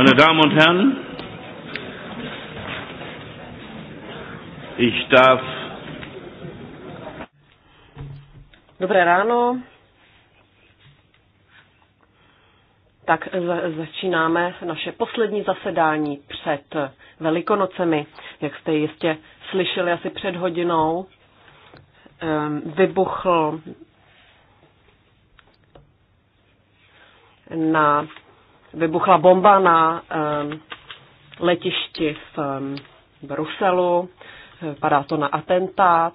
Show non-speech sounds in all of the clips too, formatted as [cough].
Meine Damen und Herren, ich darf. Dobré ráno. Tak začínáme naše poslední zasedání před Velikonocemi. Jak jste jistě slyšeli asi před hodinou, ehm, vybuchl na vybuchla bomba na ehm, letišti v ehm, Bruselu, vypadá to na atentát.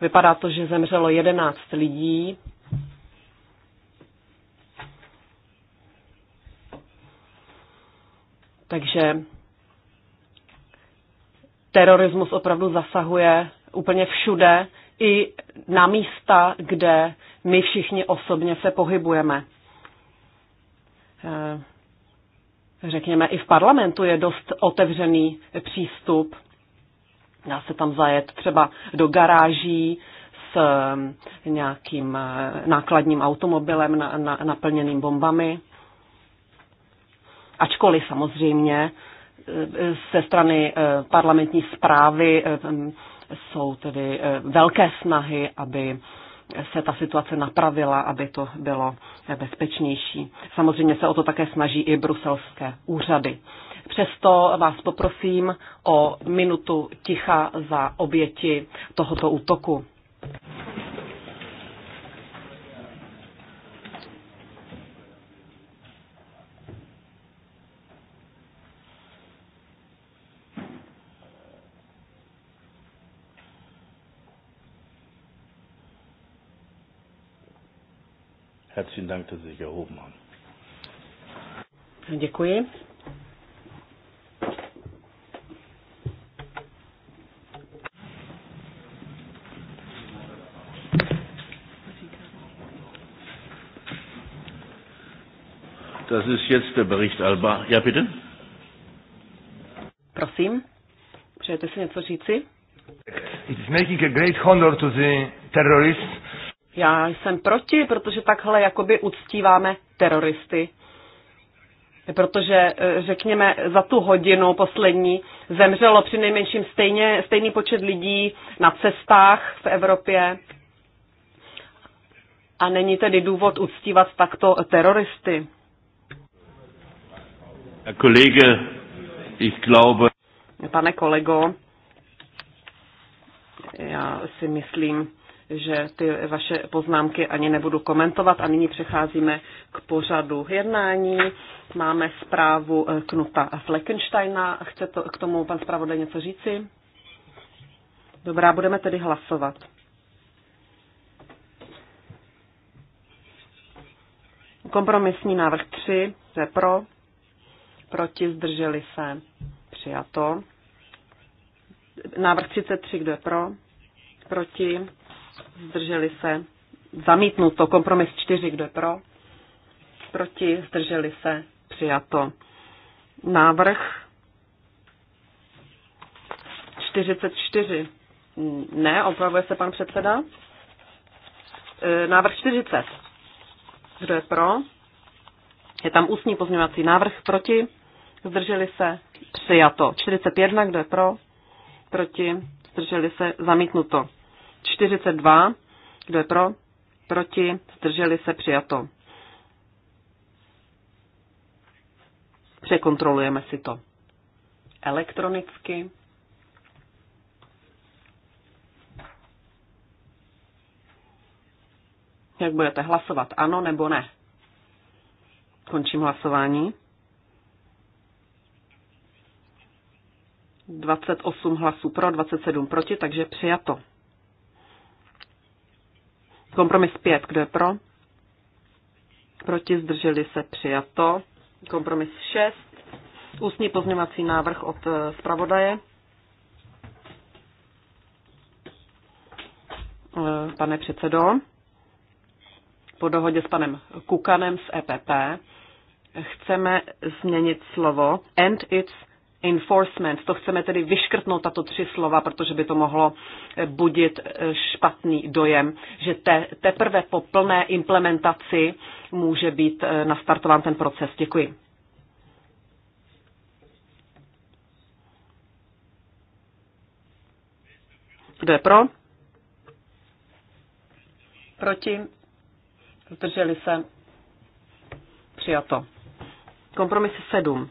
Vypadá to, že zemřelo 11 lidí. Takže terorismus opravdu zasahuje úplně všude, i na místa, kde my všichni osobně se pohybujeme. Eh, řekněme, i v parlamentu je dost otevřený přístup. Dá se tam zajet třeba do garáží s eh, nějakým eh, nákladním automobilem na, na, naplněným bombami. Ačkoliv samozřejmě ze strany parlamentní zprávy jsou tedy velké snahy, aby se ta situace napravila, aby to bylo bezpečnější. Samozřejmě se o to také snaží i bruselské úřady. Přesto vás poprosím o minutu ticha za oběti tohoto útoku. Herzlichen Dank, dass Sie sich erhoben haben. Děkuji. Das ist jetzt der Bericht Alba. Ja, bitte. Prosím, přejete si něco říci? It is making a great honor to the terrorists já jsem proti, protože takhle jakoby uctíváme teroristy. Protože, eh, řekněme, za tu hodinu poslední zemřelo při nejmenším stejně, stejný počet lidí na cestách v Evropě. A není tedy důvod uctívat takto teroristy. Kolege, ich glaube... Pane kolego, já si myslím, že ty vaše poznámky ani nebudu komentovat a nyní přecházíme k pořadu jednání. Máme zprávu eh, Knuta Fleckensteina. Chce to, k tomu pan zpravodaj něco říci? Dobrá, budeme tedy hlasovat. Kompromisní návrh 3, je pro, proti, zdrželi se, přijato. Návrh 33, kdo je pro, proti, zdrželi se, zamítnuto, kompromis čtyři, kdo je pro, proti, zdrželi se, přijato. Návrh 44. Ne, opravuje se pan předseda. E, návrh 40. Kdo je pro? Je tam ústní pozměňovací návrh proti. Zdrželi se? Přijato. 41. Kdo je pro? Proti. Zdrželi se? Zamítnuto. 42. Kdo je pro? Proti? Zdrželi se přijato. Překontrolujeme si to elektronicky. Jak budete hlasovat? Ano nebo ne? Končím hlasování. 28 hlasů pro, 27 proti, takže přijato. Kompromis 5, kdo je pro? Proti zdrželi se přijato. Kompromis 6, ústní pozměvací návrh od eh, zpravodaje. Eh, pane předsedo, po dohodě s panem Kukanem z EPP chceme změnit slovo and its enforcement. To chceme tedy vyškrtnout tato tři slova, protože by to mohlo eh, budit eh, špatný dojem, že te, teprve po plné implementaci může být eh, nastartován ten proces. Děkuji. Kdo je pro? Proti? Zdrželi se? Přijato. Kompromis 7.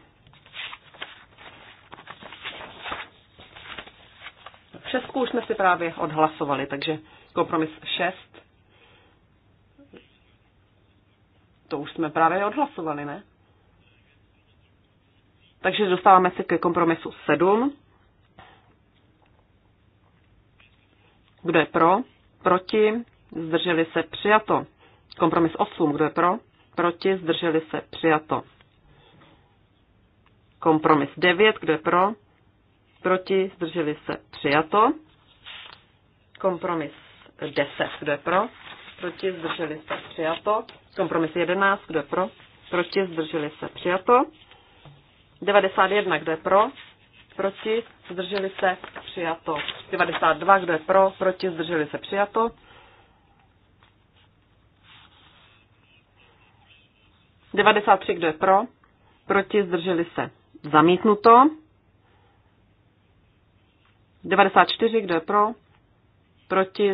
šestku už jsme si právě odhlasovali, takže kompromis šest, To už jsme právě odhlasovali, ne? Takže dostáváme se ke kompromisu sedm, Kdo je pro? Proti? Zdrželi se přijato. Kompromis 8. Kdo je pro? Proti? Zdrželi se přijato. Kompromis 9. Kdo je pro? proti, zdrželi se, přijato. Kompromis 10, kdo je pro, proti, zdrželi se, přijato. Kompromis 11, kdo je pro, proti, zdrželi se, přijato. 91, kdo je pro, proti, zdrželi se, přijato. 92, kdo je pro, proti, zdrželi se, přijato. Devadesát tři, kdo je pro, proti, zdrželi se, zamítnuto. 94, kdo je pro? Proti?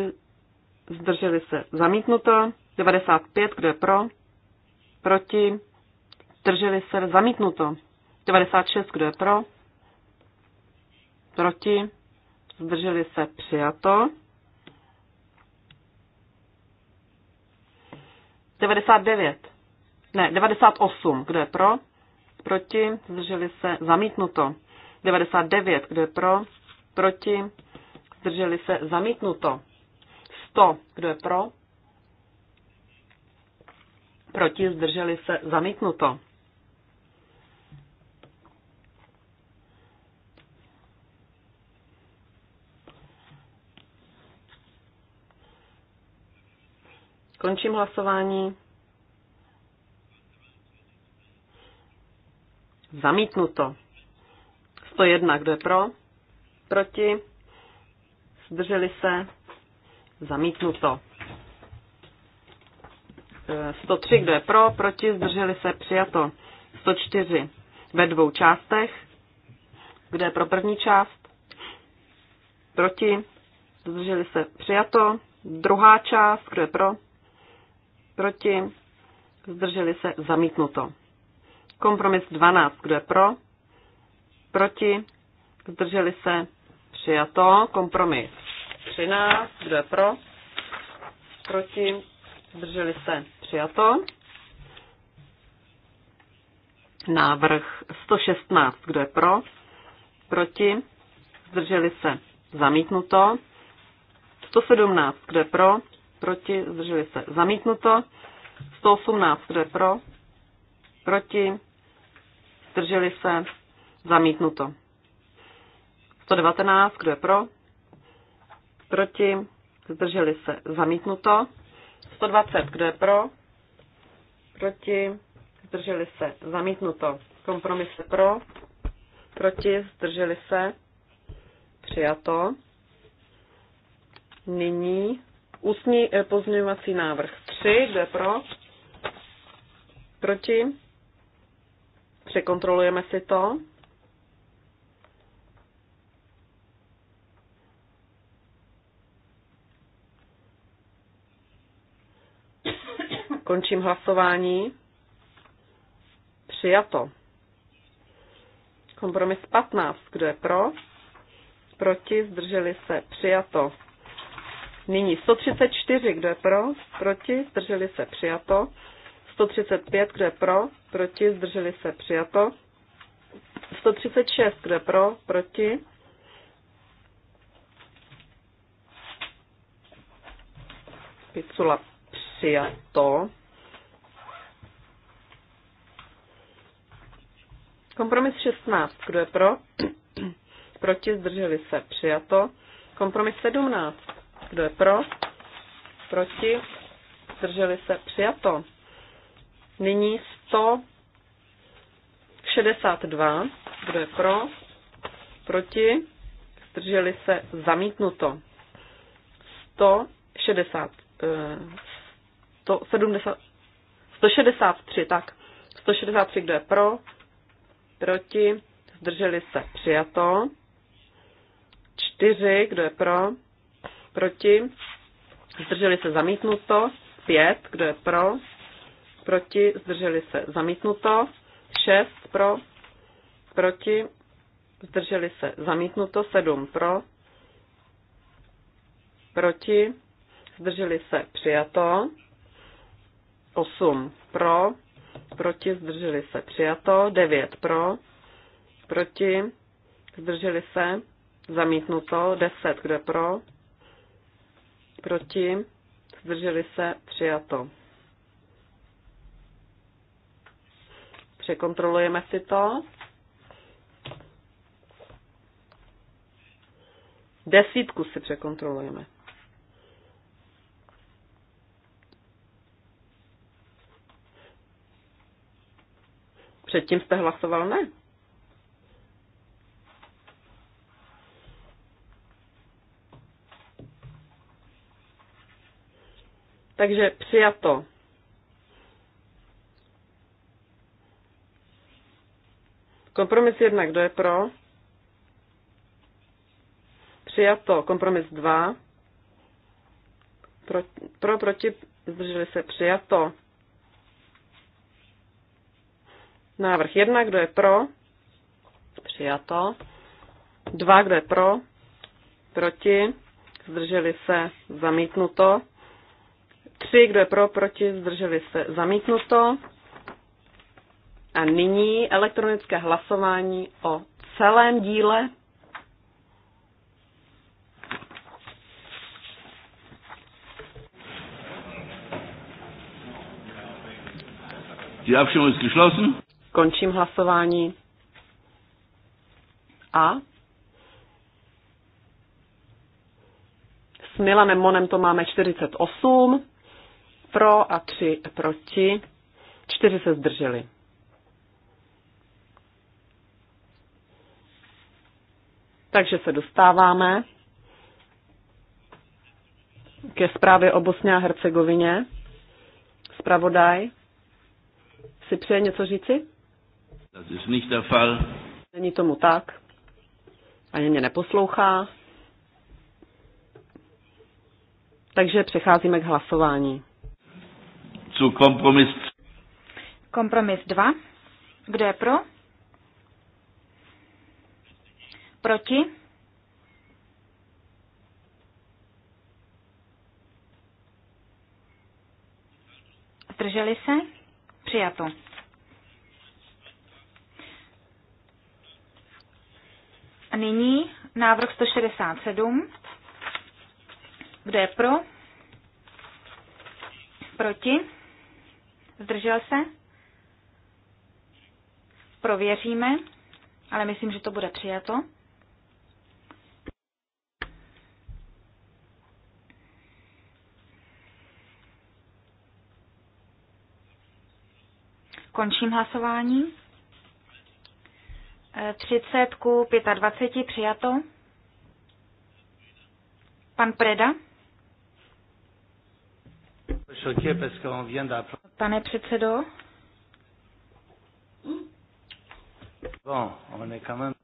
Zdrželi se. Zamítnuto. 95, kdo je pro? Proti? Zdrželi se. Zamítnuto. 96, kdo je pro? Proti? Zdrželi se. Přijato. 99. Ne, 98. Kdo je pro? Proti? Zdrželi se. Zamítnuto. 99. Kdo je pro? proti, zdrželi se, zamítnuto. 100, kdo je pro, proti, zdrželi se, zamítnuto. Končím hlasování. Zamítnuto. 101, kdo je pro? proti, zdrželi se, zamítnuto. 103, e, kdo je pro, proti, zdrželi se, přijato. 104 ve dvou částech, kde je pro první část, proti, zdrželi se, přijato. Druhá část, kdo je pro, proti, zdrželi se, zamítnuto. Kompromis 12, kdo je pro, proti, zdrželi se, Přijato. Kompromis 13. Kdo je pro? Proti? Drželi se. Přijato. Návrh 116. Kdo je pro? Proti? Zdrželi se. Zamítnuto. 117. Kdo je pro? Proti? Zdrželi se. Zamítnuto. 118. Kdo je pro? Proti? Zdrželi se. Zamítnuto. 119, kdo je pro? Proti? Zdrželi se. Zamítnuto. 120, kdo je pro? Proti? Zdrželi se. Zamítnuto. Kompromis pro? Proti? Zdrželi se. Přijato. Nyní ústní eh, pozměňovací návrh 3, kdo je pro? Proti? Překontrolujeme si to. Končím hlasování. Přijato. Kompromis 15. Kdo je pro? Proti? Zdrželi se? Přijato. Nyní 134. Kdo je pro? Proti? Zdrželi se? Přijato. 135. Kdo je pro? Proti? Zdrželi se? Přijato. 136. Kdo je pro? Proti? Picula přijato. Kompromis 16. Kdo je pro? Proti zdrželi se. Přijato. Kompromis 17. Kdo je pro? Proti zdrželi se. Přijato. Nyní 162. Kdo je pro? Proti zdrželi se. Zamítnuto. 160, 163, tak. 163, kdo je pro, proti, zdrželi se, přijato. 4, kdo je pro, proti, zdrželi se, zamítnuto. 5, kdo je pro, proti, zdrželi se, zamítnuto. 6, pro, proti, zdrželi se, zamítnuto. 7, pro, proti, zdrželi se, přijato. 8 pro, proti zdrželi se přijato, 9 pro, proti zdrželi se zamítnuto, 10 kde pro, proti zdrželi se přijato. Překontrolujeme si to. 10 si překontrolujeme. Předtím jste hlasoval ne? Takže přijato. Kompromis jedna, kdo je pro? Přijato. Kompromis dva. Pro, pro proti, zdrželi se, přijato. Návrh 1, kdo je pro? Přijato. 2, kdo je pro? Proti? Zdrželi se? Zamítnuto. 3, kdo je pro? Proti? Zdrželi se? Zamítnuto. A nyní elektronické hlasování o celém díle. Die Abstimmung ist geschlossen. Končím hlasování. A s Milanem Monem to máme 48 pro a 3 proti. 4 se zdrželi. Takže se dostáváme ke zprávě o Bosně a Hercegovině. Spravodaj si přeje něco říci? Das ist nicht der Fall. Není tomu tak. Ani mě neposlouchá. Takže přecházíme k hlasování. Zu kompromis. Kompromis 2. Kdo je pro? Proti? Zdrželi se? Přijato. A nyní návrh 167. Kdo je pro? Proti? Zdržel se? Prověříme, ale myslím, že to bude přijato. Končím hlasování. 30 ku 25 přijato. Pan Preda. Pane předsedo.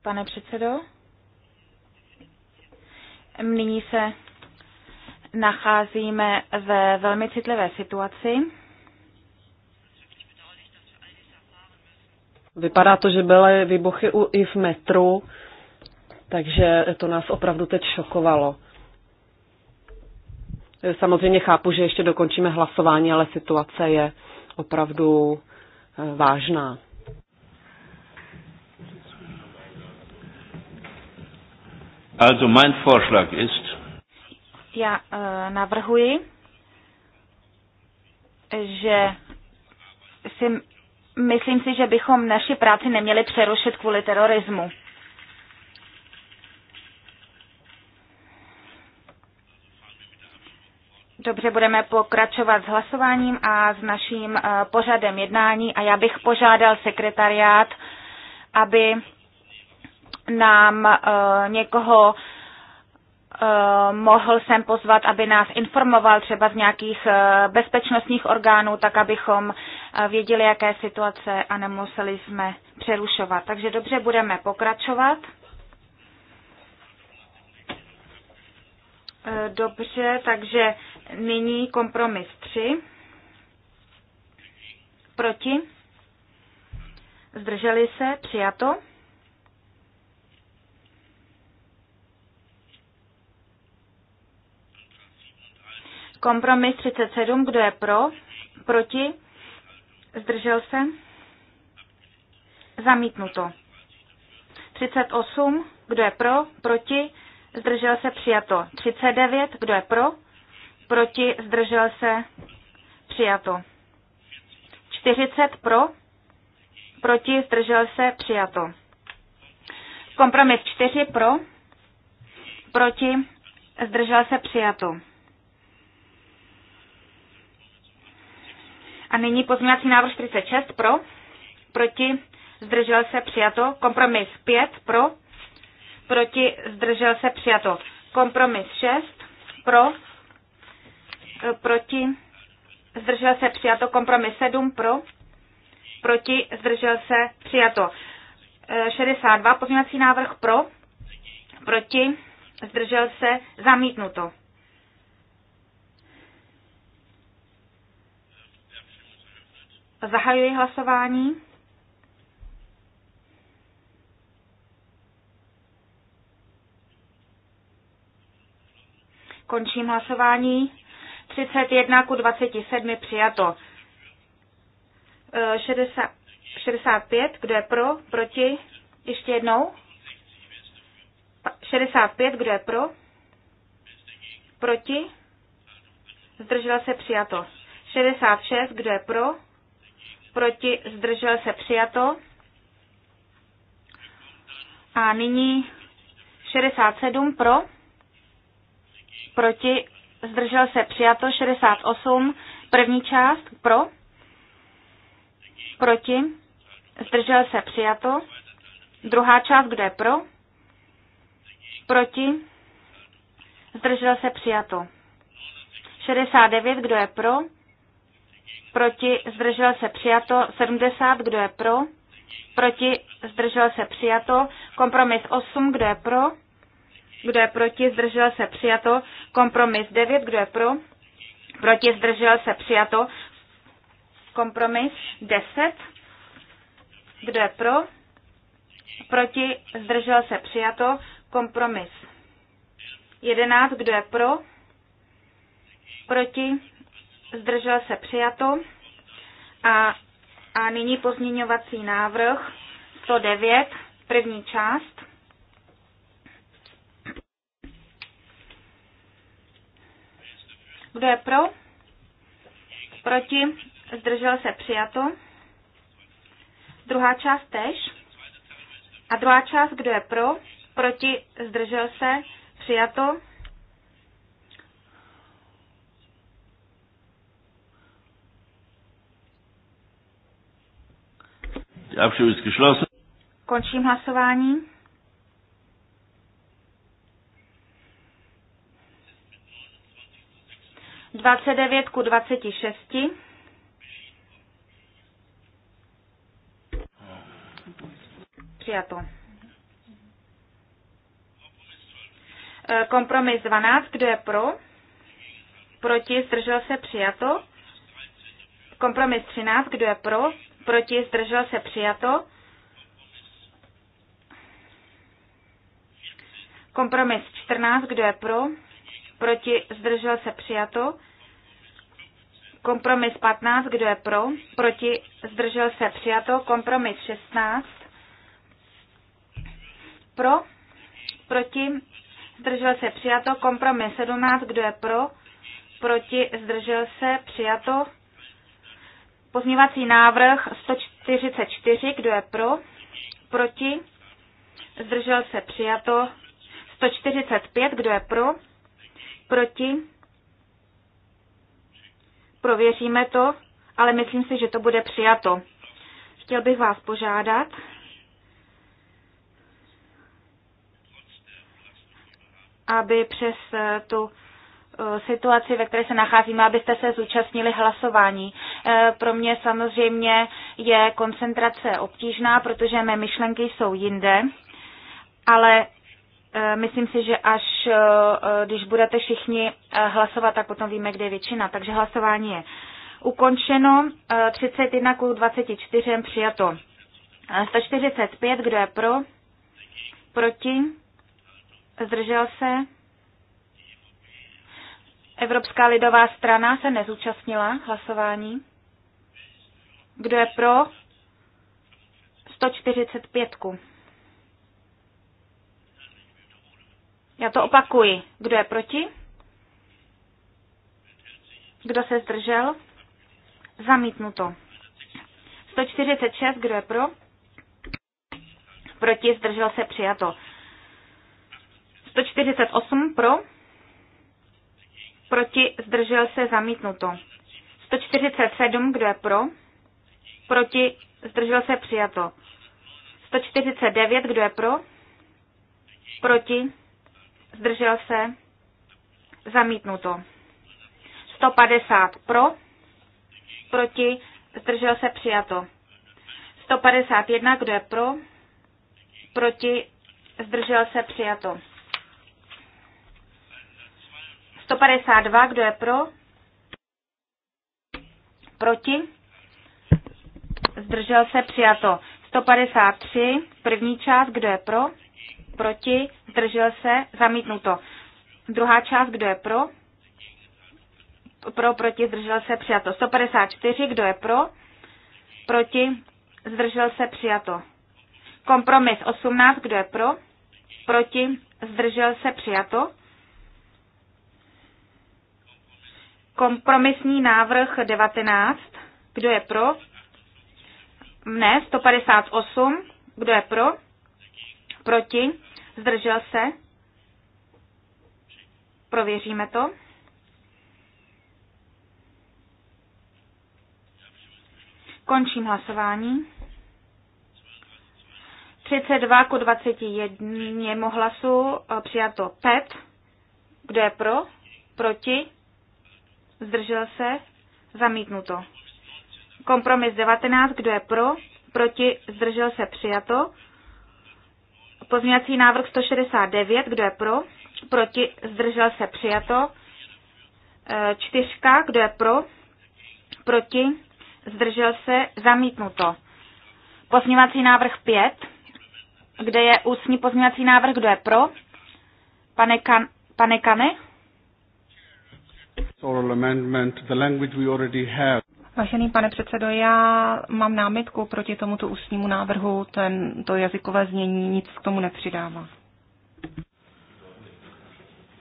Pane předsedo. Nyní se nacházíme ve velmi citlivé situaci. Vypadá to, že byly výbuchy i v metru, takže to nás opravdu teď šokovalo. Samozřejmě chápu, že ještě dokončíme hlasování, ale situace je opravdu eh, vážná. Also mein Vorschlag ist. Já uh, navrhuji, že si myslím si, že bychom naši práci neměli přerušit kvůli terorismu. Dobře, budeme pokračovat s hlasováním a s naším eh, pořadem jednání a já bych požádal sekretariát, aby nám eh, někoho Eh, mohl jsem pozvat, aby nás informoval třeba z nějakých eh, bezpečnostních orgánů, tak abychom eh, věděli, jaké situace a nemuseli jsme přerušovat. Takže dobře, budeme pokračovat. Dobře, takže nyní kompromis 3. Proti? Zdrželi se? Přijato? Kompromis 37, kdo je pro? Proti? Zdržel se? Zamítnuto. 38, kdo je pro? Proti? Zdržel se? Přijato. 39, kdo je pro? Proti? Zdržel se? Přijato. 40 pro? Proti? Zdržel se? Přijato. Kompromis 4 pro? Proti? Zdržel se? Přijato. A nyní pozměňovací návrh 46 pro, proti, zdržel se přijato. Kompromis 5 pro, proti, zdržel se přijato. Kompromis 6 e, pro, proti, zdržel se přijato. Kompromis 7 pro, proti, zdržel se přijato. 62 pozměňovací návrh pro, proti, zdržel se zamítnuto. Zahajuji hlasování. Končím hlasování. 31 ku 27 přijato. 65, eh, kdo je pro, proti, ještě jednou. 65, kdo je pro, proti, zdržela se přijato. 66, kdo je pro, proti, zdržel se přijato. A nyní 67 pro, proti, zdržel se přijato, 68, první část pro, proti, zdržel se přijato, druhá část, kde pro, proti, zdržel se přijato. 69, kdo je pro, proti, zdržel se přijato, 70, kdo je pro, proti, zdržel se přijato, kompromis 8, kdo je pro, kdo je proti, zdržel se přijato, kompromis 9, kdo je pro, proti, zdržel se přijato, kompromis 10, kdo je pro, proti, zdržel se přijato, kompromis 11, kdo je pro, proti, zdržel se přijato. A, a nyní pozměňovací návrh 109, první část. Kdo je pro? Proti? Zdržel se přijato. Druhá část tež. A druhá část, kdo je pro? Proti? Zdržel se přijato. Končím hlasování. Dvacet devět ku dvaceti šesti. Přijato. E, kompromis 12, kdo je pro? Proti, zdržel se, přijato. Kompromis 13, kdo je pro? proti, zdržel se přijato. Kompromis 14, kdo je pro, proti, zdržel se přijato. Kompromis 15, kdo je pro, proti, zdržel se přijato. Kompromis 16, pro, proti, zdržel se přijato. Kompromis 17, kdo je pro, proti, zdržel se přijato. Pozměvací návrh 144, kdo je pro? Proti? Zdržel se přijato. 145, kdo je pro? Proti? Prověříme to, ale myslím si, že to bude přijato. Chtěl bych vás požádat, aby přes tu Eh, situaci, ve které se nacházíme, abyste se zúčastnili hlasování. Eh, pro mě samozřejmě je koncentrace obtížná, protože mé myšlenky jsou jinde, ale eh, myslím si, že až když budete všichni hlasovat, tak potom víme, kde je většina. Takže hlasování je ukončeno, 31 k 24 přijato. 145, kdo je pro? Proti? Zdržel se? Evropská lidová strana se nezúčastnila hlasování. Kdo je pro? 145. Já to opakuji. Kdo je proti? Kdo se zdržel? Zamítnuto. 146, kdo je pro? Proti, zdržel se, přijato. 148 pro, Proti zdržel se zamítnuto. 147, kdo je pro? Proti zdržel se přijato. 149, kdo je pro? Proti zdržel se zamítnuto. 150 pro, proti zdržel se přijato. 151, kdo je pro? Proti zdržel se přijato. 152, kdo je pro? Proti? Zdržel se přijato. 153, první část, kdo je pro? Proti? Zdržel se? Zamítnuto. Druhá část, kdo je pro? Pro, proti, zdržel se, přijato. 154, kdo je pro? Proti, zdržel se, přijato. Kompromis 18, kdo je pro? Proti, zdržel se, přijato. Kompromisní návrh 19. Kdo je pro? Ne, 158. Kdo je pro? Proti? Zdržel se? Prověříme to. Končím hlasování. 32 ku 21 hlasu eh, přijato 5. Kdo je pro? Proti? zdržel se, zamítnuto. Kompromis 19, kdo je pro, proti, zdržel se, přijato. Pozměňovací návrh 169, kdo je pro, proti, zdržel se, přijato. E, čtyřka, kdo je pro, proti, zdržel se, zamítnuto. Pozměňovací návrh 5, kde je ústní pozměňovací návrh, kdo je pro, pane, kan, pane Kane, Vážený pane předsedo, já mám námitku proti tomuto ústnímu návrhu, ten, to jazykové znění nic k tomu nepřidává.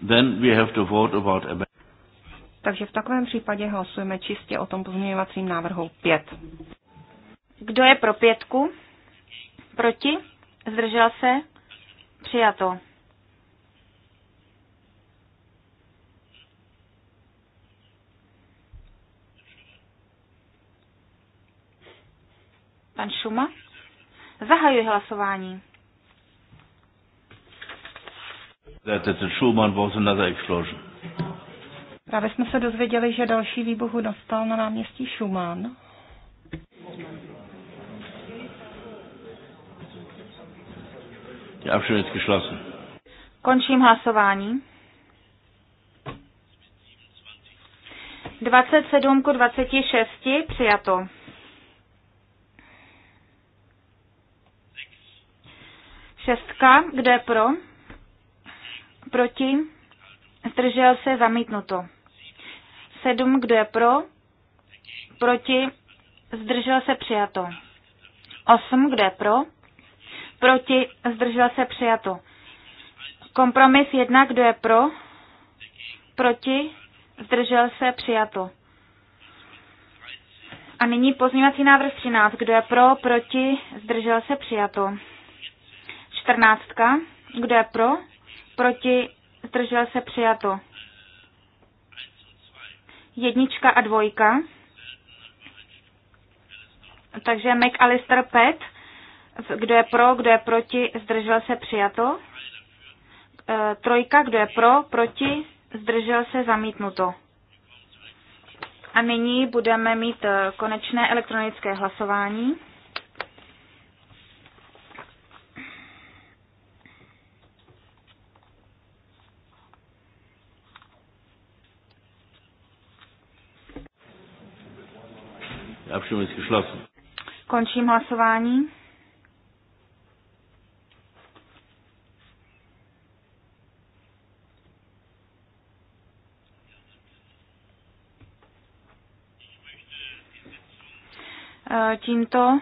Then we have to vote about a... Takže v takovém případě hlasujeme čistě o tom pozměňovacím návrhu 5. Kdo je pro pětku? Proti? Zdržel se? Přijato. Pan Šuma? Zahajuji hlasování. Právě jsme se dozvěděli, že další výbuchu dostal na náměstí Šumán. Končím hlasování. 27 ku 26 přijato. Šestka, kde je pro? Proti? Zdržel se zamítnuto. Sedm, kdo je pro? Proti? Zdržel se přijato. Osm, kdo je pro? Proti? Zdržel se přijato. Kompromis jedna, kdo je pro? Proti? Zdržel se přijato. A nyní pozměňovací návrh 13. Kdo je pro, proti, zdržel se přijato. 14. Kdo je pro? Proti? Zdržel se přijato. Jednička a dvojka. Takže McAllister Pet. Kdo je pro, kdo je proti, zdržel se přijato. E, trojka, kdo je pro, proti, zdržel se zamítnuto. A nyní budeme mít e, konečné elektronické hlasování. Abstimmung ist geschlossen. Končím hlasování. Eh, tímto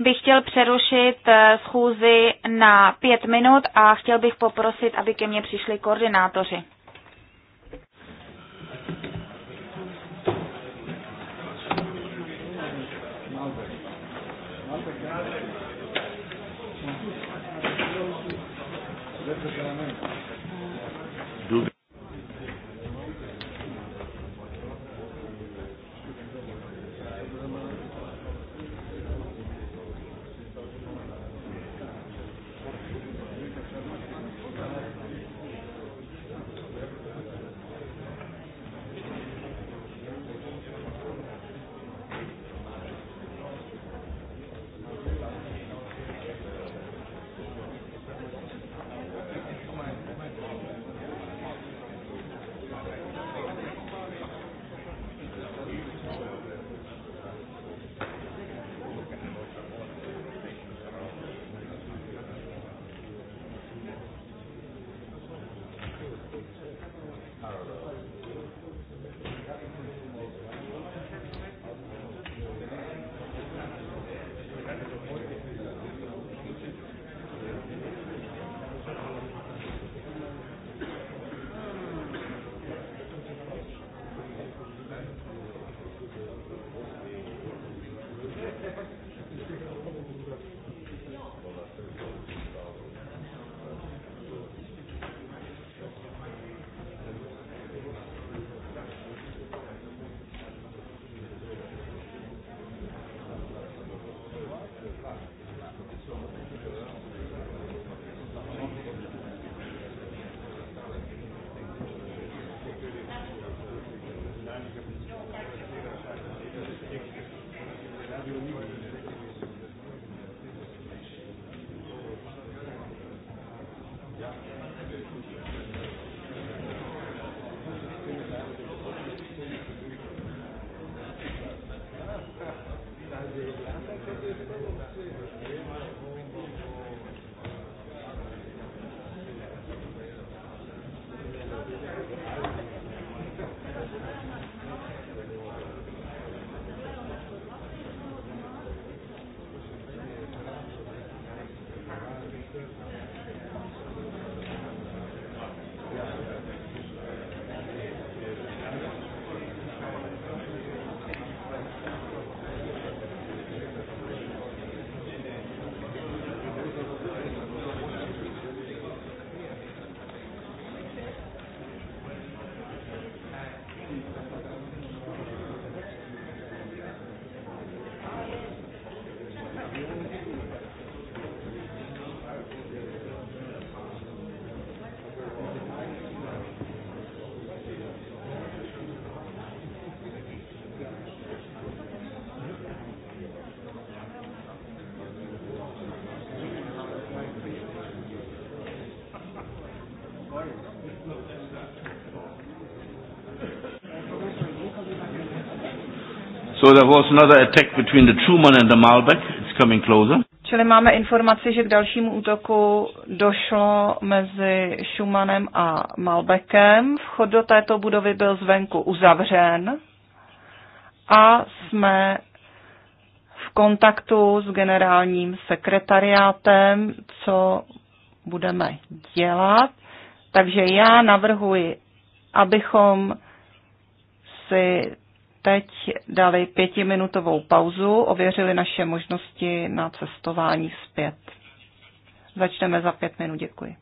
bych chtěl přerušit eh, schůzi na pět minut a chtěl bych poprosit, aby ke mně přišli koordinátoři. So there was another attack between the Truman and the Malbec. It's coming closer. Čili máme informaci, že k dalšímu útoku došlo mezi Schumannem a Malbekem. Vchod do této budovy byl zvenku uzavřen a jsme v kontaktu s generálním sekretariátem, co budeme dělat. Takže já navrhuji, abychom si teď dali pětiminutovou pauzu, ověřili naše možnosti na cestování zpět. Začneme za pět minut, děkuji.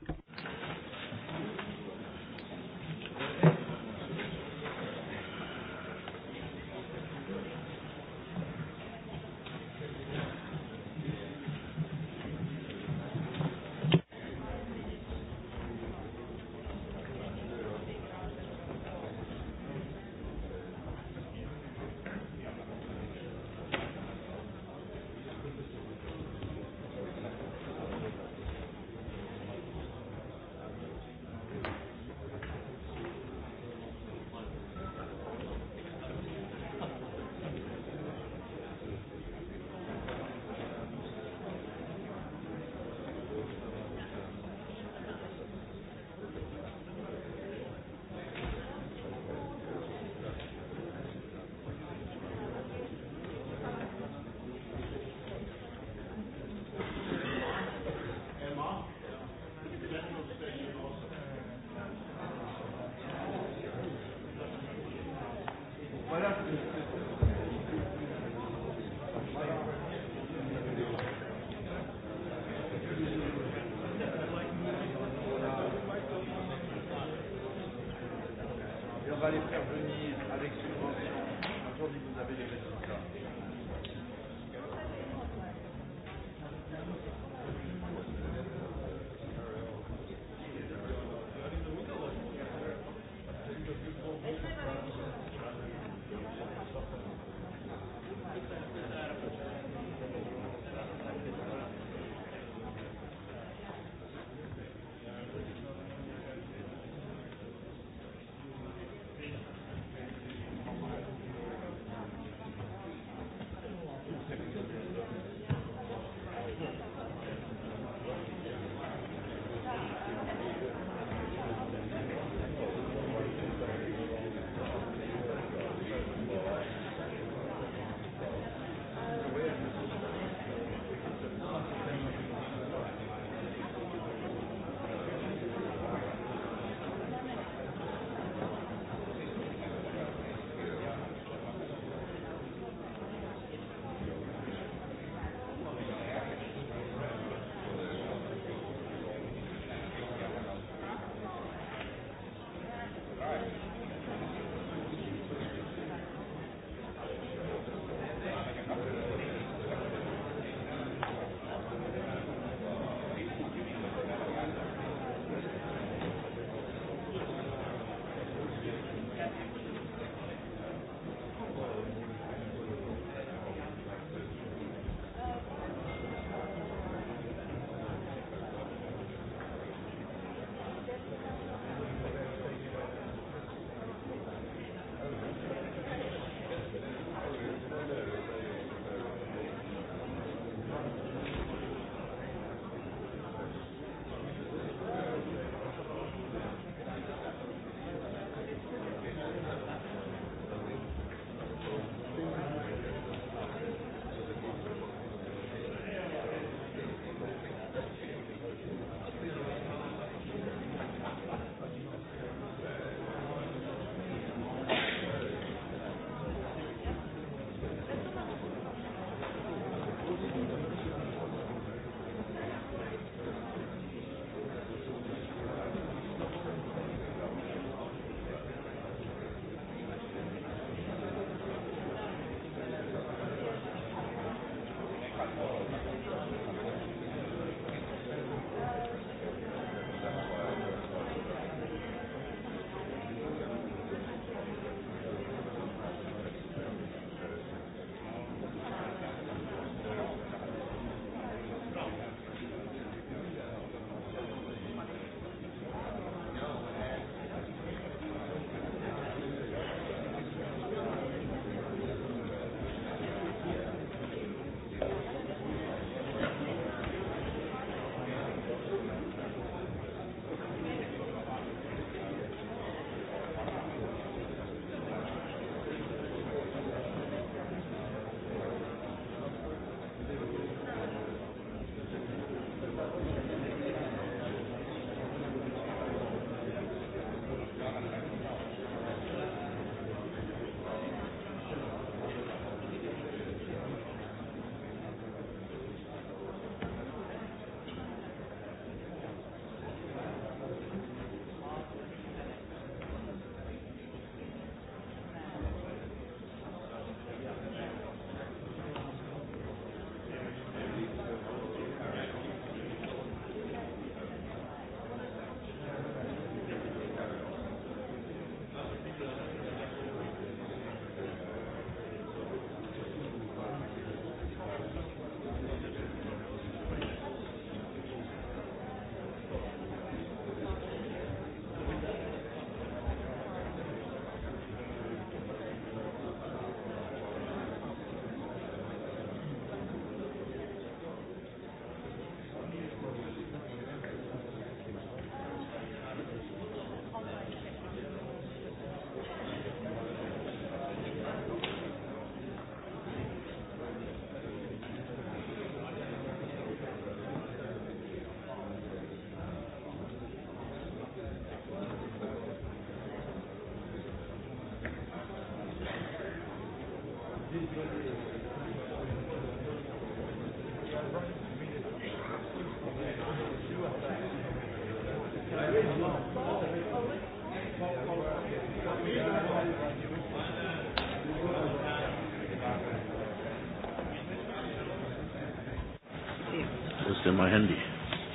it's in my handy,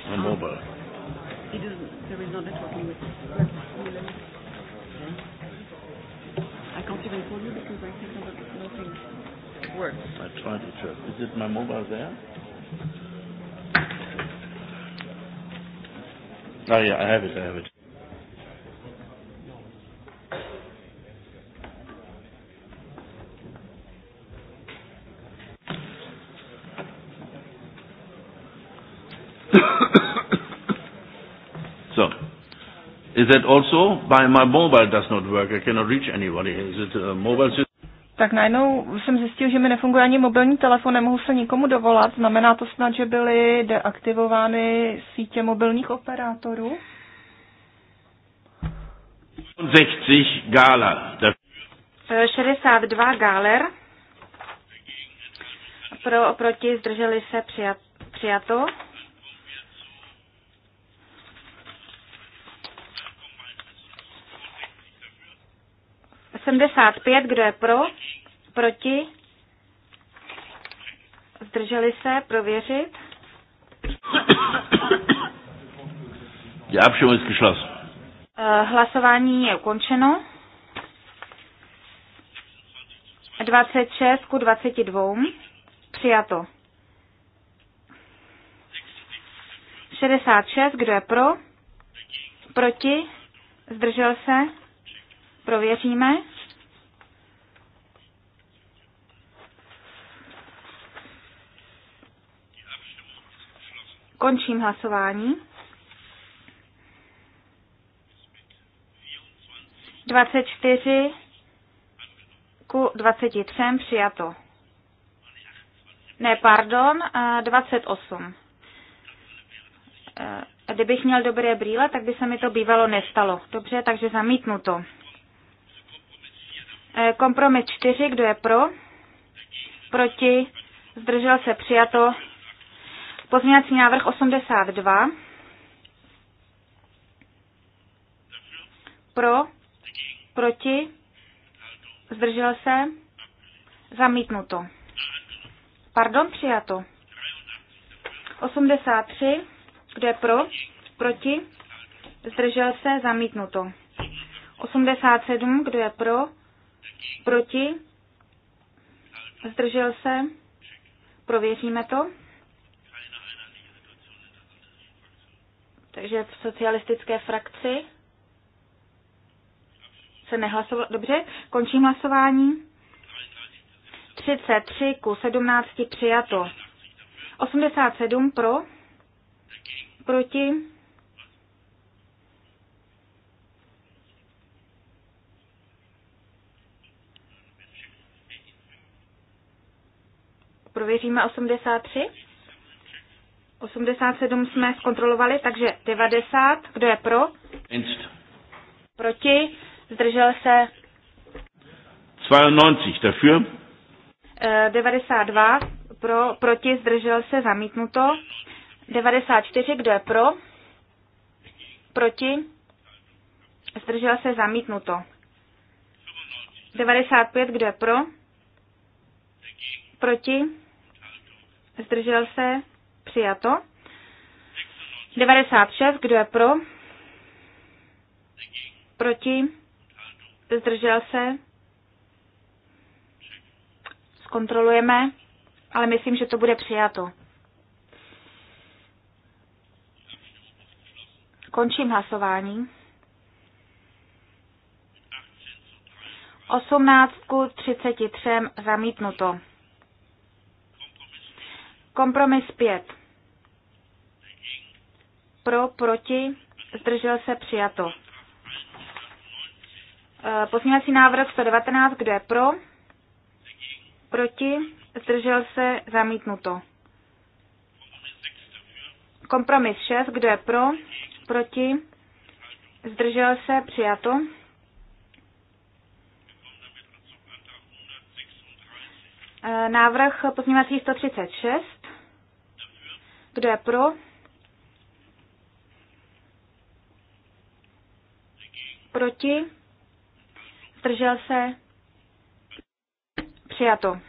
my um, mobile. It there is no networking with I can't even call you because I think that nothing works. I tried to check. Is it my mobile there? Oh yeah, I have it, I have it. that also? By my mobile does not work. I cannot reach anybody. Is it a mobile system? Tak najednou jsem zjistil, že mi nefunguje ani mobilní telefon, nemohu se nikomu dovolat. Znamená to snad, že byly deaktivovány sítě mobilních operátorů? 62 Galer. Pro, proti zdrželi se přijat, přijato. 75, kdo je pro, proti, zdrželi se, prověřit. Já Abstimmung ist eh, Hlasování je ukončeno. 26 ku 22. Přijato. 66, kdo je pro? Proti? Zdržel se? Prověříme. Končím hlasování. 24 ku 23 přijato. Ne, pardon, 28. E, kdybych měl dobré brýle, tak by se mi to bývalo nestalo. Dobře, takže zamítnu to. E, kompromis 4, kdo je pro? Proti? Zdržel se přijato. Pozměňovací návrh 82. Pro, proti, zdržel se, zamítnuto. Pardon, přijato. 83. Kdo je pro? Proti? Zdržel se? Zamítnuto. 87. Kdo je pro? Proti? Zdržel se? Prověříme to. Takže v socialistické frakci se nehlasovalo. Dobře, končím hlasování. 33 ku 17 přijato. 87 pro, proti. Prověříme 83. 87 jsme zkontrolovali, takže 90. Kdo je pro? Proti? Zdržel se? 92 dafür. 92 eh, pro, proti, zdržel se, zamítnuto. 94, kdo je pro? Proti, zdržel se, zamítnuto. 95, kdo je pro? Proti, zdržel se, Přijato. 96, kdo je pro? Proti? Zdržel se? Zkontrolujeme, ale myslím, že to bude přijato. Končím hlasování. 18 k 33 zamítnuto. Kompromis 5 pro, proti, zdržel se, přijato. E, pozměňovací návrh 119, kdo je pro, proti, zdržel se, zamítnuto. Kompromis 6, kdo je pro, proti, zdržel se, přijato. E, návrh pozměňovací 136. Kdo je pro? Proti? Zdržel se? Přijato.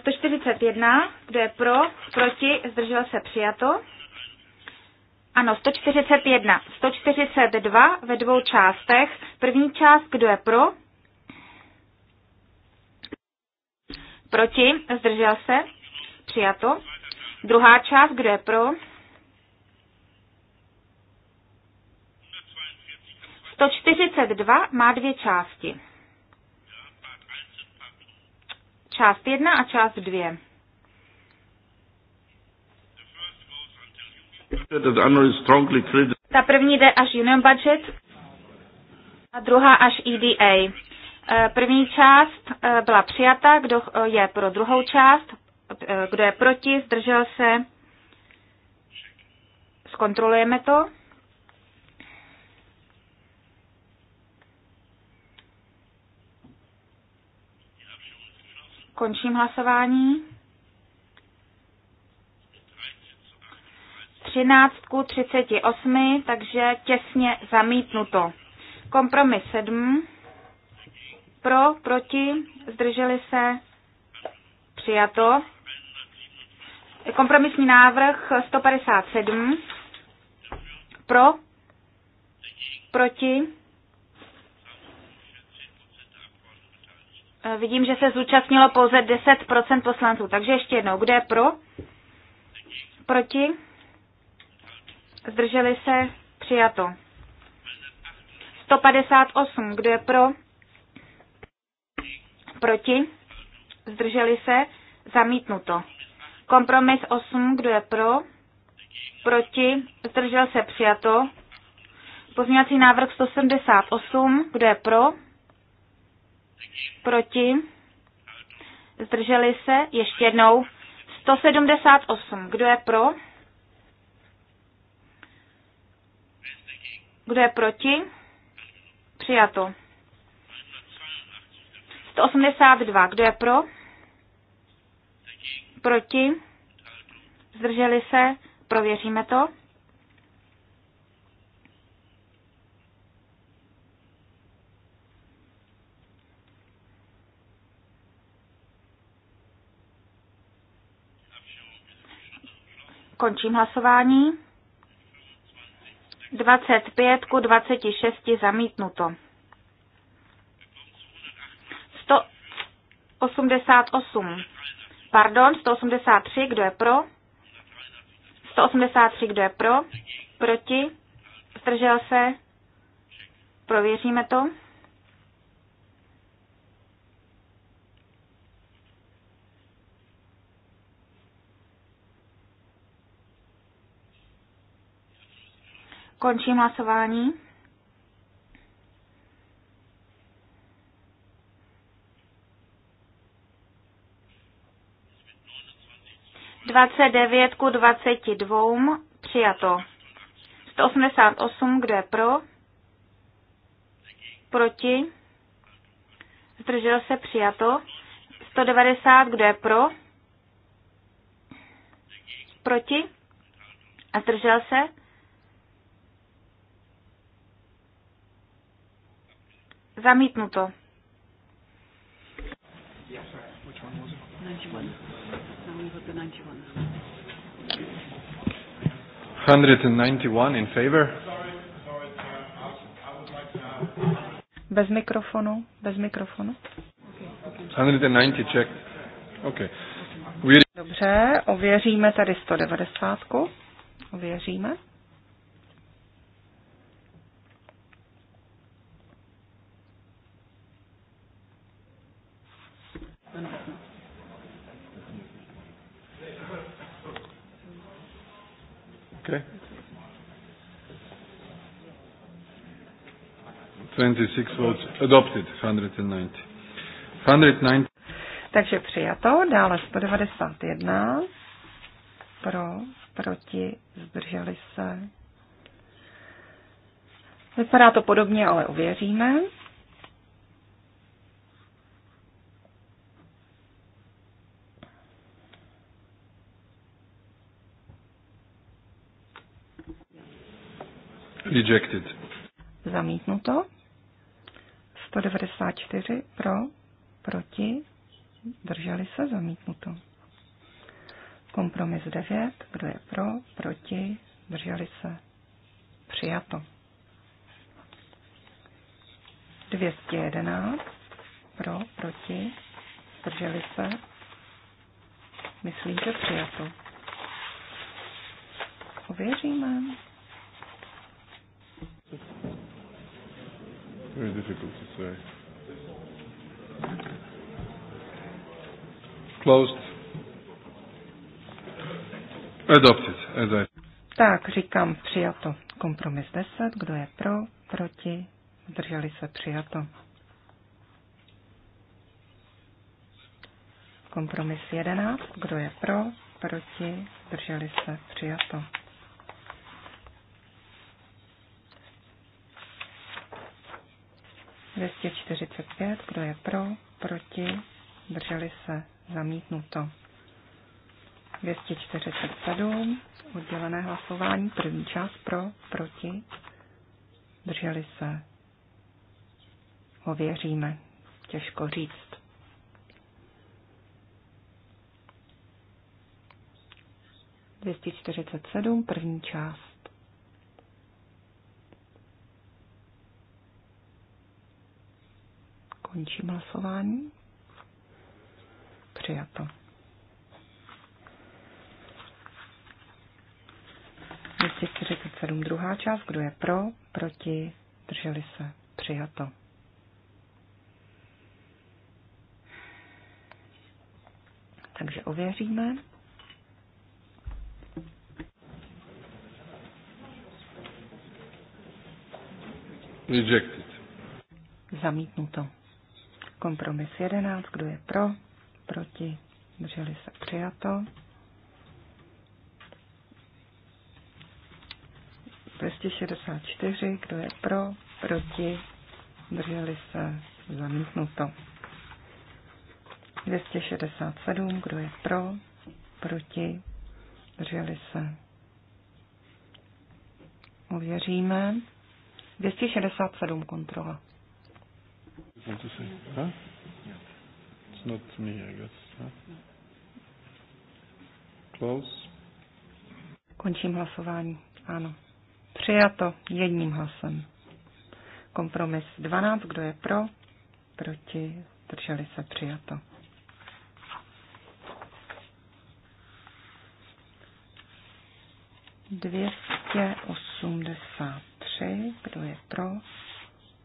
141, kdo je pro, proti, zdržel se přijato. Ano, 141. 142 ve dvou částech. První část, kdo je pro? Proti, zdržel se, přijato. Druhá část, kdo je pro? 142 má dvě části. Část 1 a část 2. Ta první jde až Union Budget a druhá až EDA. E, první část e, byla přijata, kdo e, je pro druhou část, kdo je proti, zdržel se, zkontrolujeme to. Končím hlasování. 13 ku 38, takže těsně zamítnuto. Kompromis 7. Pro, proti, zdrželi se, přijato. Kompromisní návrh 157. Pro, proti, Eh, vidím, že se zúčastnilo pouze 10% poslanců, takže ještě jednou, kdo je pro? Proti? Zdrželi se? Přijato. 158, kdo je pro? Proti? Zdrželi se? Zamítnuto. Kompromis 8, kdo je pro? Proti? Zdržel se? Přijato. Pozměňovací návrh 178, kdo je pro? proti, zdrželi se, ještě jednou, 178. Kdo je pro? Kdo je proti? Přijato. 182. Kdo je pro? Proti? Zdrželi se? Prověříme to. Končím hlasování. 25 ku 26 zamítnuto. 188. Pardon, 183, kdo je pro? 183, kdo je pro? Proti? Zdržel se? Prověříme to. Končím hlasování. Dvacet devět ku dvaceti dvoum přijato. 188, kdo je pro? Proti? Zdržel se přijato. 190, kdo je pro? Proti? A zdržel se? Zamítnuto. Hundred and ninety Bez mikrofonu, bez mikrofonu. 190 check. Okay. Dobře, ověříme tady 190. Ověříme. 26 votes adopted, 190. 190. Takže přijato, dále 191, pro, proti, zdrželi se. Vypadá to podobně, ale uvěříme. Rejected. Zamítnuto. 194 pro, proti, drželi se zamítnuto. Kompromis 9, kdo je pro, proti, drželi se přijato. 211 pro, proti, drželi se, myslím, že přijato. Ověříme. Very difficult to say. Closed. Adopted, as I... Tak, říkám přijato. Kompromis 10, kdo je pro, proti, zdrželi se přijato. Kompromis 11, kdo je pro, proti, zdrželi se přijato. 245, kdo je pro, proti, drželi se, zamítnuto. 247, oddělené hlasování, první část pro, proti, drželi se, ověříme, těžko říct. 247, sedm, první část. Končím hlasování. Přijato. sedm druhá část, kdo je pro, proti, drželi se, přijato. Takže ověříme. Rejected. Zamítnuto. Kompromis 11, kdo je pro, proti, drželi se přijato. 264, kdo je pro, proti, drželi se zamítnuto. 267, kdo je pro, proti, drželi se. Uvěříme. 267 kontrola want to say? Huh? Yeah. It's not me, I guess. Huh? Close. Končím hlasování. Ano. Přijato jedním hlasem. Kompromis 12. Kdo je pro? Proti? Drželi se přijato. Dvěstě osmdesát tři. Kdo je pro?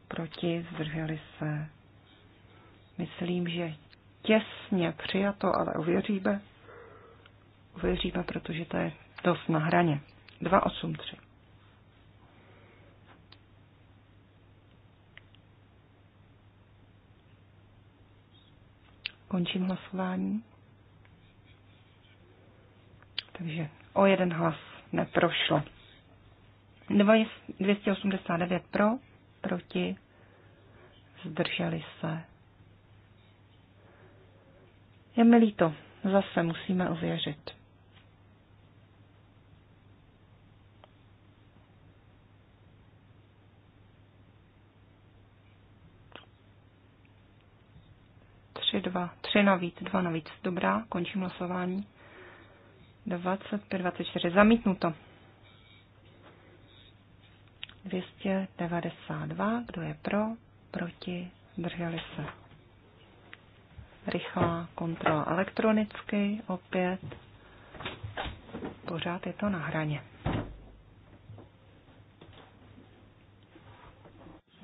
proti, zdrželi se. Myslím, že těsně přijato, ale uvěříme. Uvěříme, protože to je dost na hraně. 283. Končím hlasování. Takže o jeden hlas neprošlo. 289 pro, proti, zdrželi se. Je mi líto, zase musíme uvěřit. Tři, dva, tři navíc, dva navíc. Dobrá, končím hlasování. 25, 24, zamítnuto. 292, kdo je pro, proti, drželi se. Rychlá kontrola elektronicky, opět. Pořád je to na hraně.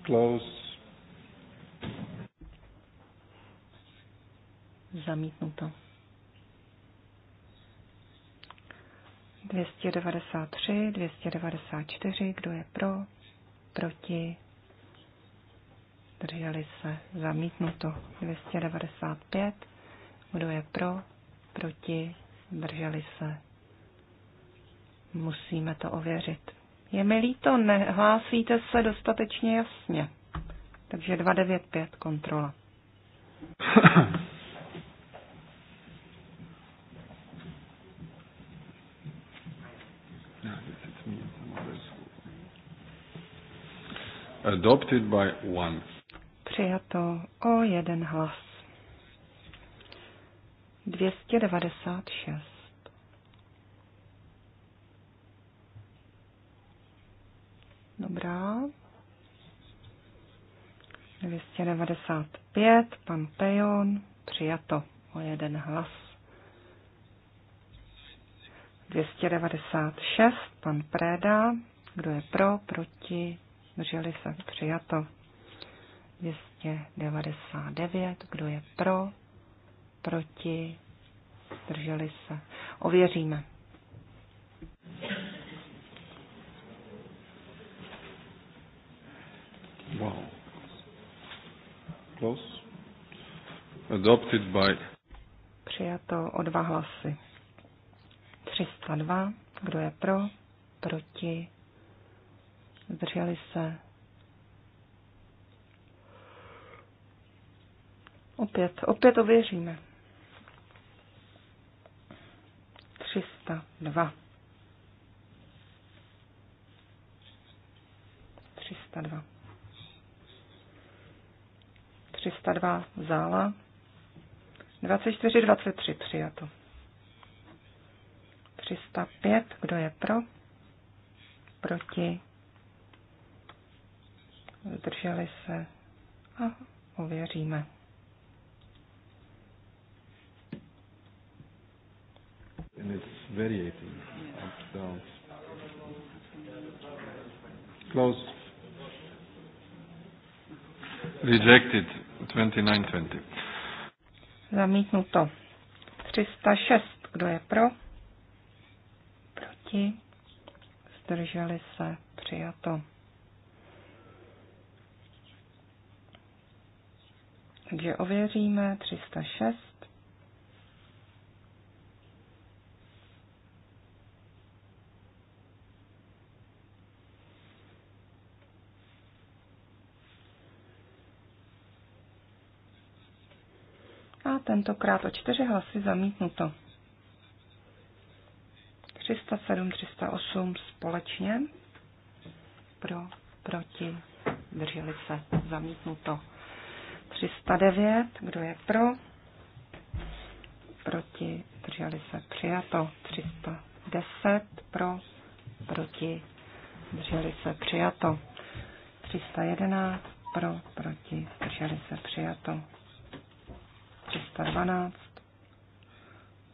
Close. Zamítnuto. 293, 294, kdo je pro, proti, drželi se, zamítnuto 295, kdo je pro, proti, drželi se. Musíme to ověřit. Je mi líto, nehlásíte se dostatečně jasně. Takže 295 kontrola. [coughs] Adopted by one. Přijato o jeden hlas. 296. Dobrá. 295, pan Pejon, přijato o jeden hlas. 296, pan Préda, kdo je pro, proti, Zdrželi se? Přijato. 299. Kdo je pro? Proti? Zdrželi se? Ověříme. Wow. Close. Adopted by. Přijato o dva hlasy. 302. Kdo je pro? Proti? drželi se. Opět, opět ověříme. 302. 302. 302 zála. 24, 23 přijato. 305, kdo je pro? Proti? zdrželi se a ověříme. And it's variating up down. Close. Rejected 2920. Zamítnuto. 306. Kdo je pro? Proti? Zdrželi se. Přijato. Takže ověříme 306. A tentokrát o čtyři hlasy zamítnuto. 307, 308 společně pro, proti, drželi se, zamítnuto. 309, kdo je pro, proti, drželi se přijato, 310 pro, proti, drželi se přijato, 311 pro, proti, drželi se přijato, 312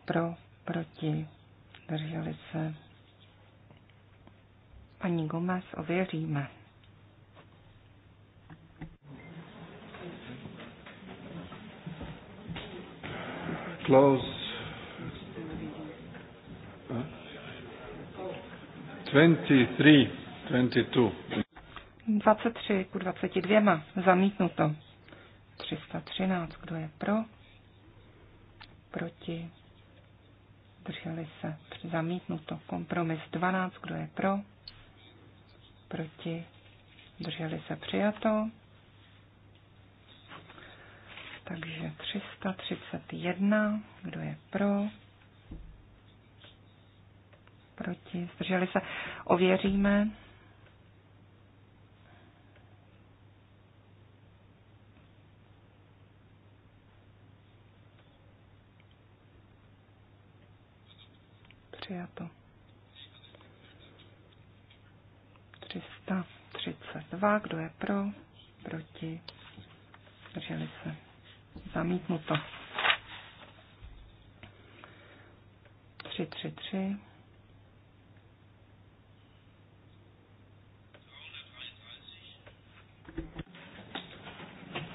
pro, proti, drželi se. Paní Gomez ověříme. close. 23, 22. 23 ku 22. Zamítnuto. 313. Kdo je pro? Proti? Drželi se. Zamítnuto. Kompromis 12. Kdo je pro? Proti? Drželi se. Přijato. Takže 331, kdo je pro? Proti, zdrželi se. Ověříme. Přijato. 332, kdo je pro? Proti, zdrželi se Zamítnuto. 3, 3, 3.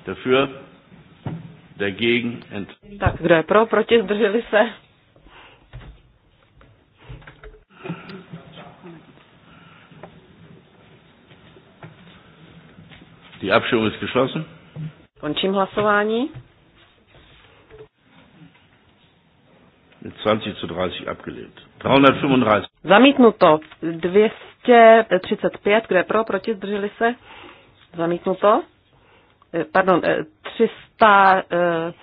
Dafür, dagegen, ent tak, kdo je pro, proti, zdrželi se? Die Abstimmung ist geschlossen. Končím hlasování. 20 zu 30 abgelehnt. 335. Zamítnuto. 235, kde pro, proti, zdrželi se. Zamítnuto. Eh, pardon, 346,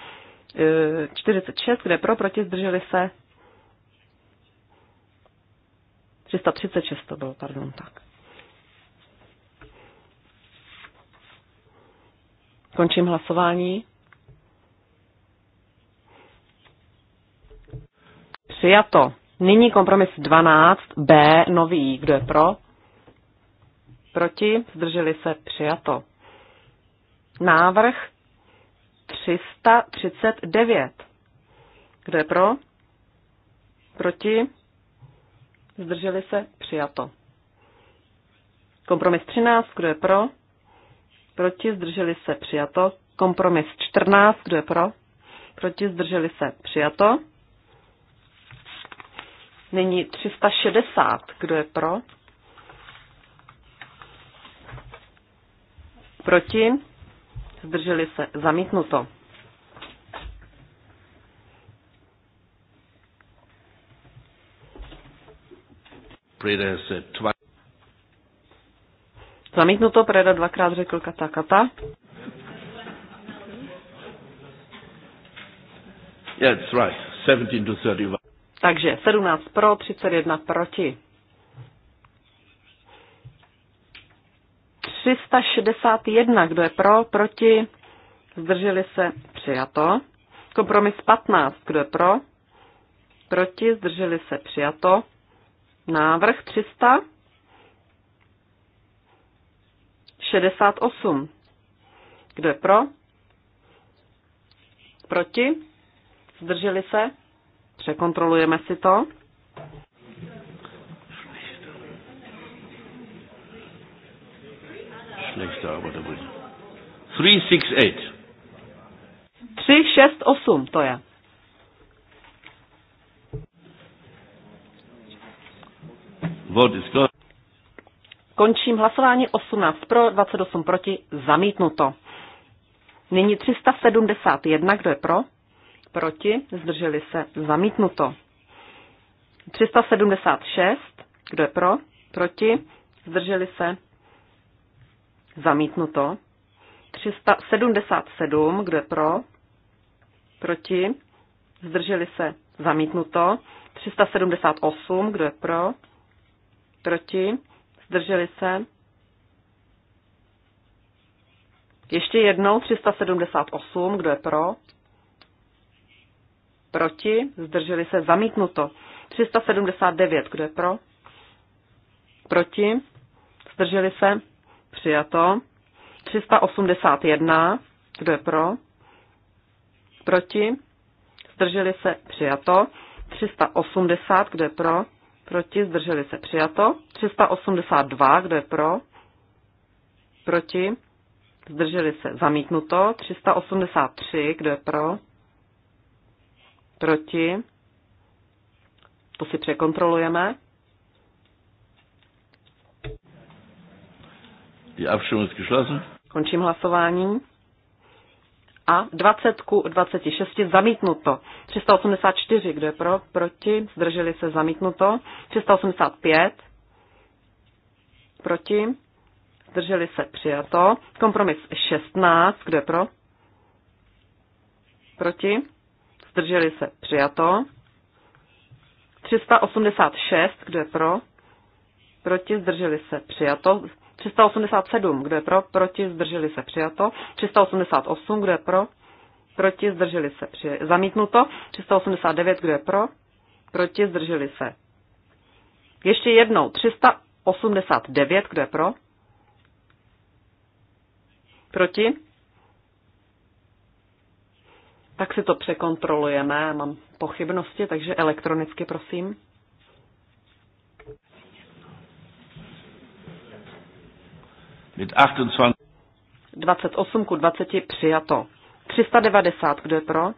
eh, eh, kde pro, proti, zdrželi se. 336 to bylo, pardon, tak. Končím hlasování. Přijato. Nyní kompromis 12b, nový. Kdo je pro? Proti? Zdrželi se? Přijato. Návrh 339. Kdo je pro? Proti? Zdrželi se? Přijato. Kompromis 13. Kdo je pro? Proti? Zdrželi se? Přijato. Kompromis 14. Kdo je pro? Proti? Zdrželi se? Přijato. Nyní 360. Kdo je pro? Proti? Zdrželi se. Zamítnuto. Zamítnuto, Preda dvakrát řekl kata kata. Yeah, that's right. 17 to 31. Takže 17 pro, 31 proti. 361, kdo je pro, proti, zdrželi se, přijato. Kompromis 15, kdo je pro, proti, zdrželi se, přijato. Návrh 300. 68. Kdo je pro? Proti? Zdrželi se? Překontrolujeme si to. Schlechter, aber da wohl. 368. 368 to je. Vote is Končím hlasování 18 pro, 28 proti, zamítnuto. Nyní 371, kdo je pro? proti, zdrželi se, zamítnuto. 376, kdo je pro, proti, zdrželi se, zamítnuto. 377, kdo je pro, proti, zdrželi se, zamítnuto. 378, kdo je pro, proti, zdrželi se. Ještě jednou 378, kdo je pro, Proti? Zdrželi se? Zamítnuto. 379. Kdo je pro? Proti? Zdrželi se? Přijato. 381. Kdo je pro? Proti? Zdrželi se? Přijato. 380. Kdo je pro? Proti? Zdrželi se? Přijato. 382. Kdo je pro? Proti? Zdrželi se? Zamítnuto. 383. Kdo je pro? proti, to si překontrolujeme. Já všem ist Končím hlasování. A 20 ku 26 zamítnuto. 384, kdo je pro, proti, zdrželi se zamítnuto. 385, proti, zdrželi se přijato. Kompromis 16, kdo je pro, proti, zdrželi se, přijato. 386, kdo je pro, proti, zdrželi se, přijato. 387, kdo je pro, proti, zdrželi se, přijato. 388, kdo je pro, proti, zdrželi se, při... Zamítnuto. 389, kdo je pro, proti, zdrželi se. Ještě jednou, 389, kdo je pro, proti, tak si to překontrolujeme. Mám pochybnosti, takže elektronicky prosím. Mit 28. 28 ku 20 přijato. 390, kdo je pro?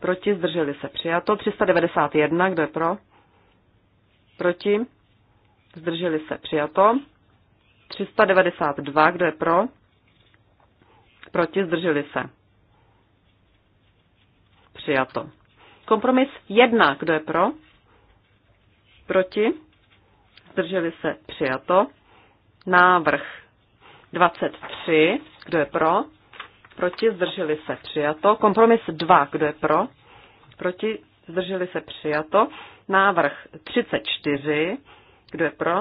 Proti, zdrželi se přijato. 391, kdo je pro? Proti, zdrželi se přijato. 392, kdo je pro? Proti, zdrželi se Přijato. Kompromis 1. Kdo je pro? Proti? Zdrželi se? Přijato. Návrh 23. Kdo je pro? Proti? Zdrželi se? Přijato. Kompromis 2. Kdo je pro? Proti? Zdrželi se? Přijato. Návrh 34. Kdo je pro?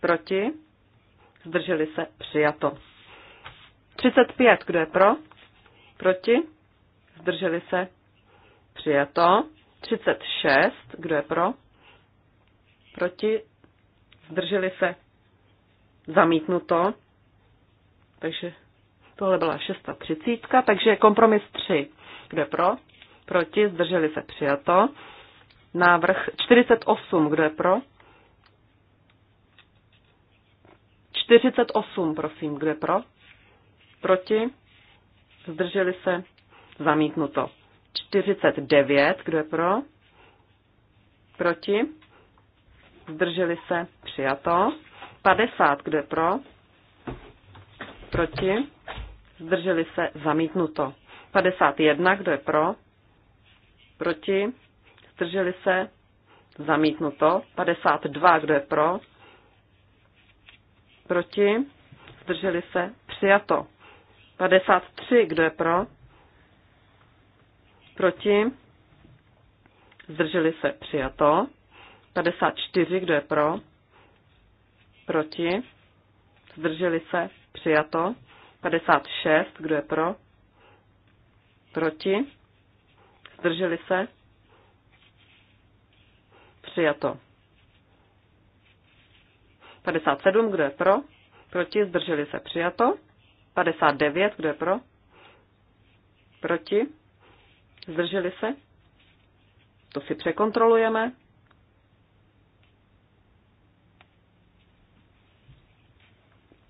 Proti? Zdrželi se? Přijato. 35. Kdo je pro? Proti? zdrželi se, přijato. 36, kdo je pro, proti, zdrželi se, zamítnuto. Takže tohle byla 630, takže kompromis 3, kdo je pro, proti, zdrželi se, přijato. Návrh 48, kdo je pro? 48, prosím, kdo je pro? Proti? Zdrželi se? Zamítnuto. 49, kdo je pro? Proti? Zdrželi se? Přijato. 50, kdo je pro? Proti? Zdrželi se? Zamítnuto. 51, kdo je pro? Proti? Zdrželi se? Zamítnuto. 52, kdo je pro? Proti? Zdrželi se? Přijato. 53, kdo je pro? Proti? Zdrželi se přijato. 54, kdo je pro? Proti? Zdrželi se přijato. 56, kdo je pro? Proti? Zdrželi se? Přijato. 57, kdo je pro? Proti? Zdrželi se? Přijato. 59, kdo je pro? Proti? Zdrželi se? To si překontrolujeme.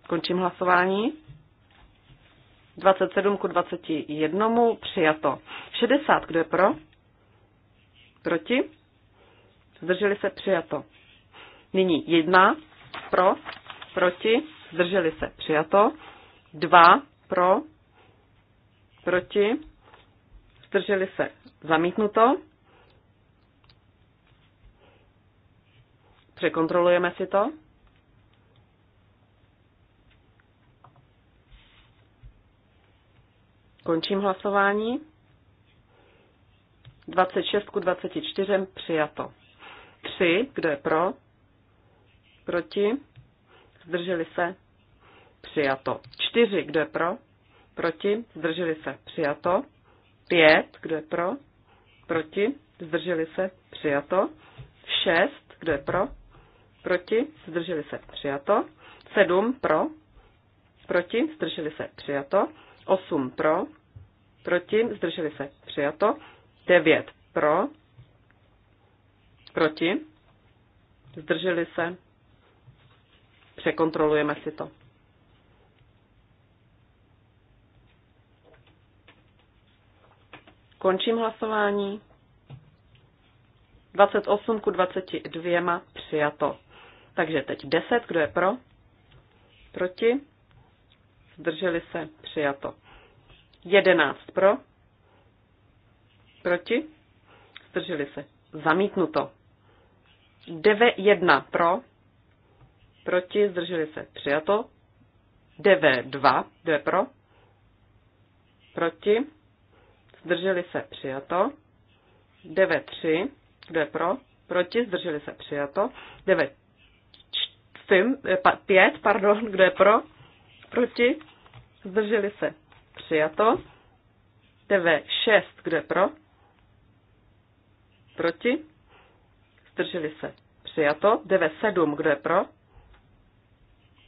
Končím hlasování. 27 ku 21 přijato. 60, kdo je pro? Proti? Zdrželi se přijato. Nyní 1 pro, proti, zdrželi se přijato. 2 pro, proti, zdrželi se zamítnuto. Překontrolujeme si to. Končím hlasování. 26 ku 24 přijato. 3, kdo je pro? Proti? Zdrželi se? Přijato. 4, kdo je pro? Proti? Zdrželi se? Přijato. 5, kdo je pro, proti, zdrželi se, přijato. 6, kdo je pro, proti, zdrželi se, přijato. 7 pro, proti, zdrželi se, přijato. 8 pro, proti, zdrželi se, přijato. 9 pro, proti, zdrželi se, překontrolujeme si to. Končím hlasování. 28 ku 22 přijato. Takže teď 10, kdo je pro? Proti? Zdrželi se, přijato. 11 pro? Proti? Zdrželi se, zamítnuto. 9, 1 pro? Proti? Zdrželi se, přijato. 9, 2, kdo je pro? Proti? zdrželi se přijato. 9.3, kdo je pro, proti, zdrželi se přijato. 5, eh, pardon, [laughs] kdo je pro, proti, zdrželi se přijato. 9.6, kdo je pro, proti, zdrželi se přijato. 9.7, kdo je pro,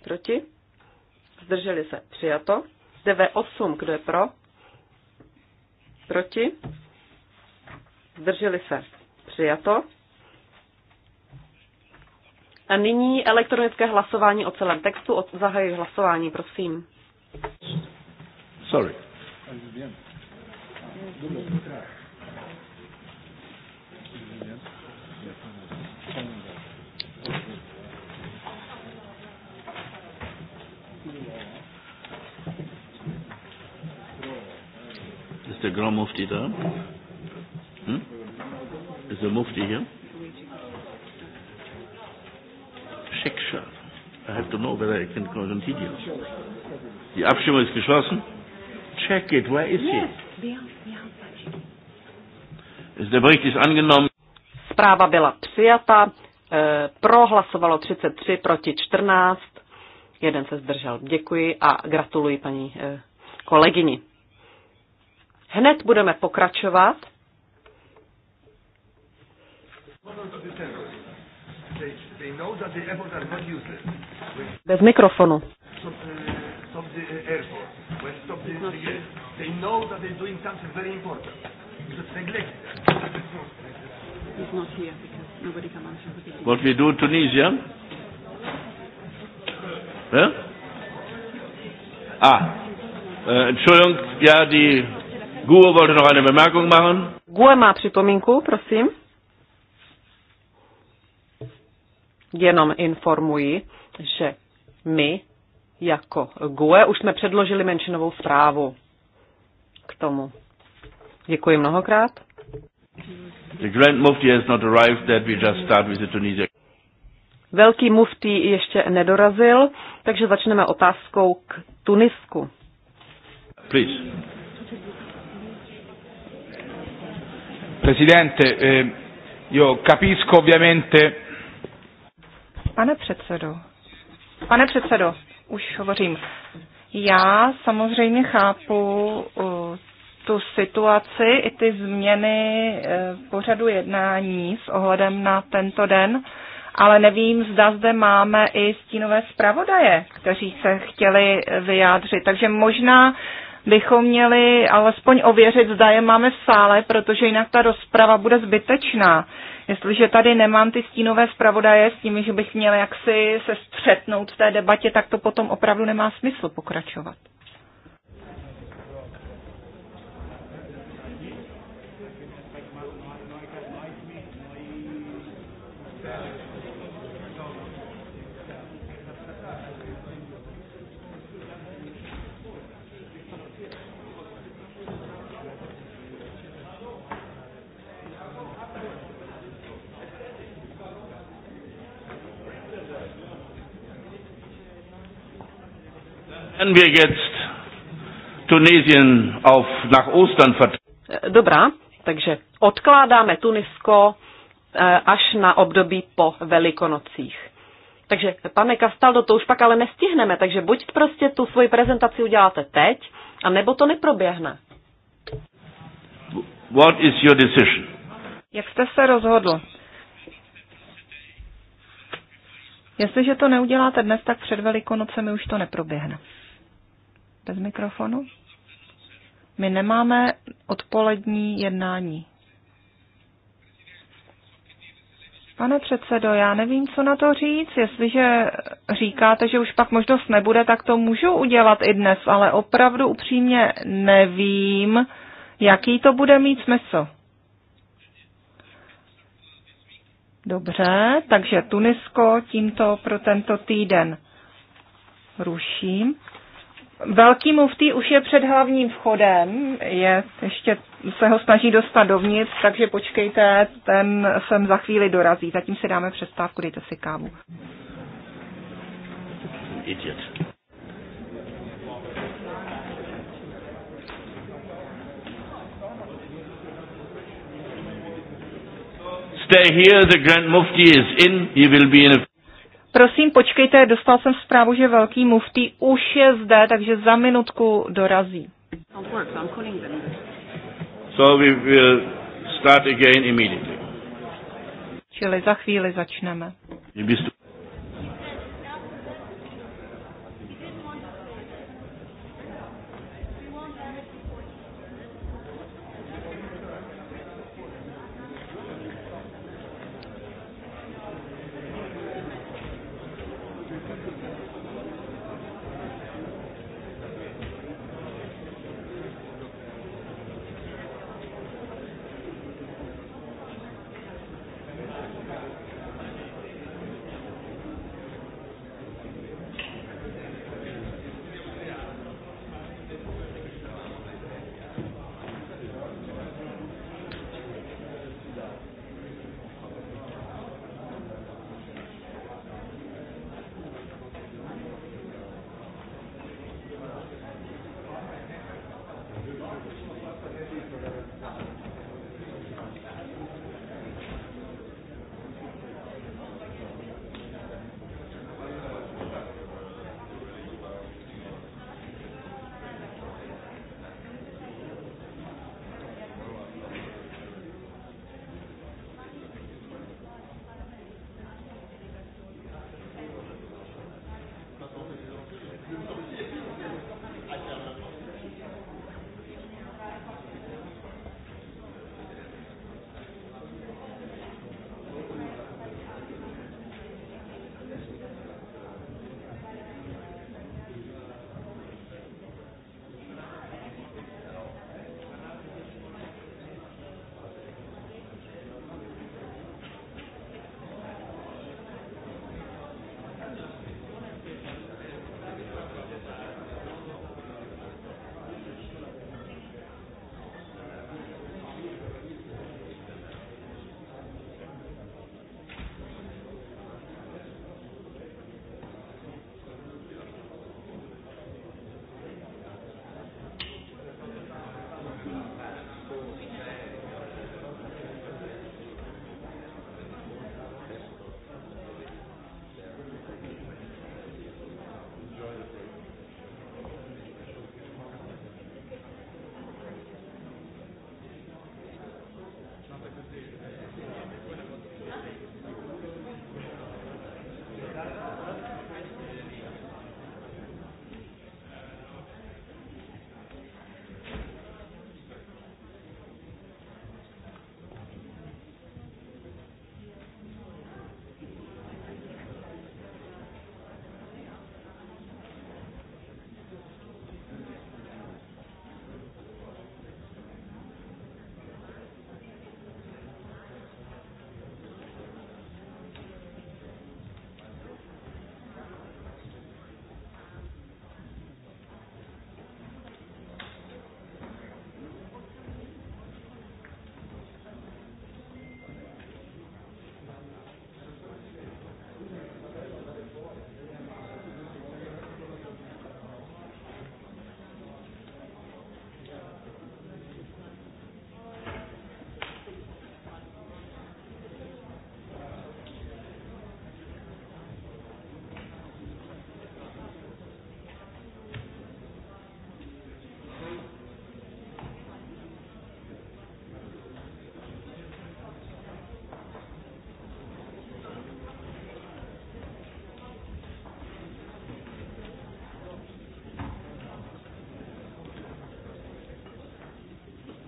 proti, zdrželi se přijato. 9.8, kdo je pro, Proti? Zdrželi se. Přijato. A nyní elektronické hlasování o celém textu. Zahajuji hlasování, prosím. Sorry. the Grand Mufti there? Hmm? Is the Mufti here? Sheikh I have to know whether I can call continue. Die Abstimmung ist geschlossen. Check it. Where is he? Is the Bericht ist angenommen. Zpráva byla přijata. E, prohlasovalo 33 proti 14. Jeden se zdržel. Děkuji a gratuluji paní e, kolegyni. Hned budeme pokračovat. Bez mikrofonu. What we do Tunisia? Huh? Ah, äh, Entschuldigung, ja, die Gue wollte noch eine Bemerkung machen. Gue má připomínku, prosím. Jenom informuji, že my jako GUE už jsme předložili menšinovou zprávu k tomu. Děkuji mnohokrát. The Grand Mufti has not arrived that we just start with the Tunisia. Velký muftý ještě nedorazil, takže začneme otázkou k Tunisku. Please. Presidente, eh, io capisco ovviamente... Pane předsedo, pane předsedo, už hovořím. Já samozřejmě chápu uh, tu situaci i ty změny uh, pořadu jednání s ohledem na tento den, ale nevím, zda zde máme i stínové zpravodaje, kteří se chtěli vyjádřit. Takže možná bychom měli alespoň ověřit, zda je máme v sále, protože jinak ta rozprava bude zbytečná. Jestliže tady nemám ty stínové zpravodaje s tím, že bych měl jaksi se střetnout v té debatě, tak to potom opravdu nemá smysl pokračovat. Können wir jetzt Tunesien auf, nach Ostern eh, Dobrá, takže odkládáme Tunisko eh, až na období po Velikonocích. Takže, pane Kastaldo, to už pak ale nestihneme, takže buď prostě tu svoji prezentaci uděláte teď, a nebo to neproběhne. What is your decision? Jak jste se rozhodl? Jestliže to neuděláte dnes, tak před Velikonocemi už to neproběhne bez mikrofonu. My nemáme odpolední jednání. Pane předsedo, já nevím, co na to říct. Jestliže říkáte, že už pak možnost nebude, tak to můžu udělat i dnes, ale opravdu upřímně nevím, jaký to bude mít smysl. Dobře, takže Tunisko tímto pro tento týden ruším. Velký muftý už je před hlavním vchodem, je, ještě se ho snaží dostat dovnitř, takže počkejte, ten sem za chvíli dorazí. Zatím si dáme přestávku, dejte si kávu. Idiot. Stay here, the Grand Mufti is in, he will be in a... Prosím, počkejte, dostal jsem zprávu, že velký muftý už je zde, takže za minutku dorazí. So we will start again immediately. Čili za chvíli začneme. Kdybyste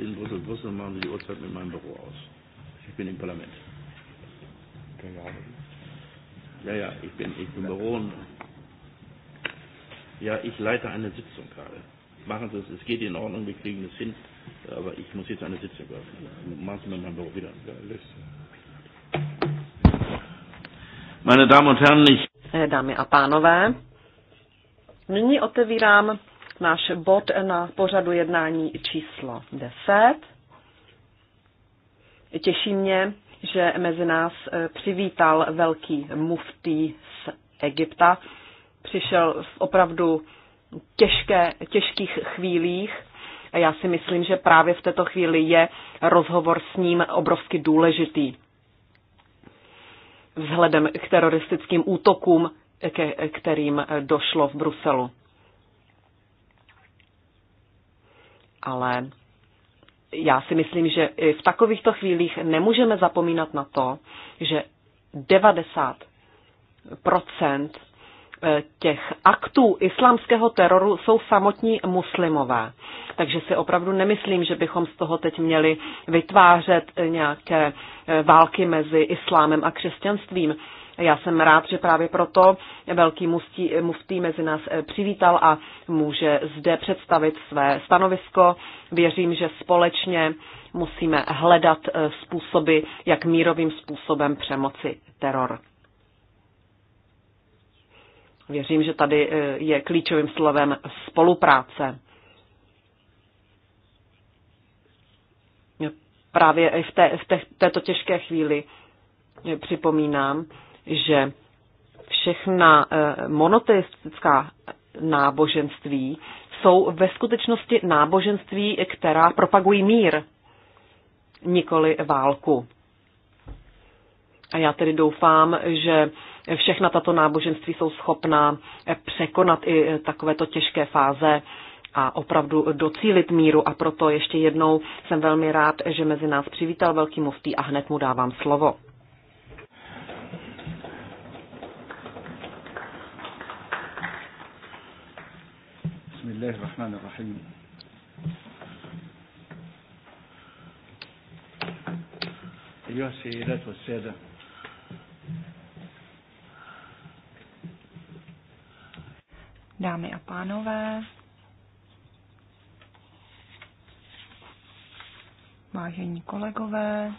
in Brüssel-Brüssel machen Sie die Uhrzeit mit meinem Büro aus. Ich bin im Parlament. Ja, ja, ich bin, ich bin Büro. Und ja, ich leite eine Sitzung gerade. Machen Sie es, es geht in Ordnung, wir kriegen es hin. Aber ich muss jetzt eine Sitzung öffnen. Machen Sie mir mein Büro wieder. Meine Damen und Herren, ich. Dámy a pánové, nyní otevírám náš bod na pořadu jednání číslo 10. Těší mě, že mezi nás eh, přivítal velký muftý z Egypta. Přišel v opravdu těžké, těžkých chvílích a já si myslím, že právě v této chvíli je rozhovor s ním obrovsky důležitý. Vzhledem k teroristickým útokům, ke kterým došlo v Bruselu. ale já si myslím, že i v takovýchto chvílích nemůžeme zapomínat na to, že 90 eh, těch aktů islámského teroru jsou samotní muslimové. Takže si opravdu nemyslím, že bychom z toho teď měli vytvářet eh, nějaké eh, války mezi islámem a křesťanstvím. Já jsem rád, že právě proto velký muftí, muftí mezi nás eh, přivítal a může zde představit své stanovisko. Věřím, že společně musíme hledat eh, způsoby, jak mírovým způsobem přemoci teror. Věřím, že tady eh, je klíčovým slovem spolupráce. Právě v, té, v té, této těžké chvíli připomínám, že všechna eh, monoteistická náboženství jsou ve skutečnosti náboženství, která propagují mír, nikoli válku. A já tedy doufám, že všechna tato náboženství jsou schopná překonat i takovéto těžké fáze a opravdu docílit míru. A proto ještě jednou jsem velmi rád, že mezi nás přivítal velký muftý a hned mu dávám slovo. الله الرحمن الرحيم أيها السيدات والسادة Dámy a pánové, vážení kolegové,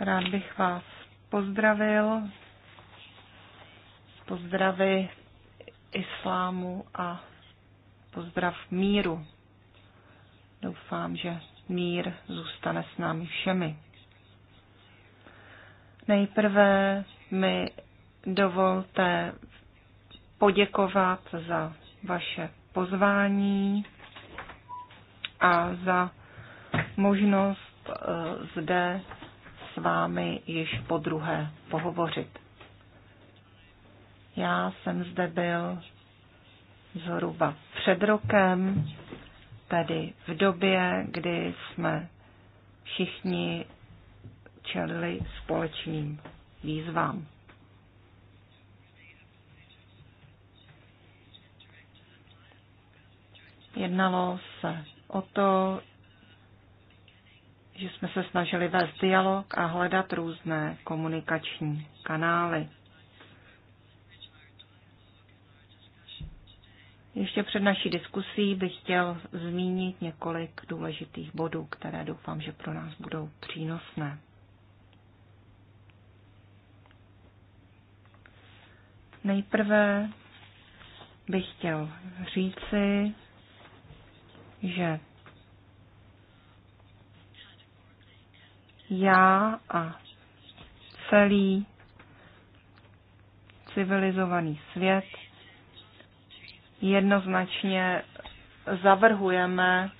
rád bych vás pozdravil pozdravy islámu a pozdrav míru. Doufám, že mír zůstane s námi všemi. Nejprve mi dovolte poděkovat za vaše pozvání a za možnost eh, zde s vámi již po druhé pohovořit. Já jsem zde byl zhruba před rokem, tedy v době, kdy jsme všichni čelili společným výzvám. Jednalo se o to, že jsme se snažili vést dialog a hledat různé komunikační kanály. Ještě před naší diskusí bych chtěl zmínit několik důležitých bodů, které doufám, že pro nás budou přínosné. Nejprve bych chtěl říci, že já a celý civilizovaný svět jednoznačně zavrhujeme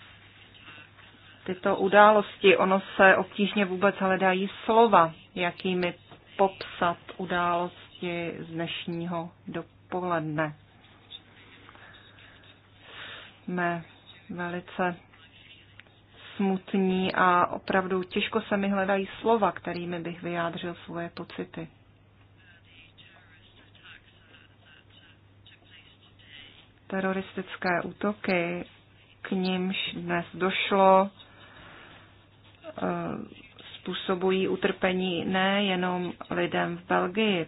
tyto události. Ono se obtížně vůbec hledají slova, jakými popsat události z dnešního dopoledne. Jsme velice smutní a opravdu těžko se mi hledají slova, kterými bych vyjádřil svoje pocity. Teroristické útoky, k nímž dnes došlo, eh, způsobují utrpení nejenom lidem v Belgii,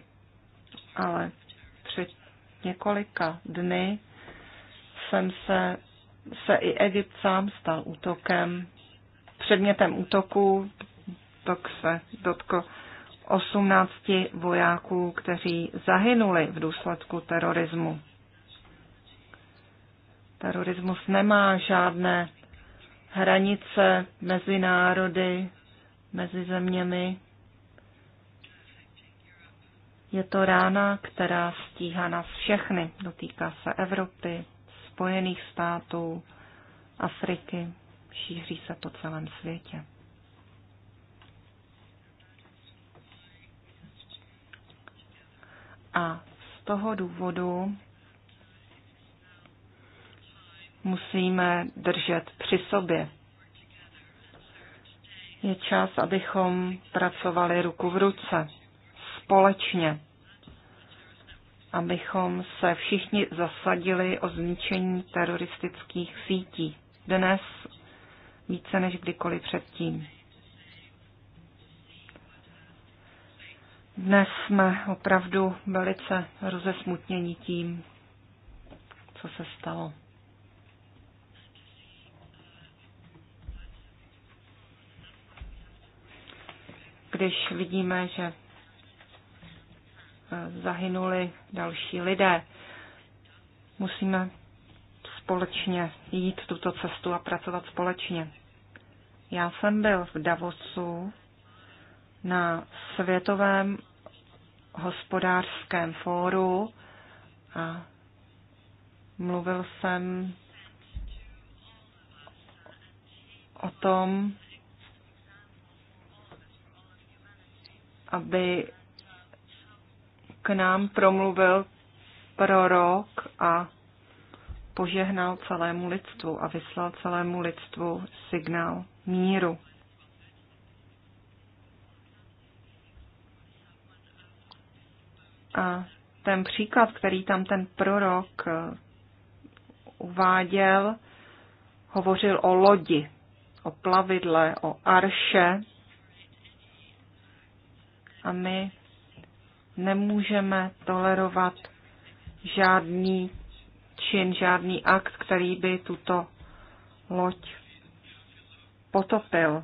ale před několika dny jsem se, se i Egypt sám stal útokem předmětem útoku, tak se dotko 18 vojáků, kteří zahynuli v důsledku terorismu. Terorismus nemá žádné hranice mezi národy, mezi zeměmi. Je to rána, která stíhá nás všechny. Dotýká se Evropy, Spojených států, Afriky šíří se po celém světě. A z toho důvodu musíme držet při sobě. Je čas, abychom pracovali ruku v ruce, společně, abychom se všichni zasadili o zničení teroristických sítí. Dnes více než kdykoliv předtím. Dnes jsme opravdu velice rozesmutněni tím, co se stalo. Když vidíme, že eh, zahynuli další lidé, musíme společně jít tuto cestu a pracovat společně. Já jsem byl v Davosu na Světovém hospodářském fóru a mluvil jsem o tom, aby k nám promluvil prorok a požehnal celému lidstvu a vyslal celému lidstvu signál míru. A ten příklad, který tam ten prorok eh, uváděl, hovořil o lodi, o plavidle, o arše. A my nemůžeme tolerovat žádný čin, žádný akt, který by tuto loď potopil.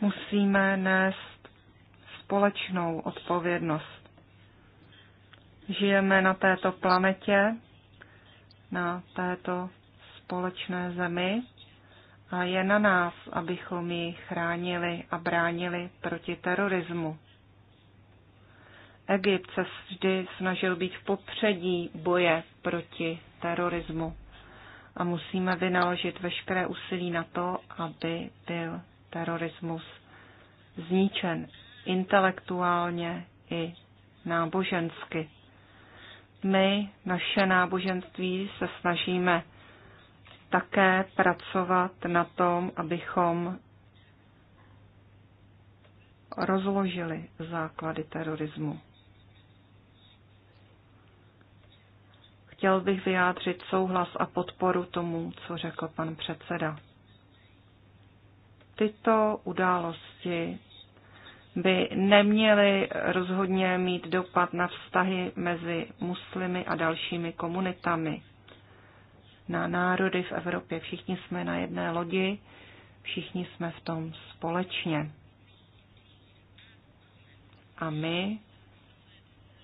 Musíme nést společnou odpovědnost. Žijeme na této planetě, na této společné zemi a je na nás, abychom ji chránili a bránili proti terorismu. Egypt se vždy snažil být v popředí boje proti terorismu a musíme vynaložit veškeré úsilí na to, aby byl terorismus zničen intelektuálně i nábožensky. My, naše náboženství, se snažíme také pracovat na tom, abychom rozložili základy terorismu. Chtěl bych vyjádřit souhlas a podporu tomu, co řekl pan předseda. Tyto události by neměly rozhodně mít dopad na vztahy mezi muslimy a dalšími komunitami na národy v Evropě. Všichni jsme na jedné lodi, všichni jsme v tom společně. A my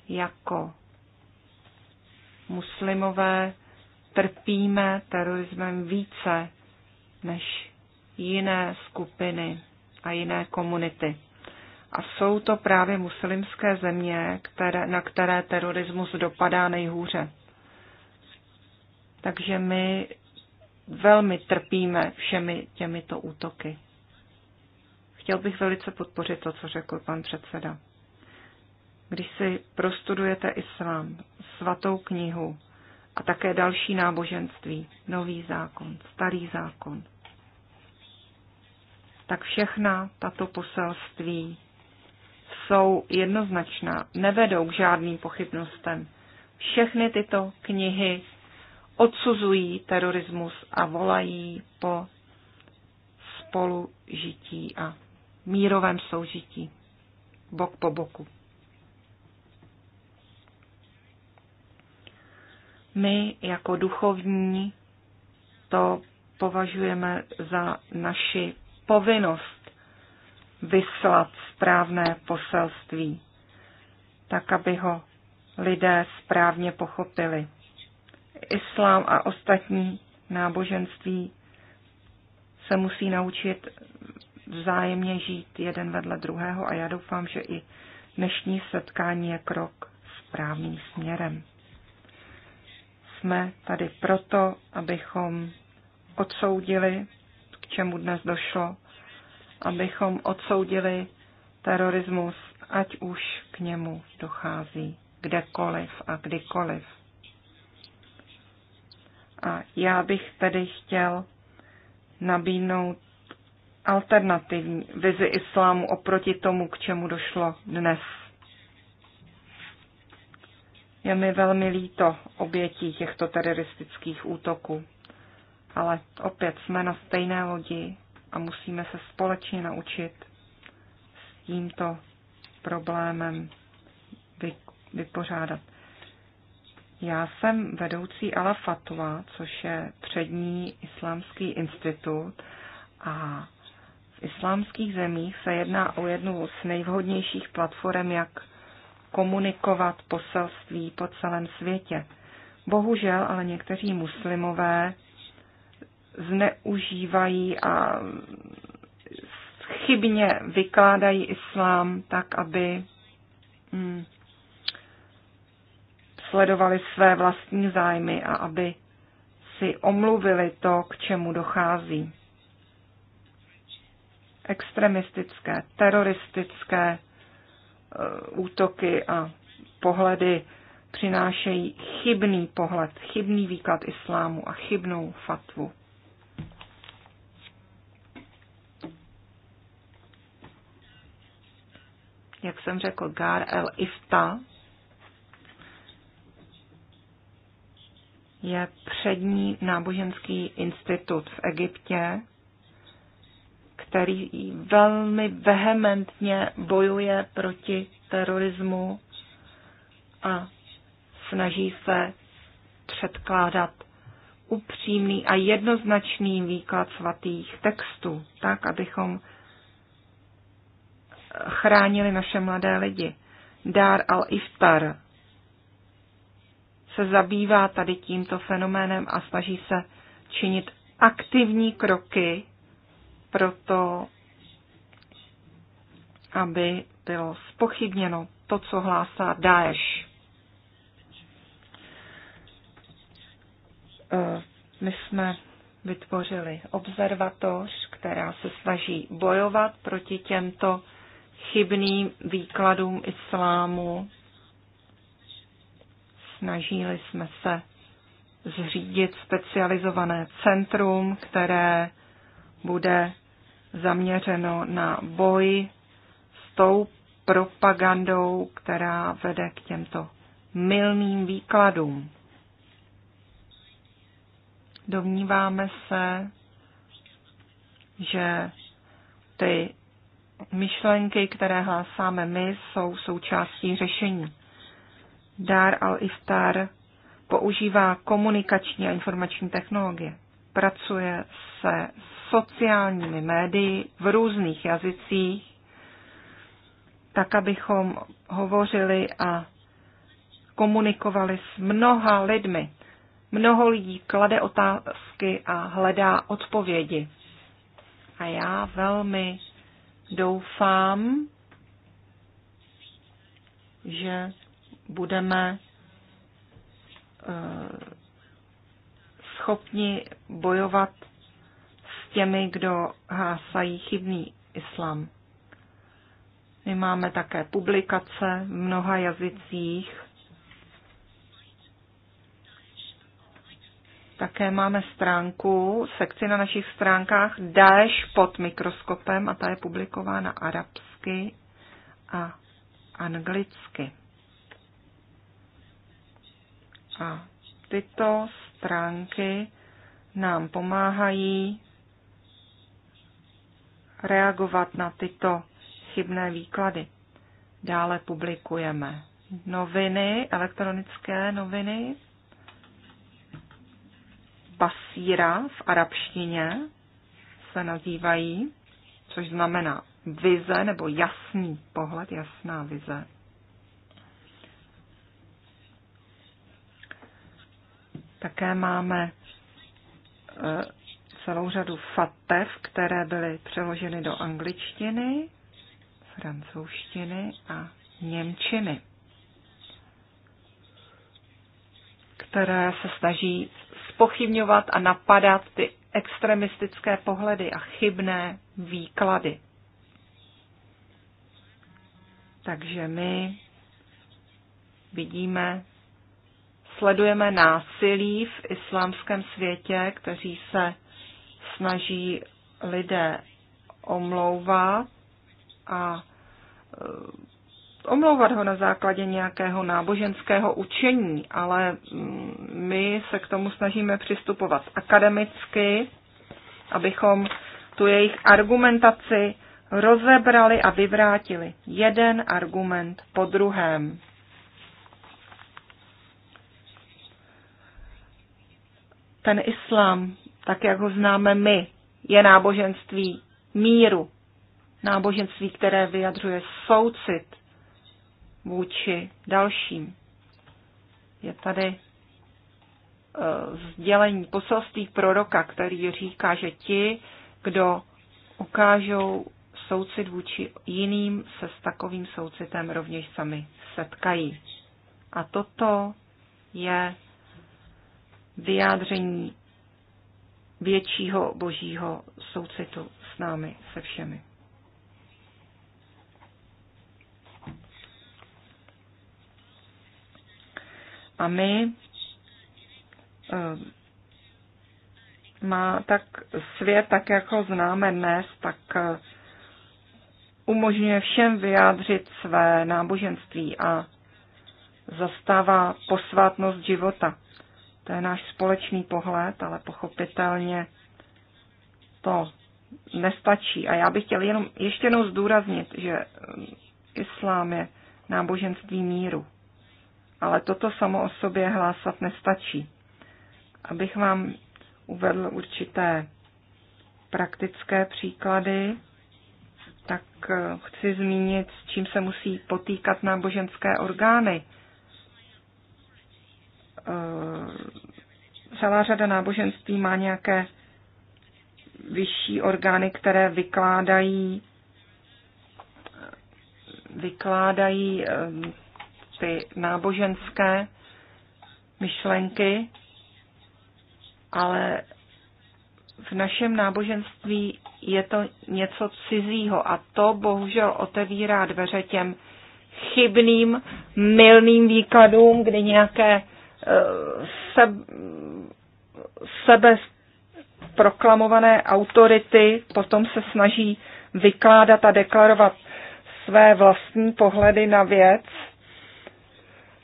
jako muslimové trpíme terorismem více než jiné skupiny a jiné komunity. A jsou to právě muslimské země, které, na které terorismus dopadá nejhůře. Takže my velmi trpíme všemi těmito útoky. Chtěl bych velice podpořit to, co řekl pan předseda. Když si prostudujete islám, svatou knihu a také další náboženství, nový zákon, starý zákon, tak všechna tato poselství jsou jednoznačná, nevedou k žádným pochybnostem. Všechny tyto knihy odsuzují terorismus a volají po spolužití a mírovém soužití, bok po boku. My jako duchovní to považujeme za naši povinnost vyslat správné poselství, tak aby ho lidé správně pochopili islám a ostatní náboženství se musí naučit vzájemně žít jeden vedle druhého a já doufám, že i dnešní setkání je krok správným směrem. Jsme tady proto, abychom odsoudili, k čemu dnes došlo, abychom odsoudili terorismus, ať už k němu dochází kdekoliv a kdykoliv a já bych tedy chtěl nabídnout alternativní vizi islámu oproti tomu, k čemu došlo dnes. Je mi velmi líto obětí těchto teroristických útoků, ale opět jsme na stejné lodi a musíme se společně naučit s tímto problémem vypořádat. Já jsem vedoucí Ala Fatwa, což je přední islámský institut a v islámských zemích se jedná o jednu z nejvhodnějších platform, jak komunikovat poselství po celém světě. Bohužel ale někteří muslimové zneužívají a chybně vykládají islám tak, aby hm, sledovali své vlastní zájmy a aby si omluvili to, k čemu dochází. Extremistické, teroristické eh, útoky a pohledy přinášejí chybný pohled, chybný výklad islámu a chybnou fatvu. Jak jsem řekl, Gar el Ifta je přední náboženský institut v Egyptě, který velmi vehementně bojuje proti terorismu a snaží se předkládat upřímný a jednoznačný výklad svatých textů, tak, abychom chránili naše mladé lidi. Dar al-Iftar, se zabývá tady tímto fenoménem a snaží se činit aktivní kroky pro to, aby bylo spochybněno to, co hlásá Daesh. Eh, my jsme vytvořili observatoř, která se snaží bojovat proti těmto chybným výkladům islámu Snažili jsme se zřídit specializované centrum, které bude zaměřeno na boj s tou propagandou, která vede k těmto mylným výkladům. Domníváme se, že ty myšlenky, které hlásáme my, jsou součástí řešení. Dar al-Iftar používá komunikační a informační technologie. Pracuje se sociálními médii v různých jazycích, tak abychom hovořili a komunikovali s mnoha lidmi. Mnoho lidí klade otázky a hledá odpovědi. A já velmi doufám, že budeme eh, schopni bojovat s těmi, kdo hásají chybný islám. My máme také publikace v mnoha jazycích. Také máme stránku, sekci na našich stránkách Daesh pod mikroskopem a ta je publikována arabsky a anglicky. A tyto stránky nám pomáhají reagovat na tyto chybné výklady. Dále publikujeme noviny, elektronické noviny, basíra v arabštině se nazývají, což znamená vize nebo jasný pohled, jasná vize. Také máme e, celou řadu fatev, které byly přeloženy do angličtiny, francouzštiny a němčiny, které se snaží spochybňovat a napadat ty extremistické pohledy a chybné výklady. Takže my vidíme sledujeme násilí v islámském světě, kteří se snaží lidé omlouvat a e, omlouvat ho na základě nějakého náboženského učení, ale mm, my se k tomu snažíme přistupovat akademicky, abychom tu jejich argumentaci rozebrali a vyvrátili jeden argument po druhém. Ten islám, tak jak ho známe my, je náboženství míru, náboženství, které vyjadřuje soucit vůči dalším. Je tady e, sdělení poselství proroka, který říká, že ti, kdo ukážou soucit vůči jiným, se s takovým soucitem rovněž sami setkají. A toto je vyjádření většího božího soucitu s námi, se všemi. A my eh, má tak svět, tak jak ho známe dnes, tak eh, umožňuje všem vyjádřit své náboženství a zastává posvátnost života. To je náš společný pohled, ale pochopitelně to nestačí. A já bych chtěl jenom ještě jednou zdůraznit, že um, islám je náboženství míru. Ale toto samo o sobě hlásat nestačí. Abych vám uvedl určité praktické příklady, tak uh, chci zmínit, s čím se musí potýkat náboženské orgány Eh, celá řada náboženství má nějaké vyšší orgány, které vykládají vykládají eh, ty náboženské myšlenky, ale v našem náboženství je to něco cizího a to bohužel otevírá dveře těm chybným, milným výkladům, kdy nějaké se, sebe proklamované autority potom se snaží vykládat a deklarovat své vlastní pohledy na věc.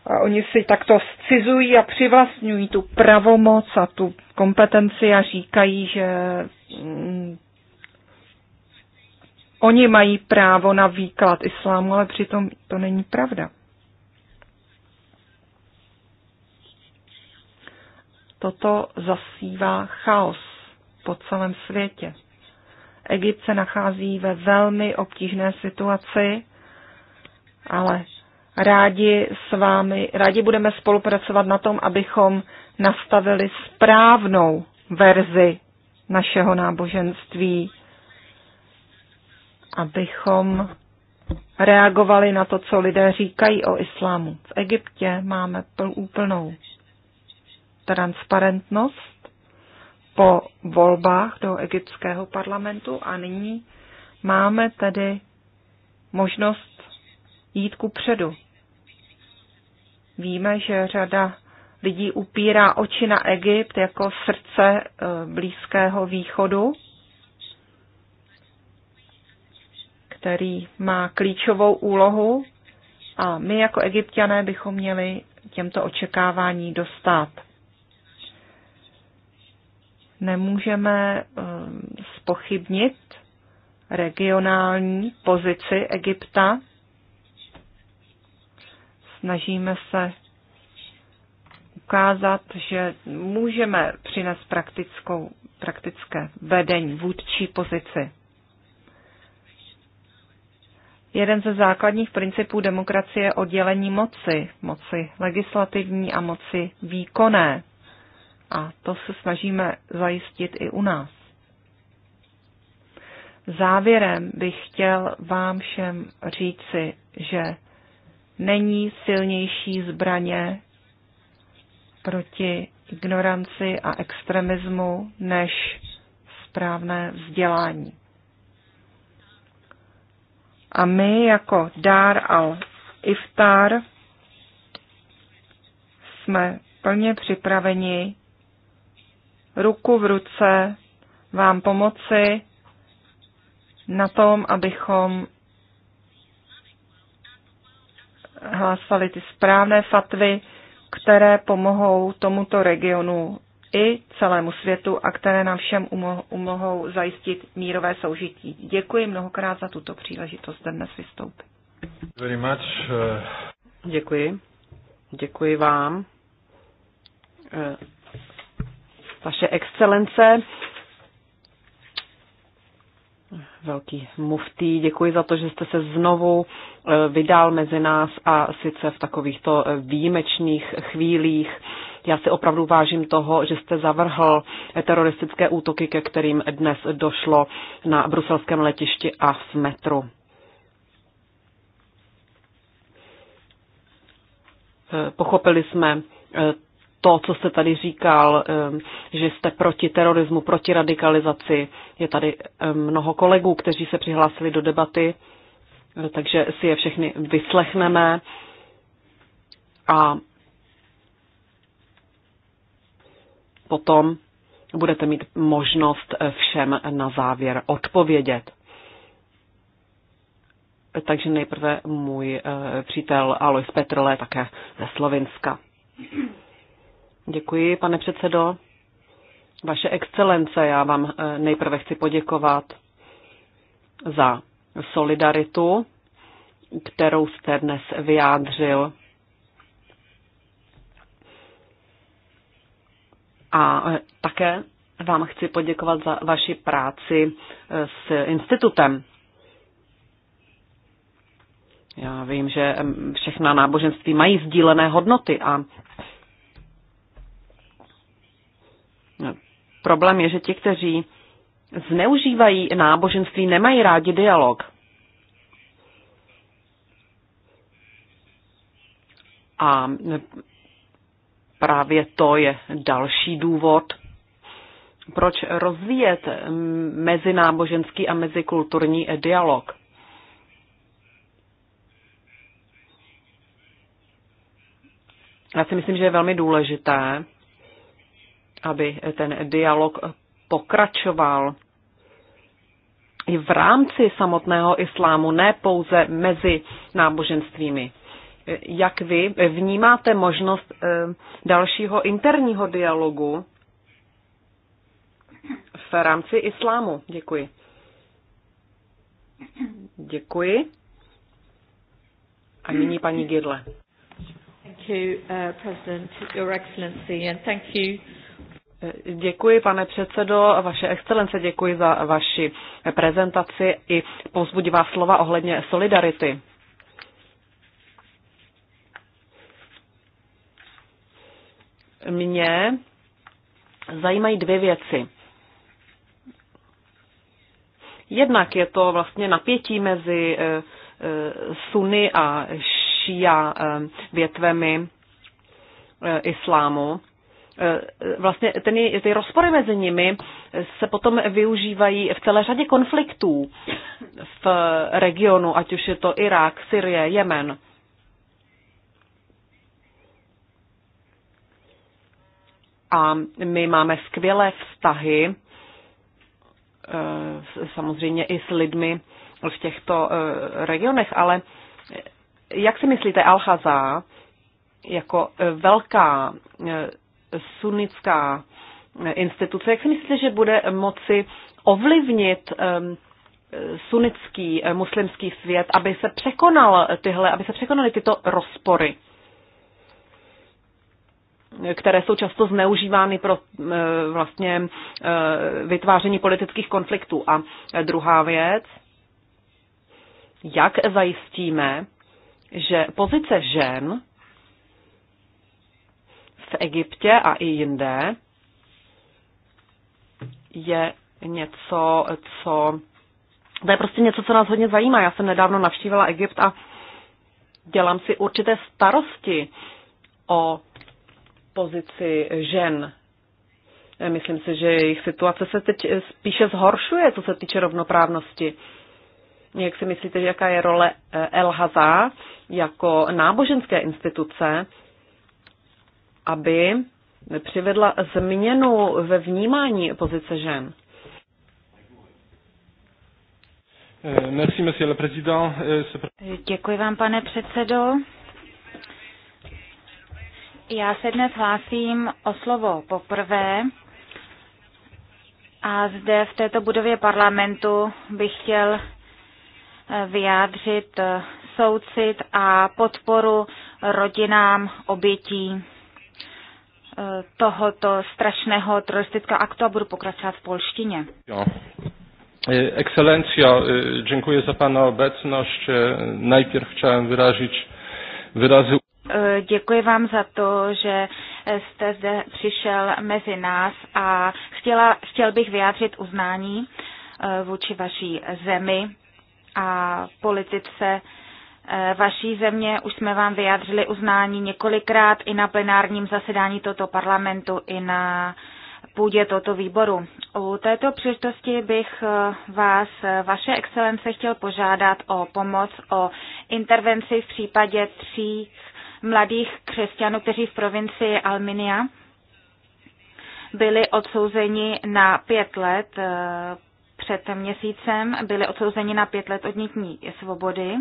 A oni si takto scizují a přivlastňují tu pravomoc a tu kompetenci a říkají, že mm, oni mají právo na výklad islámu, ale přitom to není pravda. toto zasívá chaos po celém světě. Egypt se nachází ve velmi obtížné situaci, ale rádi s vámi, rádi budeme spolupracovat na tom, abychom nastavili správnou verzi našeho náboženství, abychom reagovali na to, co lidé říkají o islámu. V Egyptě máme úplnou transparentnost po volbách do egyptského parlamentu a nyní máme tedy možnost jít ku předu. Víme, že řada lidí upírá oči na Egypt jako srdce eh, Blízkého východu, který má klíčovou úlohu a my jako egyptiané bychom měli těmto očekávání dostat nemůžeme spochybnit ehm, regionální pozici Egypta. Snažíme se ukázat, že můžeme přinést praktickou, praktické vedení, vůdčí pozici. Jeden ze základních principů demokracie je oddělení moci, moci legislativní a moci výkonné. A to se snažíme zajistit i u nás. Závěrem bych chtěl vám všem říci, že není silnější zbraně proti ignoranci a extremismu než správné vzdělání. A my jako Dar al-Iftar jsme plně připraveni ruku v ruce vám pomoci na tom, abychom hlásali ty správné fatvy, které pomohou tomuto regionu i celému světu a které nám všem umohou zajistit mírové soužití. Děkuji mnohokrát za tuto příležitost dnes vystoupit. Very much. Uh, Děkuji. Děkuji vám eh, vaše excelence, velký muftý. Děkuji za to, že jste se znovu eh, vydal mezi nás a sice v takovýchto eh, výjimečných chvílích. Já si opravdu vážím toho, že jste zavrhl eh, teroristické útoky, ke kterým dnes došlo na bruselském letišti a v metru. Pochopili jsme to, co jste tady říkal, že jste proti terorismu, proti radikalizaci. Je tady mnoho kolegů, kteří se přihlásili do debaty, e, takže si je všechny vyslechneme. A potom budete mít možnost e, všem na závěr odpovědět. E, takže nejprve můj přítel Alois Petrle, také ze Slovenska. Děkuji, pane předsedo. Vaše excelence, já vám eh, nejprve chci poděkovat za solidaritu, kterou jste dnes vyjádřil. A eh, také vám chci poděkovat za vaši práci eh, s institutem. Já vím, že mm, všechna náboženství mají sdílené hodnoty a Problém je, že ti, kteří zneužívají náboženství, nemají rádi dialog. A právě to je další důvod, proč rozvíjet mezináboženský a mezikulturní dialog. Já si myslím, že je velmi důležité, aby ten dialog pokračoval i v rámci samotného islámu, ne pouze mezi náboženstvími. Jak vy vnímáte možnost eh, dalšího interního dialogu v rámci islámu? Děkuji. Děkuji. A nyní paní Gidle. Thank you, uh, President, Your Excellency, and thank you Děkuji, pane předsedo, vaše excelence, děkuji za vaši prezentaci i povzbudivá slova ohledně solidarity. Mě zajímají dvě věci. Jednak je to vlastně napětí mezi eh, eh, suny a šia eh, větvemi islámu. Eh, vlastně ten, ty rozpory mezi nimi se potom využívají v celé řadě konfliktů v regionu, ať už je to Irák, Syrie, Jemen. A my máme skvělé vztahy eh, samozřejmě i s lidmi v těchto eh, regionech, ale jak si myslíte, Alhazá jako velká sunnická instituce, jak si myslíte, že bude moci ovlivnit sunnický eh, muslimský svět, aby se překonal tyhle, aby se překonaly tyto rozpory, které jsou často zneužívány pro eh, vlastně eh, vytváření politických konfliktů. A druhá věc, jak zajistíme, že pozice žen v Egyptě a i jinde je něco, co... To je prostě něco, co nás hodně zajímá. Já jsem nedávno navštívila Egypt a dělám si určité starosti o pozici žen. Myslím si, že jejich situace se teď spíše zhoršuje, co se týče rovnoprávnosti. Jak si myslíte, jaká je role eh, LHZ jako náboženské instituce aby přivedla změnu ve vnímání pozice žen. Eh, merci, monsieur le président. Eh, eh, děkuji vám, pane předsedo. Já se dnes hlásím o slovo poprvé a zde v této budově parlamentu bych chtěl vyjádřit soucit a podporu rodinám obětí tohoto strašného teroristického aktu a budu pokračovat v polštině. Jo. Ekscelencjo, e, dziękuję za Pana obecność. E, najpierw chciałem wyrazić wyrazy. E, děkuji vám za to, že jste zde přišel mezi nás a chtěla, chtěl bych vyjádřit uznání vůči vaší zemi a politice Eh, vaší země. Už jsme vám vyjádřili uznání několikrát i na plenárním zasedání tohoto parlamentu, i na půdě tohoto výboru. U této příležitosti bych eh, vás, eh, vaše excelence, chtěl požádat o pomoc, o intervenci v případě tří mladých křesťanů, kteří v provincii Alminia byli odsouzeni na pět let před měsícem, byli odsouzeni na pět let odnětní svobody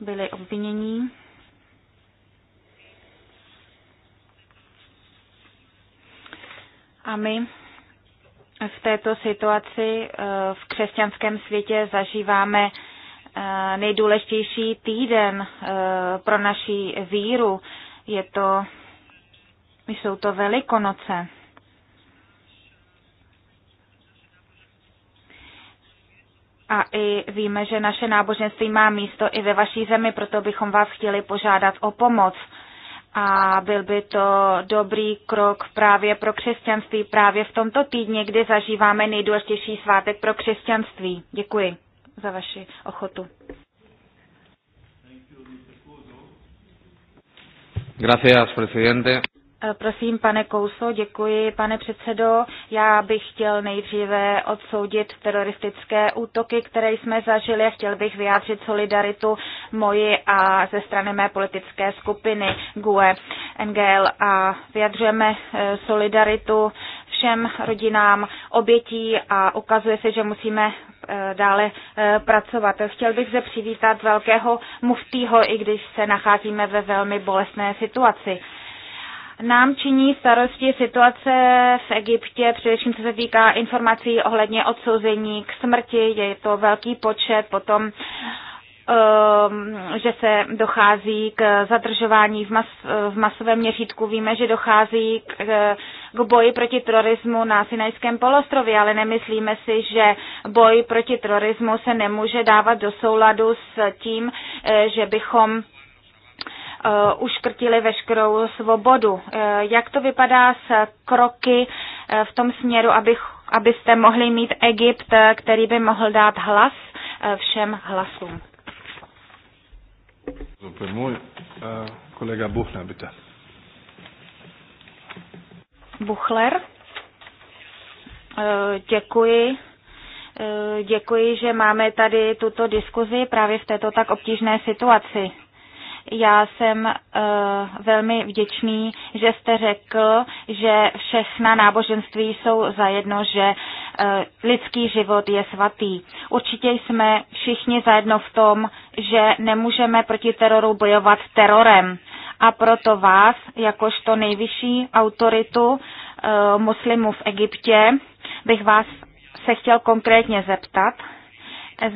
byli obvinění. A my v této situaci eh, v křesťanském světě zažíváme eh, nejdůležitější týden eh, pro naší víru. Je to, jsou to Velikonoce. A i víme, že naše náboženství má místo i ve vaší zemi, proto bychom vás chtěli požádat o pomoc. A byl by to dobrý krok právě pro křesťanství, právě v tomto týdně, kdy zažíváme nejdůležitější svátek pro křesťanství. Děkuji za vaši ochotu. Gracias, presidente. Eh, prosím, pane Kouso, děkuji, pane předsedo. Já bych chtěl nejdříve odsoudit teroristické útoky, které jsme zažili a chtěl bych vyjádřit solidaritu moji a ze strany mé politické skupiny GUE NGL a vyjadřujeme eh, solidaritu všem rodinám obětí a ukazuje se, že musíme eh, dále pracovat. Chtěl bych zde přivítat velkého muftího, i když se nacházíme ve velmi bolestné situaci. Nám činí starosti situace v Egyptě, především co se týká informací ohledně odsouzení k smrti. Je to velký počet, potom ehm, že se dochází k zadržování v, mas, v masovém měřítku. Víme, že dochází k, k boji proti terorismu na Sinajském polostrově, ale nemyslíme si, že boj proti terorismu se nemůže dávat do souladu s tím, eh, že bychom Eh, uškrtili veškerou svobodu. Eh, jak to vypadá s kroky eh, v tom směru, abych, abyste mohli mít Egypt, který by mohl dát hlas všem hlasům? Super, můj kolega Buchner, byte. Buchler. Děkuji. Děkuji, že máme tady tuto diskuzi právě v této tak obtížné situaci. Já jsem eh, velmi vděčný, že jste řekl, že všechna náboženství jsou zajedno, že eh, lidský život je svatý. Určitě jsme všichni zajedno v tom, že nemůžeme proti teroru bojovat terorem. A proto vás, jakožto nejvyšší autoritu eh, muslimů v Egyptě, bych vás se chtěl konkrétně zeptat,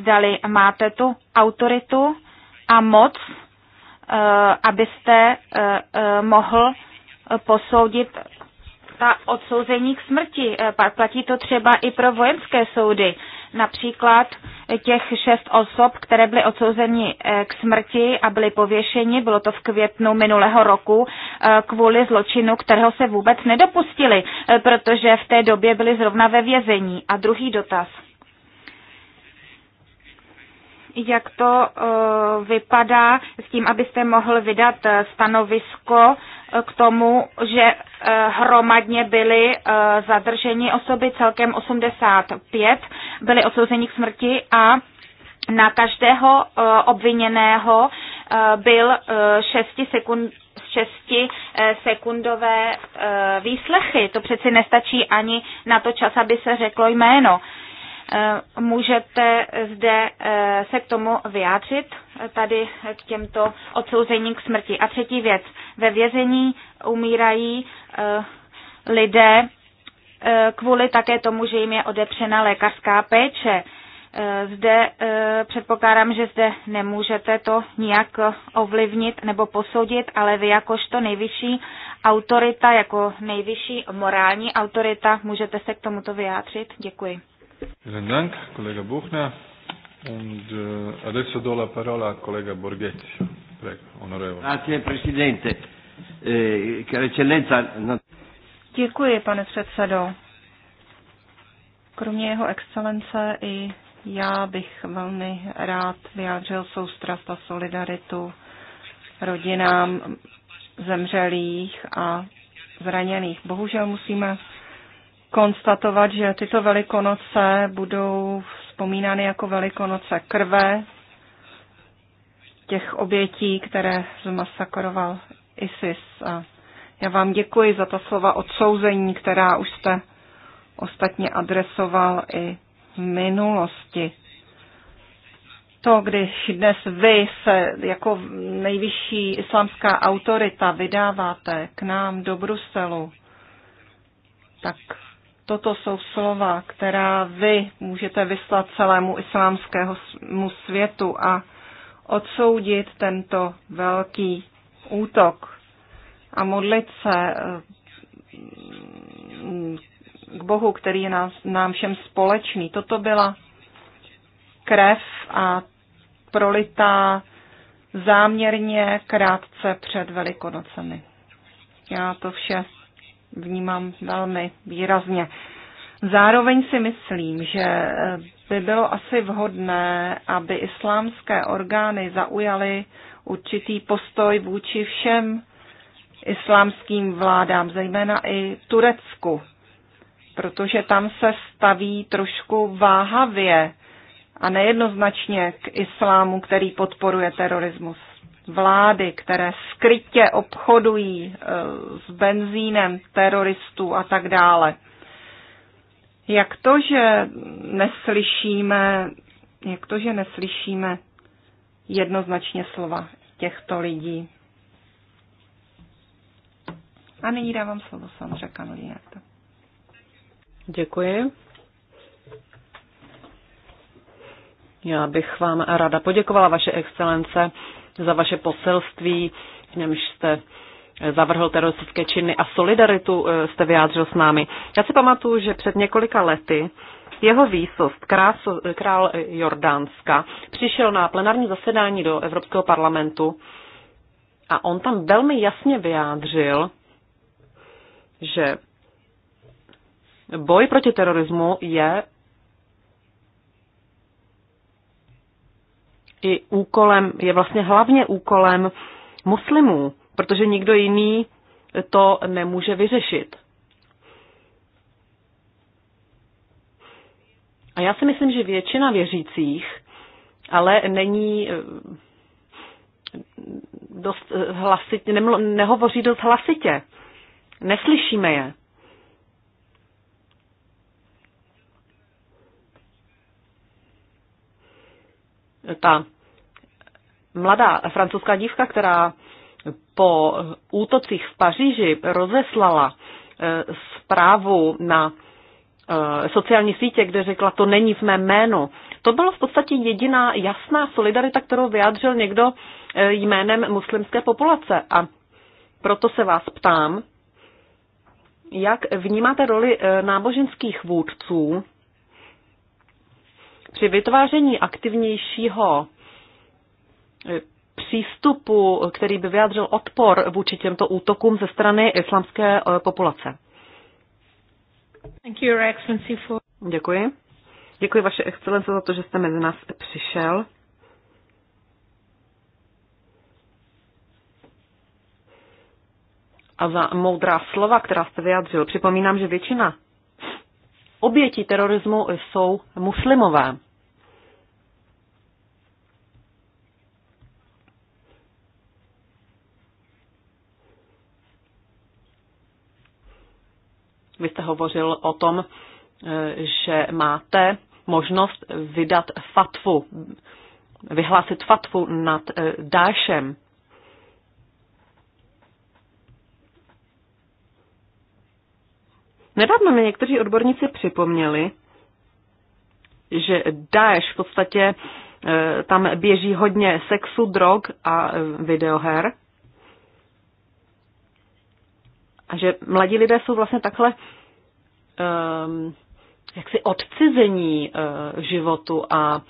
zdali máte tu autoritu a moc Eh, abyste eh, eh, mohl posoudit ta odsouzení k smrti. Platí to třeba i pro vojenské soudy. Například těch šest osob, které byly odsouzeni k smrti a byly pověšeni, bylo to v květnu minulého roku, kvůli zločinu, kterého se vůbec nedopustili, protože v té době byli zrovna ve vězení. A druhý dotaz jak to e, vypadá s tím, abyste mohl vydat e, stanovisko e, k tomu, že hromadně byly zadrženi osoby, celkem 85 byly odsouzeni k smrti a na každého obviněného byl 6 sekund 6 sekundové výslechy. To přeci nestačí ani na to čas, aby se řeklo jméno. Eh, můžete zde eh, se k tomu vyjádřit, eh, tady k těmto odsouzením k smrti. A třetí věc. Ve vězení umírají lidé kvůli také tomu, že jim je odepřena lékařská péče. Zde předpokládám, že zde nemůžete to nijak ovlivnit nebo posoudit, ale vy jakožto nejvyšší autorita, jako nejvyšší morální autorita, můžete se k tomuto vyjádřit? Děkuji. Vielen Dank, kolega Buchner. Und äh, adesso do la parola a collega Borghetti. Prego, onorevole. Grazie, Presidente. Eh, eccellenza... Děkuji, pane předsedo. Kromě jeho excelence i já bych velmi rád vyjádřil soustrast a solidaritu rodinám zemřelých a zraněných. Bohužel musíme konstatovat, že tyto velikonoce budou vzpomínány jako velikonoce krve těch obětí, které zmasakroval ISIS. A já vám děkuji za ta slova odsouzení, která už jste ostatně adresoval i v minulosti. To, když dnes vy se jako nejvyšší islámská autorita vydáváte k nám do Bruselu, tak Toto jsou slova, která vy můžete vyslat celému islámskému světu a odsoudit tento velký útok a modlit se eh, k Bohu, který je nás, nám všem společný. Toto byla krev a prolitá záměrně krátce před Velikonocemi. Já to vše vnímám velmi výrazně. Zároveň si myslím, že eh, by bylo asi vhodné, aby islámské orgány zaujaly určitý postoj vůči všem islámským vládám, zejména i Turecku, protože tam se staví trošku váhavě a nejednoznačně k islámu, který podporuje terorismus vlády, které skrytě obchodují eh, s benzínem teroristů a tak dále. Jak to, že neslyšíme, jak to, že neslyšíme jednoznačně slova těchto lidí? A nyní dávám slovo Sandře Kanolínek. Děkuji. Já bych vám ráda poděkovala, vaše excelence, za vaše poselství, v němž jste eh, zavrhl teroristické činy a solidaritu eh, jste vyjádřil s námi. Já si pamatuju, že před několika lety jeho výsost, král, eh, král Jordánska, přišel na plenární zasedání do Evropského parlamentu a on tam velmi jasně vyjádřil, že boj proti terorismu je i úkolem, je vlastně hlavně úkolem muslimů, protože nikdo jiný to nemůže vyřešit. A já si myslím, že většina věřících ale není eh, dost hlasitě, nehovoří dost hlasitě. Neslyšíme je. ta mladá francouzská dívka, která po útocích v Paříži rozeslala eh, zprávu na eh, sociální sítě, kde řekla, to není v mé jménu. To byla v podstatě jediná jasná solidarita, kterou vyjádřil někdo eh, jménem muslimské populace. A proto se vás ptám, jak vnímáte roli náboženských vůdců při vytváření aktivnějšího eh, přístupu, který by vyjádřil odpor vůči těmto útokům ze strany islamské eh, populace. Děkuji. Děkuji vaše excelence za to, že jste mezi nás přišel. A za moudrá slova, která jste vyjádřil. Připomínám, že většina oběti terorismu jsou muslimové. Vy jste hovořil o tom, eh, že máte možnost vydat fatvu, vyhlásit fatvu nad eh, Dášem. Nedávno mi někteří odborníci připomněli, že Daesh v podstatě e, tam běží hodně sexu, drog a e, videoher. A že mladí lidé jsou vlastně takhle um, jaksi odcizení uh, životu a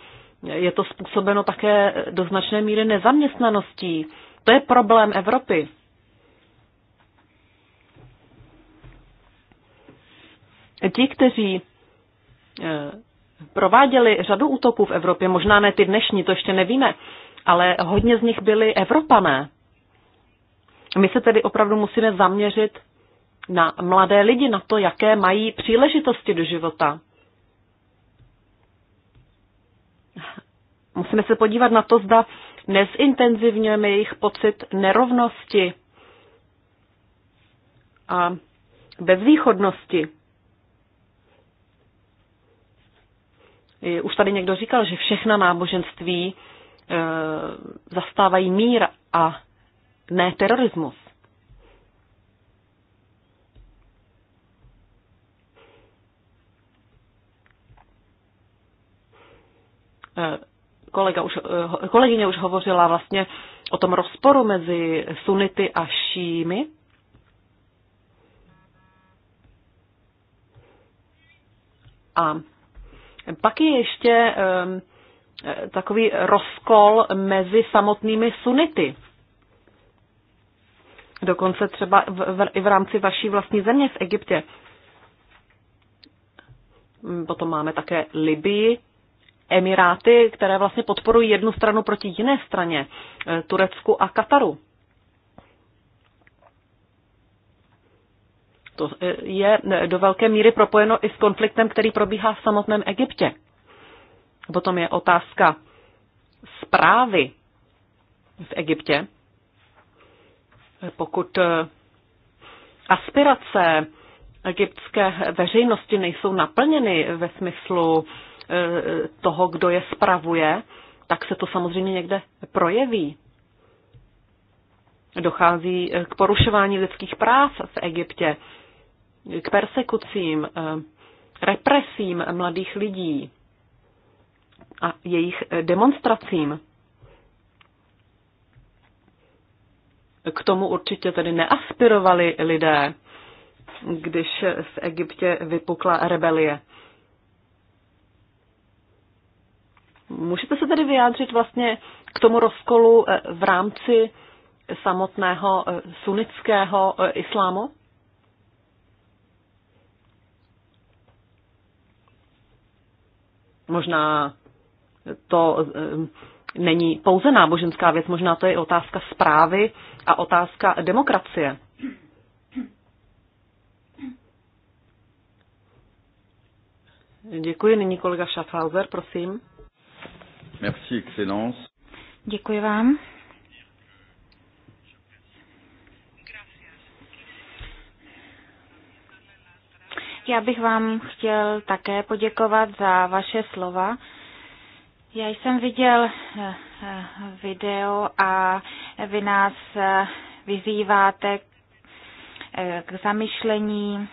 je to způsobeno také do značné míry nezaměstnaností. To je problém Evropy. ti, kteří e, prováděli řadu útoků v Evropě, možná ne ty dnešní, to ještě nevíme, ale hodně z nich byli Evropané. My se tedy opravdu musíme zaměřit na mladé lidi, na to, jaké mají příležitosti do života. Musíme se podívat na to, zda nezintenzivňujeme jejich pocit nerovnosti a bezvýchodnosti. Eh, už tady někdo říkal, že všechna náboženství eh, zastávají mír a ne terorismus. Eh, kolega už, kolegyně už hovořila vlastně o tom rozporu mezi sunity a šími. A pak je ještě ehm, eh, takový rozkol mezi samotnými sunity. Dokonce třeba v, v, i v rámci vaší vlastní země v Egyptě. Mm, potom máme také Libii, Emiráty, které vlastně podporují jednu stranu proti jiné straně, eh, Turecku a Kataru. to eh, je eh, do velké míry propojeno i s konfliktem, který probíhá v samotném Egyptě. Potom je otázka zprávy v Egyptě. Pokud eh, aspirace egyptské veřejnosti nejsou naplněny ve smyslu toho, kdo je spravuje, tak se to samozřejmě někde projeví. Dochází k porušování lidských práv v Egyptě k persekucím, eh, represím mladých lidí a jejich eh, demonstracím. K tomu určitě tedy neaspirovali lidé, když v Egyptě vypukla rebelie. Můžete se tedy vyjádřit vlastně k tomu rozkolu eh, v rámci samotného sunnického islámu? Možná to eh, není pouze náboženská věc, možná to je otázka zprávy a otázka demokracie. Děkuji. Nyní kolega Schaffhauser, prosím. Merci, excellence. Děkuji vám. Já bych vám chtěl také poděkovat za vaše slova. Já jsem viděl eh, video a vy nás eh, vyzýváte eh, k zamyšlení.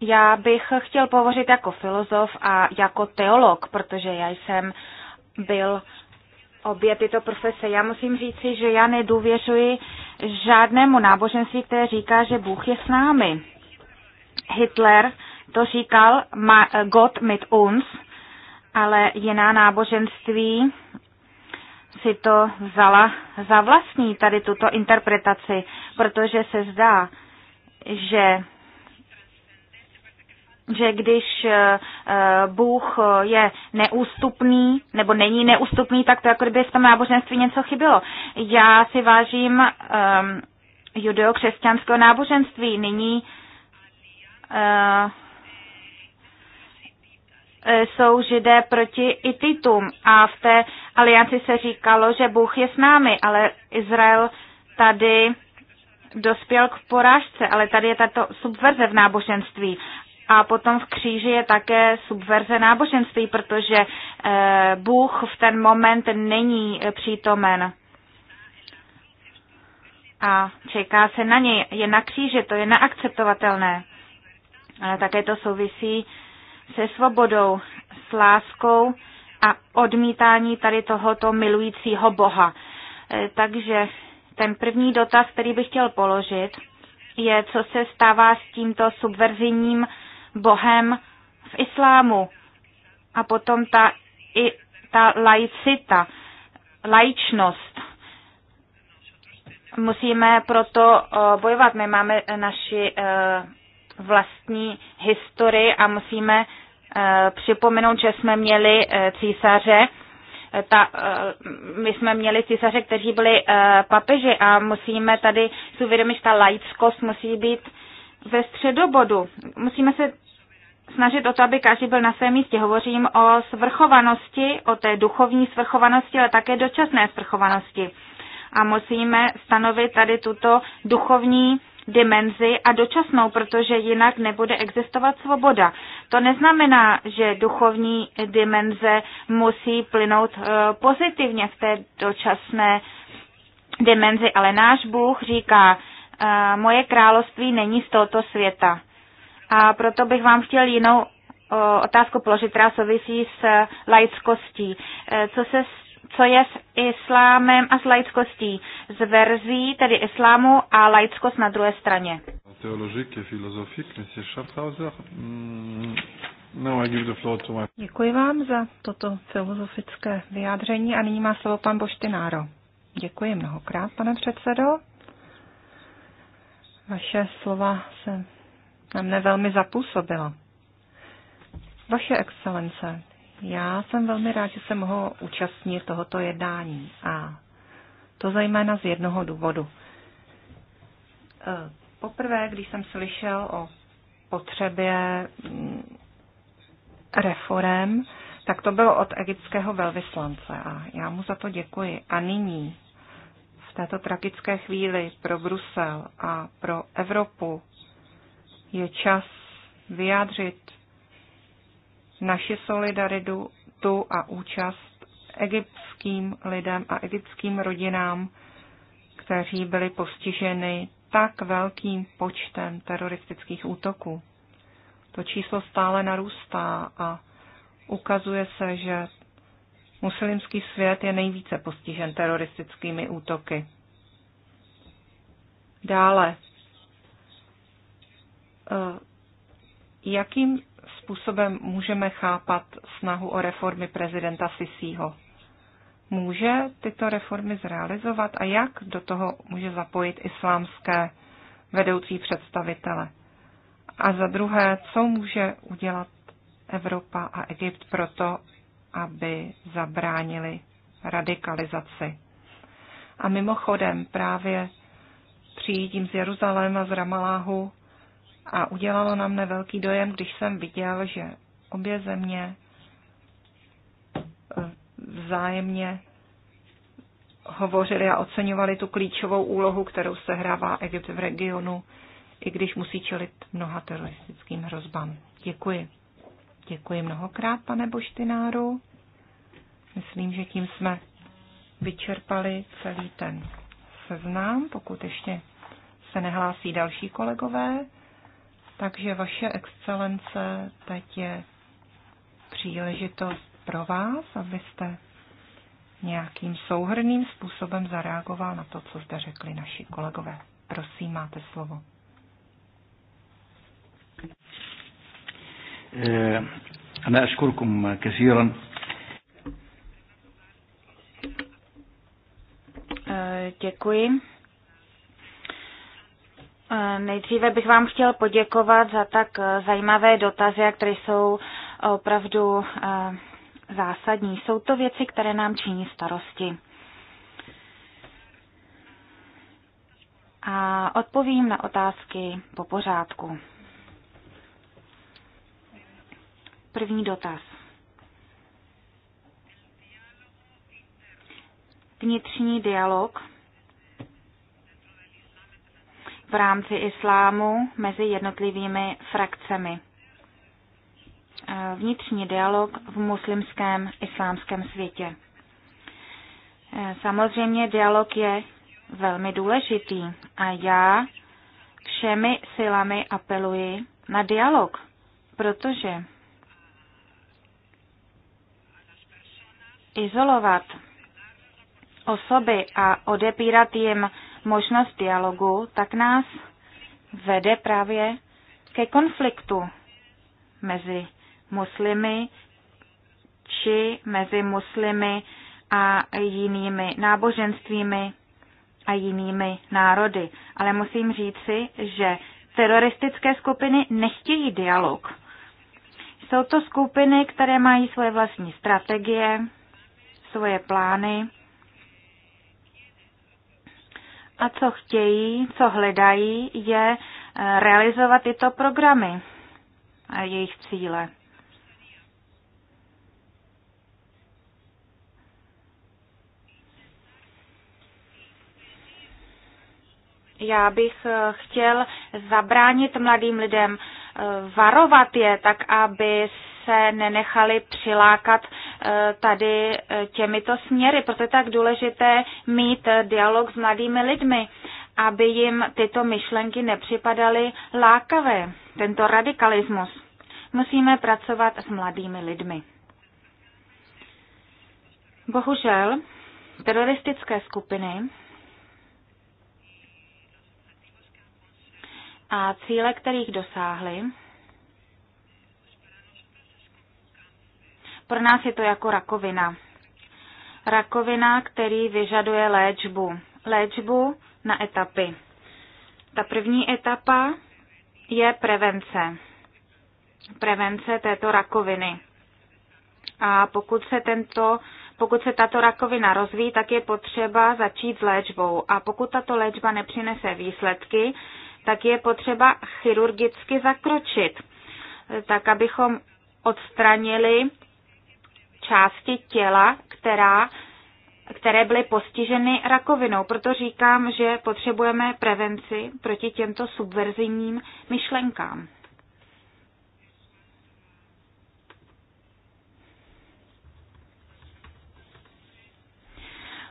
Já bych chtěl povořit jako filozof a jako teolog, protože já jsem byl obě tyto profese. Já musím říci, že já nedůvěřuji žádnému náboženství, které říká, že Bůh je s námi. Hitler to říkal Gott mit uns, ale jiná náboženství si to vzala za vlastní tady tuto interpretaci, protože se zdá, že že když eh, eh, Bůh je neústupný nebo není neústupný, tak to jako kdyby v tom náboženství něco chybilo. Já si vážím um, judeokřesťanského náboženství. Nyní uh, Eh, eh, jsou židé proti Ititům a v té alianci se říkalo, že Bůh je s námi, ale Izrael tady dospěl k porážce, ale tady je tato subverze v náboženství. A potom v kříži je také subverze náboženství, protože eh, Bůh v ten moment není přítomen. A čeká se na něj. Je na kříži, to je neakceptovatelné. Ale Také to souvisí se svobodou, s láskou a odmítání tady tohoto milujícího Boha. E, takže ten první dotaz, který bych chtěl položit, je, co se stává s tímto subverzivním Bohem v islámu. A potom ta, i, ta laicita, laičnost. Musíme proto e, bojovat. My máme naši e, vlastní historii a musíme eh, připomenout, že jsme měli eh, císaře, eh, ta, my jsme měli císaře, kteří byli papeži a musíme tady si uvědomit, že ta laickost musí být ve středobodu. Musíme se snažit o to, aby každý byl na svém místě. Hovořím o svrchovanosti, o té duchovní svrchovanosti, ale také dočasné svrchovanosti. A musíme stanovit tady tuto duchovní dimenzi a dočasnou, protože jinak nebude existovat svoboda. To neznamená, že duchovní dimenze musí plynout eh, pozitivně v té dočasné dimenzi, ale náš Bůh říká, eh, moje království není z tohoto světa. A proto bych vám chtěl jinou eh, otázku položit, která souvisí s laickostí. Co se co je s islámem a s laickostí. Z verzí tedy islámu a laickost na druhé straně. Mm, Děkuji vám za toto filozofické vyjádření a nyní má slovo pan Boštináro. Děkuji mnohokrát, pane předsedo. Vaše slova se na mne velmi zapůsobila. Vaše excelence, já jsem velmi rád, že se mohu účastnit tohoto jednání a to zejména z jednoho důvodu. E, poprvé, když jsem slyšel o potřebě mm, reform, tak to bylo od egyptského velvyslance a já mu za to děkuji. A nyní, v této tragické chvíli pro Brusel a pro Evropu, je čas vyjádřit naši solidaritu tu a účast egyptským lidem a egyptským rodinám, kteří byli postiženi tak velkým počtem teroristických útoků. To číslo stále narůstá a ukazuje se, že muslimský svět je nejvíce postižen teroristickými útoky. Dále, eh, jakým způsobem můžeme chápat snahu o reformy prezidenta Sisího? Může tyto reformy zrealizovat a jak do toho může zapojit islámské vedoucí představitele? A za druhé, co může udělat Evropa a Egypt proto, aby zabránili radikalizaci? A mimochodem, právě přijíždím z Jeruzaléma, z Ramaláhu a udělalo na mne velký dojem, když jsem viděl, že obě země eh, vzájemně hovořili a oceňovali tu klíčovou úlohu, kterou se hrává Egypt v regionu, i když musí čelit mnoha teroristickým hrozbám. Děkuji. Děkuji mnohokrát, pane Boštináru. Myslím, že tím jsme vyčerpali celý ten seznám, pokud ještě se nehlásí další kolegové. Takže vaše excelence, teď je příležitost pro vás, abyste nějakým souhrným způsobem zareagoval na to, co zde řekli naši kolegové. Prosím, máte slovo. Eh, eh, děkuji. Eh, nejdříve bych vám chtěl poděkovat za tak eh, zajímavé dotazy, které jsou eh, opravdu zásadní. Jsou to věci, které nám činí starosti. A odpovím na otázky po pořádku. První dotaz. Vnitřní dialog v rámci islámu mezi jednotlivými frakcemi. Eh, vnitřní dialog v muslimském islámském světě. Eh, samozřejmě dialog je velmi důležitý a já všemi silami apeluji na dialog, protože izolovat osoby a odepírat jim možnost dialogu, tak nás vede právě ke konfliktu mezi muslimy či mezi muslimy a jinými náboženstvími a jinými národy. Ale musím říci, že teroristické skupiny nechtějí dialog. Jsou to skupiny, které mají svoje vlastní strategie, svoje plány a co chtějí, co hledají, je eh, realizovat tyto programy a jejich cíle. Já bych eh, chtěl zabránit mladým lidem, eh, varovat je tak, aby se nenechali přilákat eh, tady eh, těmito směry. Proto je tak důležité mít eh, dialog s mladými lidmi, aby jim tyto myšlenky nepřipadaly lákavé, tento radikalismus. Musíme pracovat s mladými lidmi. Bohužel, teroristické skupiny a cíle, kterých dosáhly, Pro nás je to jako rakovina. Rakovina, který vyžaduje léčbu. Léčbu na etapy. Ta první etapa je prevence. Prevence této rakoviny. A pokud se, tento, pokud se tato rakovina rozvíjí, tak je potřeba začít s léčbou. A pokud tato léčba nepřinese výsledky, tak je potřeba chirurgicky zakročit, tak abychom odstranili části těla, která, které byly postiženy rakovinou. Proto říkám, že potřebujeme prevenci proti těmto subverzivním myšlenkám.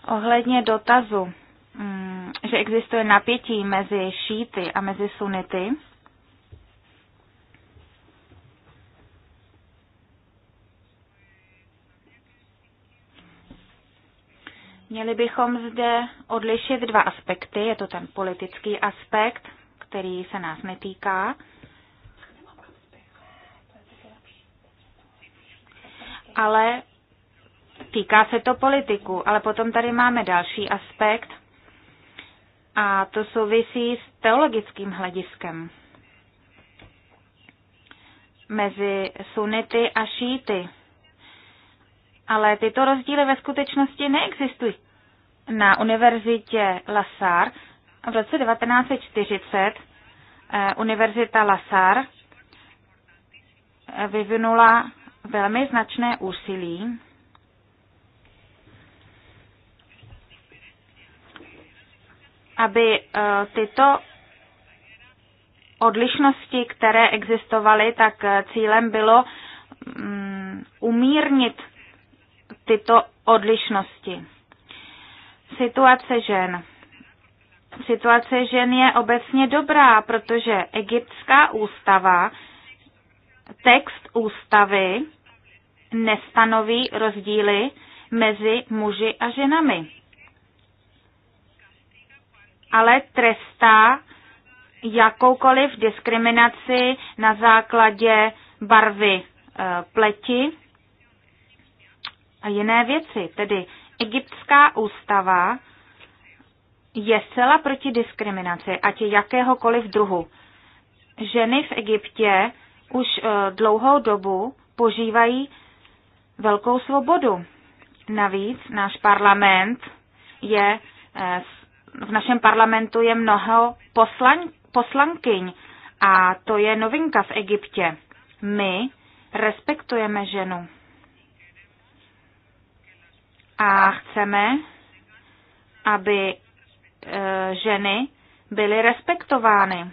Ohledně dotazu, mm, že existuje napětí mezi šíty a mezi sunity, Měli bychom zde odlišit dva aspekty. Je to ten politický aspekt, který se nás netýká. Ale týká se to politiku. Ale potom tady máme další aspekt a to souvisí s teologickým hlediskem mezi sunity a šíty ale tyto rozdíly ve skutečnosti neexistují. Na univerzitě Lasar v roce 1940 eh, univerzita Lasar eh, vyvinula velmi značné úsilí aby eh, tyto odlišnosti, které existovaly, tak cílem bylo mm, umírnit tyto odlišnosti. Situace žen. Situace žen je obecně dobrá, protože egyptská ústava, text ústavy nestanoví rozdíly mezi muži a ženami, ale trestá jakoukoliv diskriminaci na základě barvy eh, pleti a jiné věci. Tedy egyptská ústava je zcela proti diskriminaci, ať je jakéhokoliv druhu. Ženy v Egyptě už e, dlouhou dobu požívají velkou svobodu. Navíc náš parlament je, e, v našem parlamentu je mnoho poslan, poslankyň a to je novinka v Egyptě. My respektujeme ženu. A chceme, aby e, ženy byly respektovány.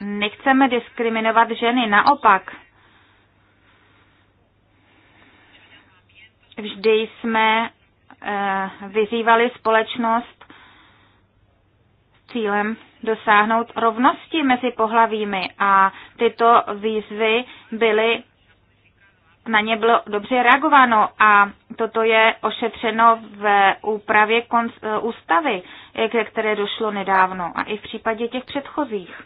Nechceme diskriminovat ženy, naopak. Vždy jsme e, vyzývali společnost s cílem dosáhnout rovnosti mezi pohlavími a tyto výzvy byly na ně bylo dobře reagováno a toto je ošetřeno v úpravě eh, ústavy, eh, ke které došlo nedávno a i v případě těch předchozích.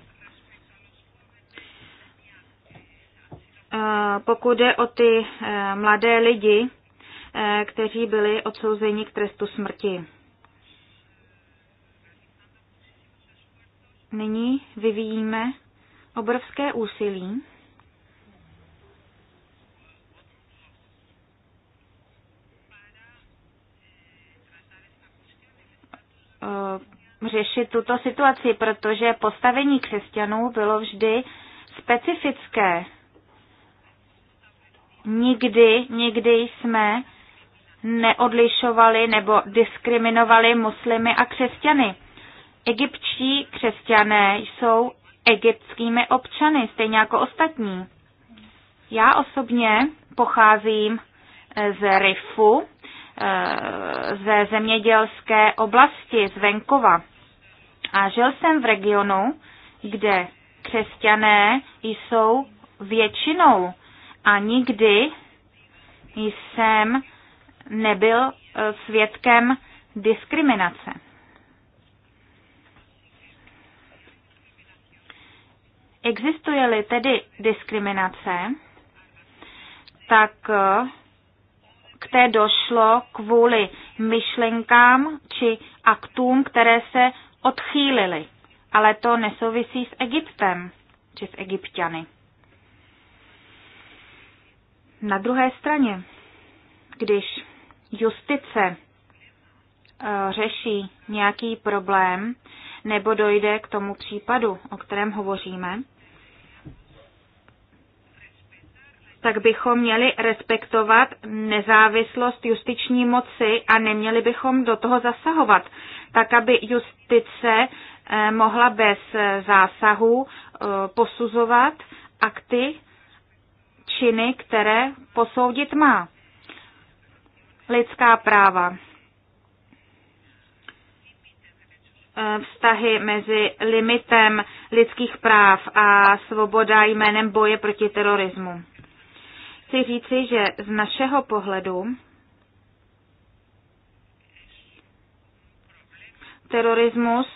Eh, pokud jde o ty mladé lidi, kteří byli odsouzeni k trestu smrti. Nyní vyvíjíme obrovské úsilí Eh, řešit tuto situaci, protože postavení křesťanů bylo vždy specifické. Nikdy, nikdy jsme neodlišovali nebo diskriminovali muslimy a křesťany. Egyptští křesťané jsou egyptskými občany, stejně jako ostatní. Já osobně pocházím eh, z Rifu, Eh, ze zemědělské oblasti, z venkova. A žil jsem v regionu, kde křesťané jsou většinou a nikdy jsem nebyl eh, svědkem diskriminace. Existuje-li tedy diskriminace, tak eh, k té došlo kvůli myšlenkám či aktům, které se odchýlily. Ale to nesouvisí s Egyptem či s egyptiany. Na druhé straně, když justice eh, řeší nějaký problém nebo dojde k tomu případu, o kterém hovoříme, tak bychom měli respektovat nezávislost justiční moci a neměli bychom do toho zasahovat, tak aby justice eh, mohla bez eh, zásahu eh, posuzovat akty, činy, které posoudit má. Lidská práva. vztahy mezi limitem lidských práv a svoboda jménem boje proti terorismu chci říci, že z našeho pohledu terorismus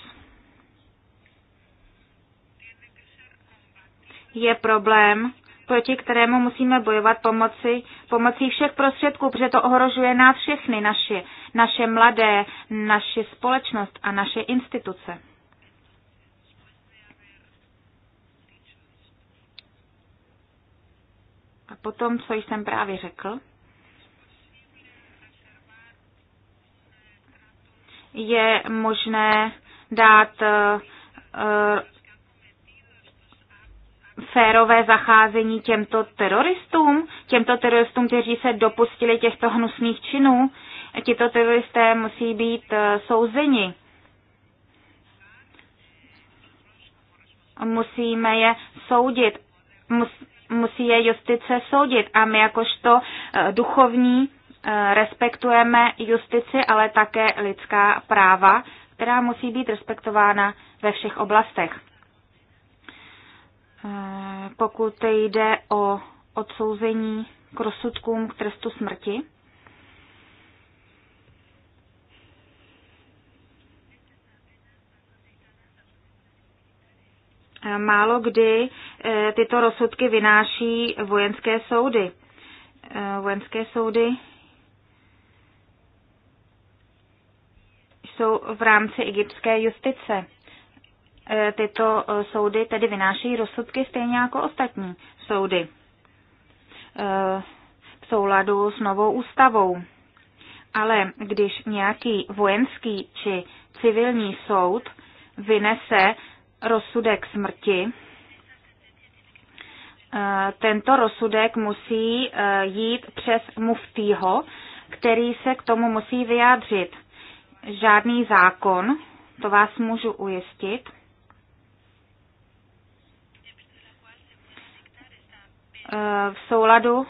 je problém, proti kterému musíme bojovat pomoci, pomocí všech prostředků, protože to ohrožuje nás všechny, naše, naše mladé, naše společnost a naše instituce. po tom, co jsem právě řekl, je možné dát eh, eh, férové zacházení těmto teroristům, těmto teroristům, kteří se dopustili těchto hnusných činů. Tito teroristé musí být eh, souzeni. Musíme je soudit. Mus, musí je justice soudit. A my jakožto eh, duchovní eh, respektujeme justici, ale také lidská práva, která musí být respektována ve všech oblastech. Eh, pokud jde o odsouzení k rozsudkům k trestu smrti, Eh, málo kdy eh, tyto rozsudky vynáší vojenské soudy. Eh, vojenské soudy jsou v rámci egyptské justice. Tyto soudy tedy vynášejí rozsudky stejně jako ostatní soudy v souladu s novou ústavou. Ale když nějaký vojenský či civilní soud vynese rozsudek smrti, eh, tento rozsudek musí eh, jít přes muftího, který se k tomu musí vyjádřit. Žádný zákon, to vás můžu ujistit. Eh, v souladu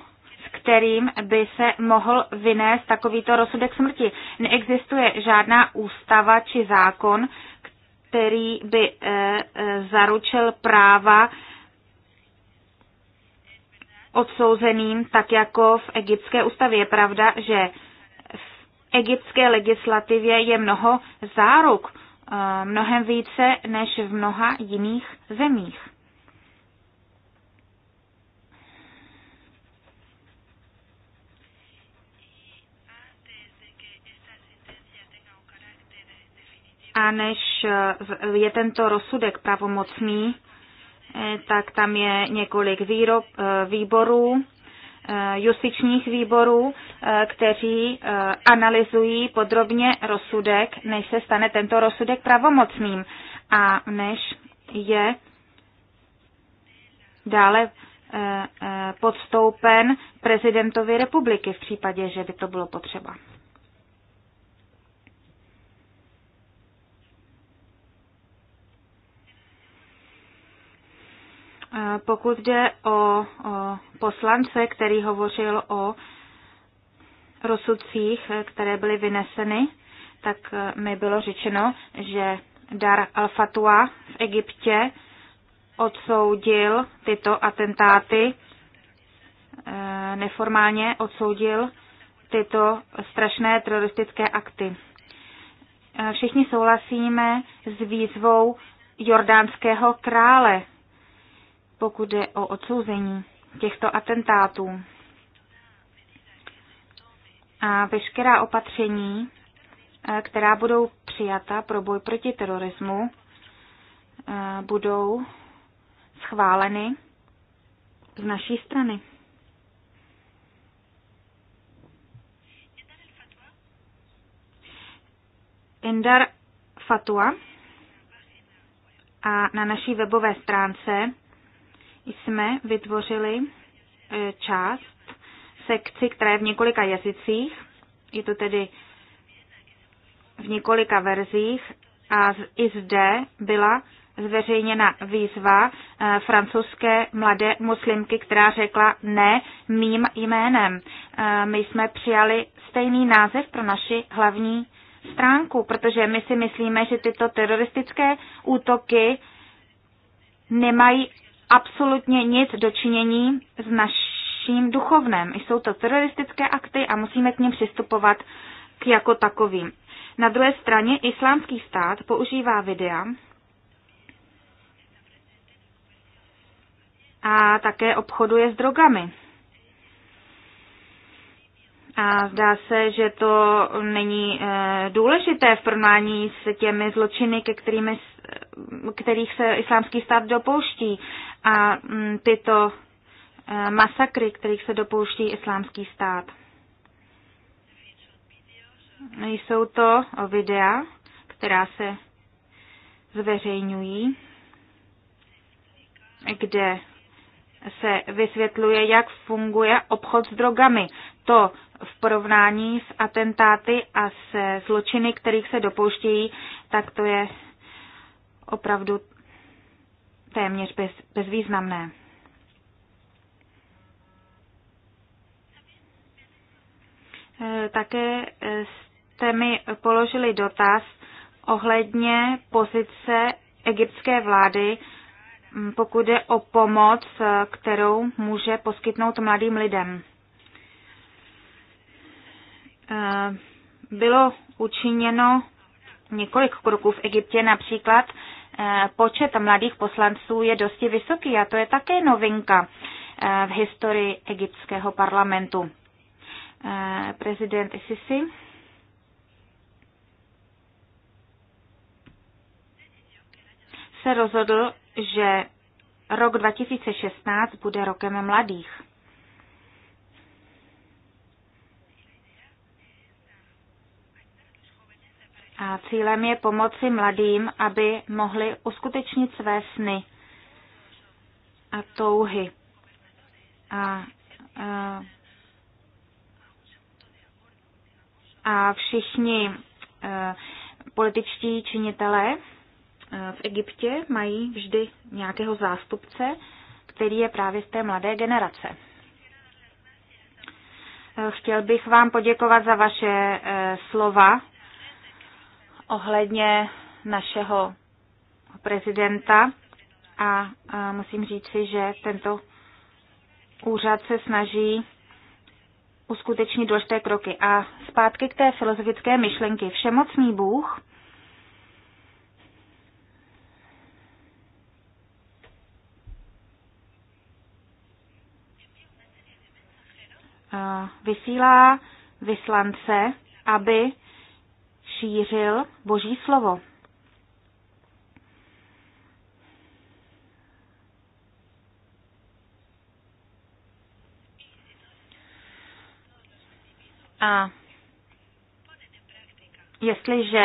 s kterým by se mohl vynést takovýto rozsudek smrti. Neexistuje žádná ústava či zákon, který by eh, eh, zaručil práva odsouzeným, tak jako v egyptské ústavě. Je pravda, že v egyptské legislativě je mnoho záruk, eh, mnohem více než v mnoha jiných zemích. A než eh, je tento rozsudek pravomocný, eh, tak tam je několik výrob, eh, výborů, justičních výborů, kteří analyzují podrobně rozsudek, než se stane tento rozsudek pravomocným a než je dále podstoupen prezidentovi republiky v případě, že by to bylo potřeba. Pokud jde o, poslance, který hovořil o rozsudcích, které byly vyneseny, tak e, mi bylo řečeno, že Dar al-Fatwa v Egyptě odsoudil tyto atentáty, e, neformálně odsoudil tyto strašné teroristické akty. E, všichni souhlasíme s výzvou jordánského krále pokud jde o odsouzení těchto atentátů. A veškerá opatření, eh, která budou přijata pro boj proti terorismu, eh, budou schváleny z naší strany. Indar Fatua a na naší webové stránce jsme vytvořili e, část, sekci, která je v několika jazycích. Je to tedy v několika verzích a i zde byla zveřejněna výzva e, francouzské mladé muslimky, která řekla ne mým jménem. E, my jsme přijali stejný název pro naši hlavní stránku, protože my si myslíme, že tyto teroristické útoky nemají absolutně nic dočinění s naším duchovnem. Jsou to teroristické akty a musíme k ním přistupovat k jako takovým. Na druhé straně islámský stát používá videa a také obchoduje s drogami. A zdá se, že to není eh, důležité v porovnání s těmi zločiny, ke kterými, eh, kterých se islámský stát dopouští a mm, tyto eh, masakry, kterých se dopouští islámský stát. Jsou to videa, která se zveřejňují, kde se vysvětluje, jak funguje obchod s drogami. To v porovnání s atentáty a se zločiny, kterých se dopouštějí, tak to je opravdu téměř bez, bezvýznamné. E, také e, jste mi položili dotaz ohledně pozice egyptské vlády, pokud je o pomoc, e, kterou může poskytnout mladým lidem. Eh, bylo učiněno několik kroků v Egyptě, například eh, počet mladých poslanců je dosti vysoký a to je také novinka eh, v historii egyptského parlamentu. Prezident Sisi se rozhodl, že rok 2016 bude rokem mladých. A cílem je pomoci mladým, aby mohli uskutečnit své sny a touhy. A, a, a všichni a, e, političtí činitelé e, v Egyptě mají vždy nějakého zástupce, který je právě z té mladé generace. E, chtěl bych vám poděkovat za vaše slova ohledně našeho prezidenta a musím říci, že tento úřad se snaží uskutečnit důležité kroky. A zpátky k té filozofické myšlenky. Všemocný Bůh vysílá vyslance, aby šířil Boží slovo. A jestliže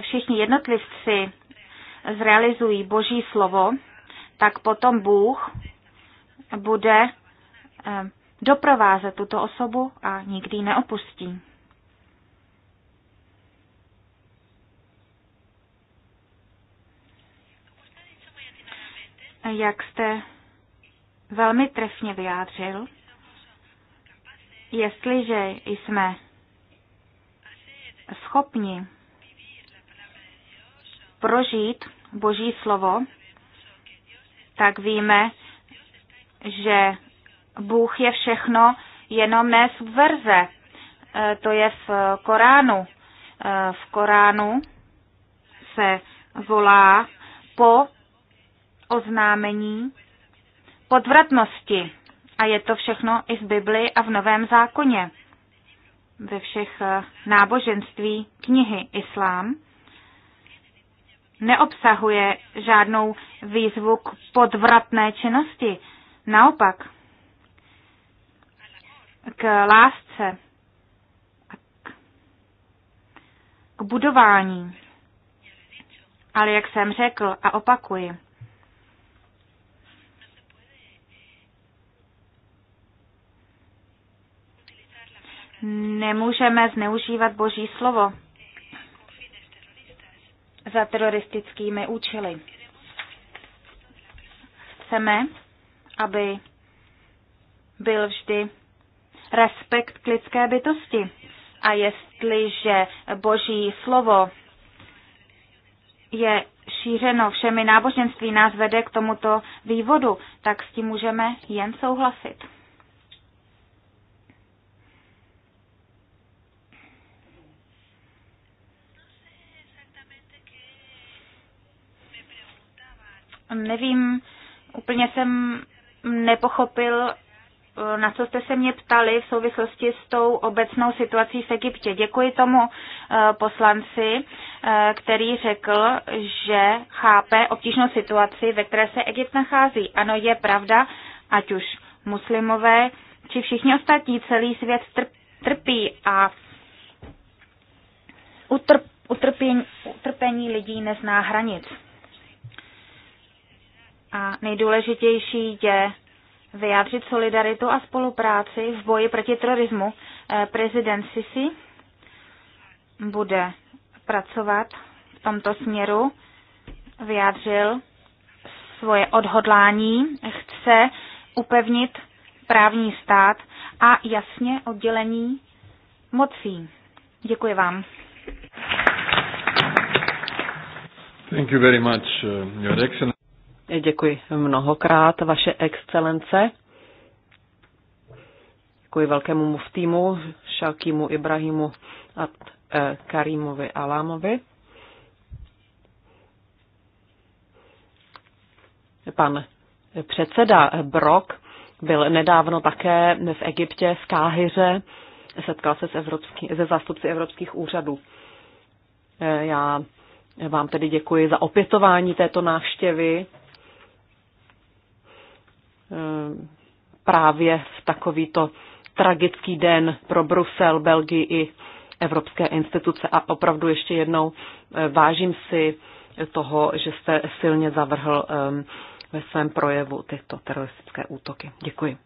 všichni jednotlivci zrealizují Boží slovo, tak potom Bůh bude eh, doprovázet tuto osobu a nikdy ji neopustí. jak jste velmi trefně vyjádřil, jestliže jsme schopni prožít Boží slovo, tak víme, že Bůh je všechno jenom ne subverze. E, to je v Koránu. E, v Koránu se volá po oznámení podvratnosti. A je to všechno i z Biblii a v Novém zákoně. Ve všech eh, náboženství knihy Islám neobsahuje žádnou výzvu k podvratné činnosti. Naopak, k lásce, k budování. Ale jak jsem řekl a opakuji, Nemůžeme zneužívat Boží slovo za teroristickými účely. Chceme, aby byl vždy respekt k lidské bytosti. A jestliže Boží slovo je šířeno všemi náboženství nás vede k tomuto vývodu, tak s tím můžeme jen souhlasit. nevím, úplně jsem nepochopil, eh, na co jste se mě ptali v souvislosti s tou obecnou situací v Egyptě. Děkuji tomu eh, poslanci, eh, který řekl, že chápe obtížnou situaci, ve které se Egypt nachází. Ano, je pravda, ať už muslimové, či všichni ostatní, celý svět trpí a utrp, utrpení, utrpení lidí nezná hranic. A nejdůležitější je vyjádřit solidaritu a spolupráci v boji proti terorismu. Eh, prezident Sisi bude pracovat v tomto směru, vyjádřil svoje odhodlání, chce upevnit právní stát a jasně oddělení mocí. Děkuji vám. Thank you very much, uh, Your Excellency. Děkuji mnohokrát, vaše excelence. Děkuji velkému muftýmu, Šalkýmu Ibrahimu a e, Karimovi Alámovi. Pan předseda Brok byl nedávno také v Egyptě v Káhyře, setkal se s evropský, ze zástupci evropských úřadů. E, já vám tedy děkuji za opětování této návštěvy Eh, právě v takovýto tragický den pro Brusel, Belgii i evropské instituce. A opravdu ještě jednou eh, vážím si toho, že jste silně zavrhl eh, ve svém projevu tyto teroristické útoky. Děkuji.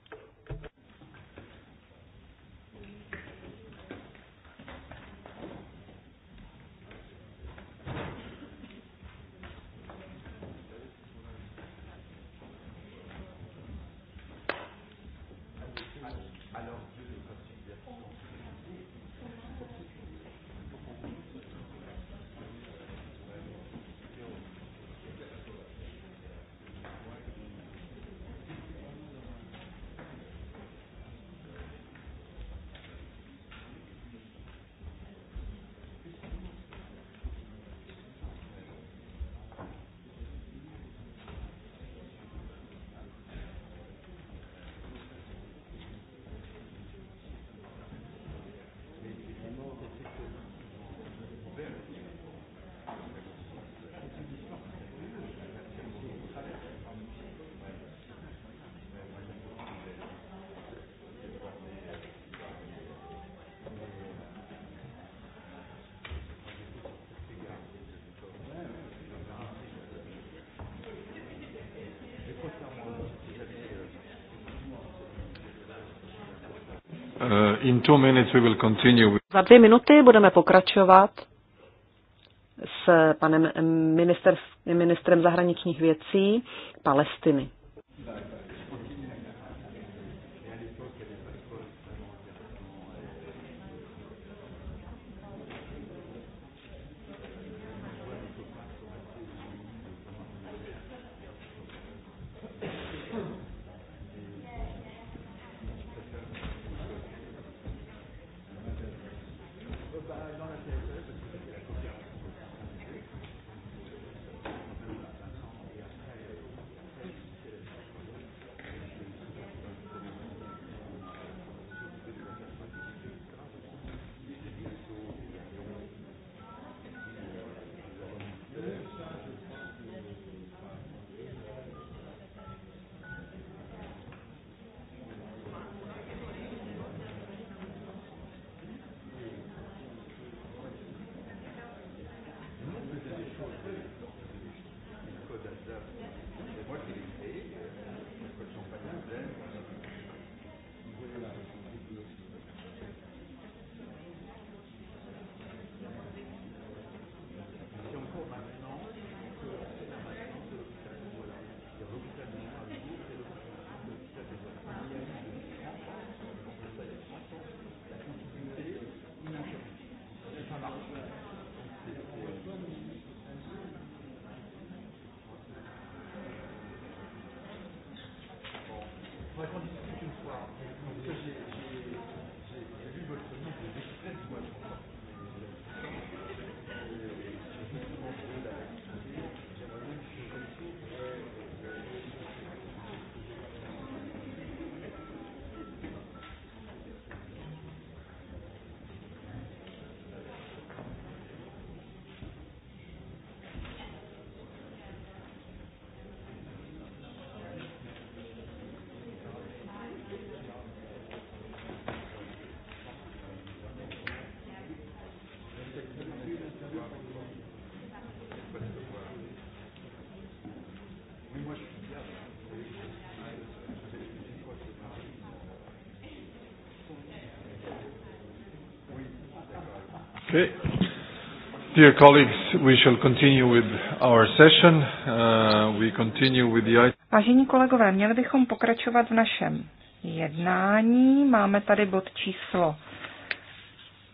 Uh, Za dvě minuty budeme pokračovat s panem ministrem zahraničních věcí Palestiny. Dear colleagues, we shall continue with our session. Uh, we continue with the Vážení kolegové, měli bychom pokračovat v našem jednání. Máme tady bod číslo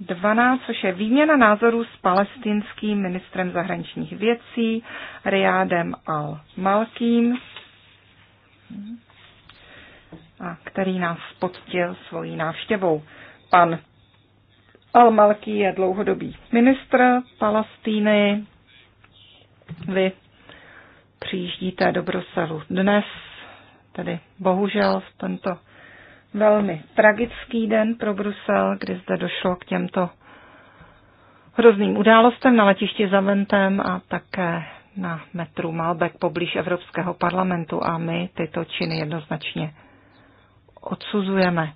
12, což je výměna názorů s palestinským ministrem zahraničních věcí Riádem al-Malkým, a který nás podtil svojí návštěvou. Pan Al-Malki je dlouhodobý ministr Palestíny. Vy přijíždíte do Bruselu dnes, tedy bohužel v tento velmi tragický den pro Brusel, kdy zde došlo k těmto hrozným událostem na letišti Zaventem a také na metru Malbek poblíž Evropského parlamentu a my tyto činy jednoznačně odsuzujeme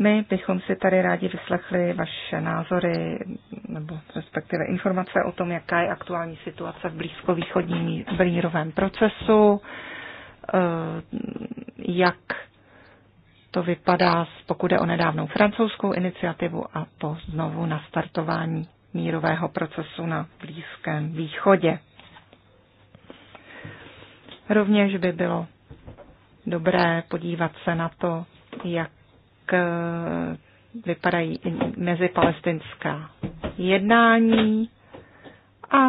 my bychom si tady rádi vyslechli vaše názory nebo respektive informace o tom, jaká je aktuální situace v blízkovýchodním mírovém procesu, eh, jak to vypadá, pokud je o nedávnou francouzskou iniciativu a po znovu nastartování mírového procesu na Blízkém východě. Rovněž by bylo dobré podívat se na to, jak Eh, vypadají mezipalestinská jednání a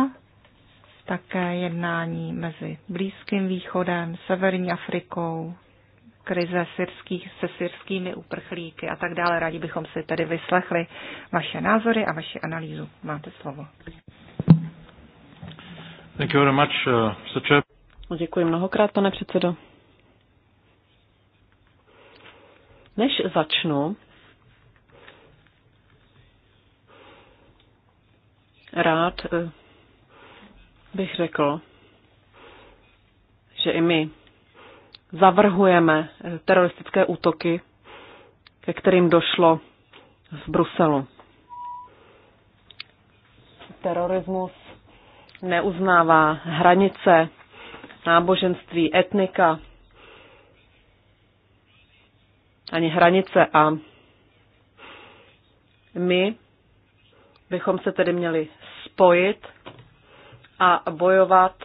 také jednání mezi Blízkým východem, Severní Afrikou, krize syrských, se syrskými uprchlíky a tak dále. Rádi bychom si tedy vyslechli vaše názory a vaši analýzu. Máte slovo. Thank you very much, eh, Děkuji mnohokrát, pane předsedo. Než začnu, rád eh, bych řekl, že i my zavrhujeme eh, teroristické útoky, ke kterým došlo v Bruselu. Terorismus neuznává hranice, náboženství, etnika, ani hranice. A my bychom se tedy měli spojit a bojovat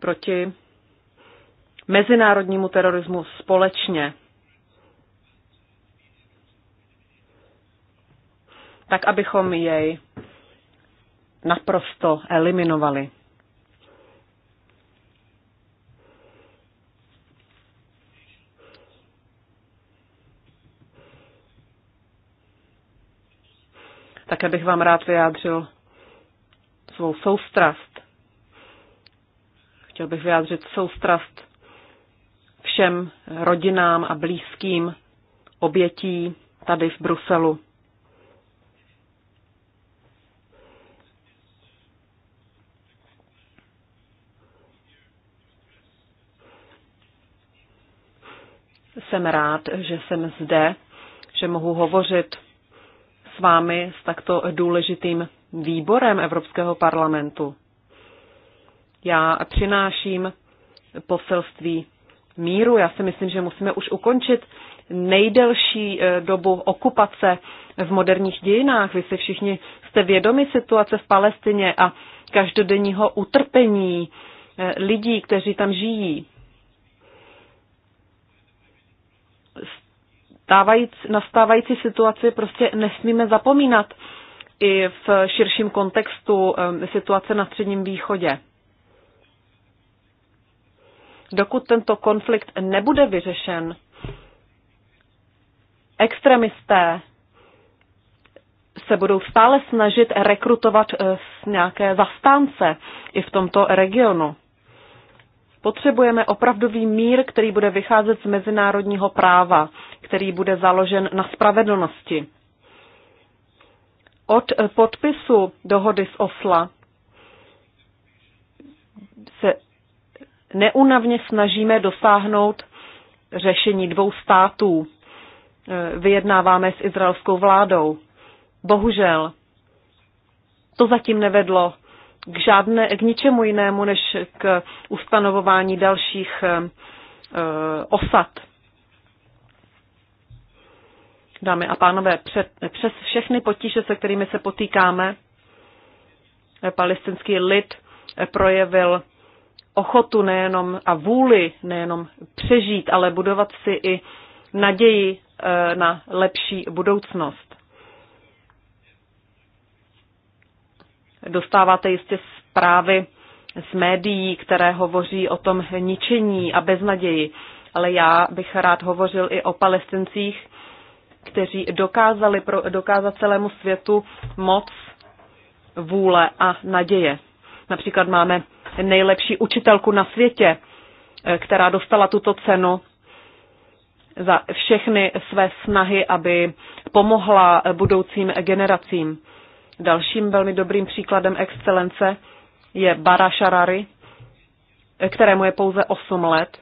proti mezinárodnímu terorismu společně. Tak, abychom jej naprosto eliminovali. Také bych vám rád vyjádřil svou soustrast. Chtěl bych vyjádřit soustrast všem rodinám a blízkým obětí tady v Bruselu. Jsem rád, že jsem zde, že mohu hovořit s vámi, s takto důležitým výborem Evropského parlamentu. Já přináším poselství míru. Já si myslím, že musíme už ukončit nejdelší eh, dobu okupace v moderních dějinách. Vy si všichni jste vědomi situace v Palestině a každodenního utrpení eh, lidí, kteří tam žijí. Stávající nastávající situaci prostě nesmíme zapomínat i v širším kontextu situace na Středním východě. Dokud tento konflikt nebude vyřešen, extremisté se budou stále snažit rekrutovat eh, nějaké zastánce i v tomto regionu. Potřebujeme opravdový mír, který bude vycházet z mezinárodního práva, který bude založen na spravedlnosti. Od eh, podpisu dohody z Osla se neunavně snažíme dosáhnout řešení dvou států. Eh, vyjednáváme s izraelskou vládou. Bohužel, to zatím nevedlo k, žádné, k ničemu jinému, než k ustanovování dalších eh, eh, osad. Dámy a pánové, přes všechny potíže, se kterými se potýkáme, eh, palestinský lid projevil ochotu nejenom a vůli nejenom přežít, ale budovat si i naději na lepší budoucnost. Dostáváte jistě zprávy z médií, které hovoří o tom ničení a beznaději, ale já bych rád hovořil i o palestincích, kteří dokázali pro, dokázat celému světu moc, vůle a naděje. Například máme nejlepší učitelku na světě, eh, která dostala tuto cenu za všechny své snahy, aby pomohla budoucím generacím. Dalším velmi dobrým příkladem excelence je Bara Sharari, kterému je pouze 8 let.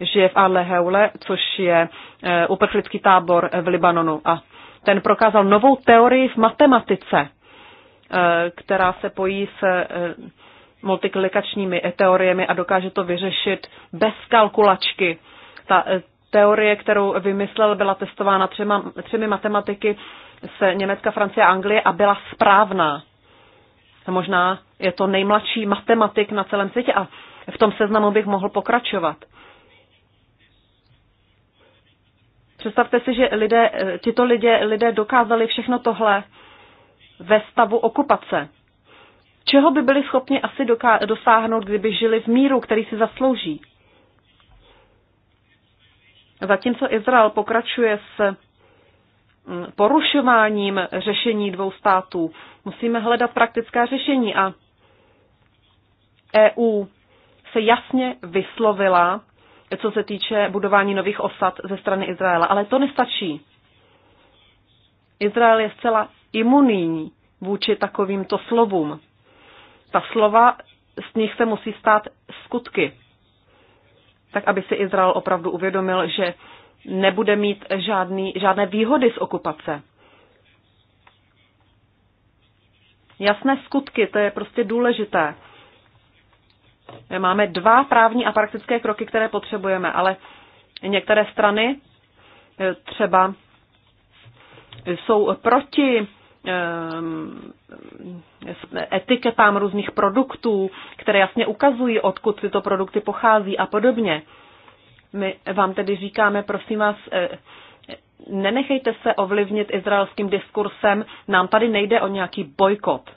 Žije v Adleheule, což je e, uprchlický tábor v Libanonu. A ten prokázal novou teorii v matematice, e, která se pojí s e, multiplikačními teoriemi a dokáže to vyřešit bez kalkulačky. Ta teorie, kterou vymyslel, byla testována třema, třemi matematiky se Německa, Francie a Anglie a byla správná. Možná je to nejmladší matematik na celém světě a v tom seznamu bych mohl pokračovat. Představte si, že lidé, tyto lidé, lidé dokázali všechno tohle ve stavu okupace. Čeho by byli schopni asi dosáhnout, kdyby žili v míru, který si zaslouží? Zatímco Izrael pokračuje s porušováním řešení dvou států. Musíme hledat praktická řešení a EU se jasně vyslovila, co se týče budování nových osad ze strany Izraela. Ale to nestačí. Izrael je zcela imunní vůči takovýmto slovům. Ta slova, z nich se musí stát skutky. Tak, aby si Izrael opravdu uvědomil, že nebude mít žádný, žádné výhody z okupace. Jasné skutky, to je prostě důležité. Máme dva právní a praktické kroky, které potřebujeme, ale některé strany eh, třeba jsou proti eh, etiketám různých produktů, které jasně ukazují, odkud tyto produkty pochází a podobně. My vám tedy říkáme, prosím vás, eh, nenechejte se ovlivnit izraelským diskursem, nám tady nejde o nějaký bojkot.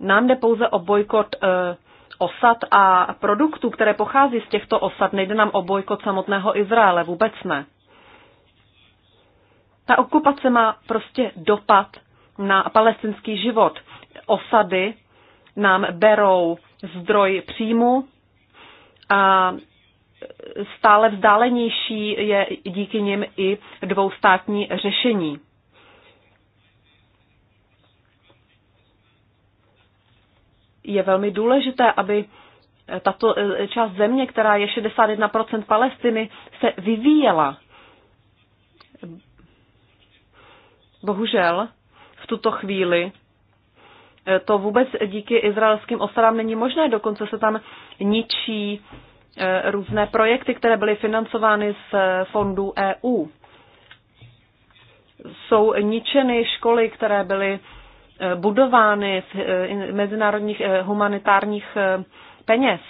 Nám jde pouze o bojkot eh, osad a produktů, které pochází z těchto osad. Nejde nám o bojkot samotného Izraele, vůbec ne. Ta okupace má prostě dopad na palestinský život. Osady nám berou zdroj příjmu, a stále vzdálenější je díky nim i dvoustátní řešení. Je velmi důležité, aby tato eh, část země, která je 61% Palestiny, se vyvíjela. Bohužel v tuto chvíli to vůbec díky izraelským osadám není možné, dokonce se tam ničí eh, různé projekty, které byly financovány z fondů EU. Jsou ničeny školy, které byly eh, budovány z eh, mezinárodních humanitárních peněz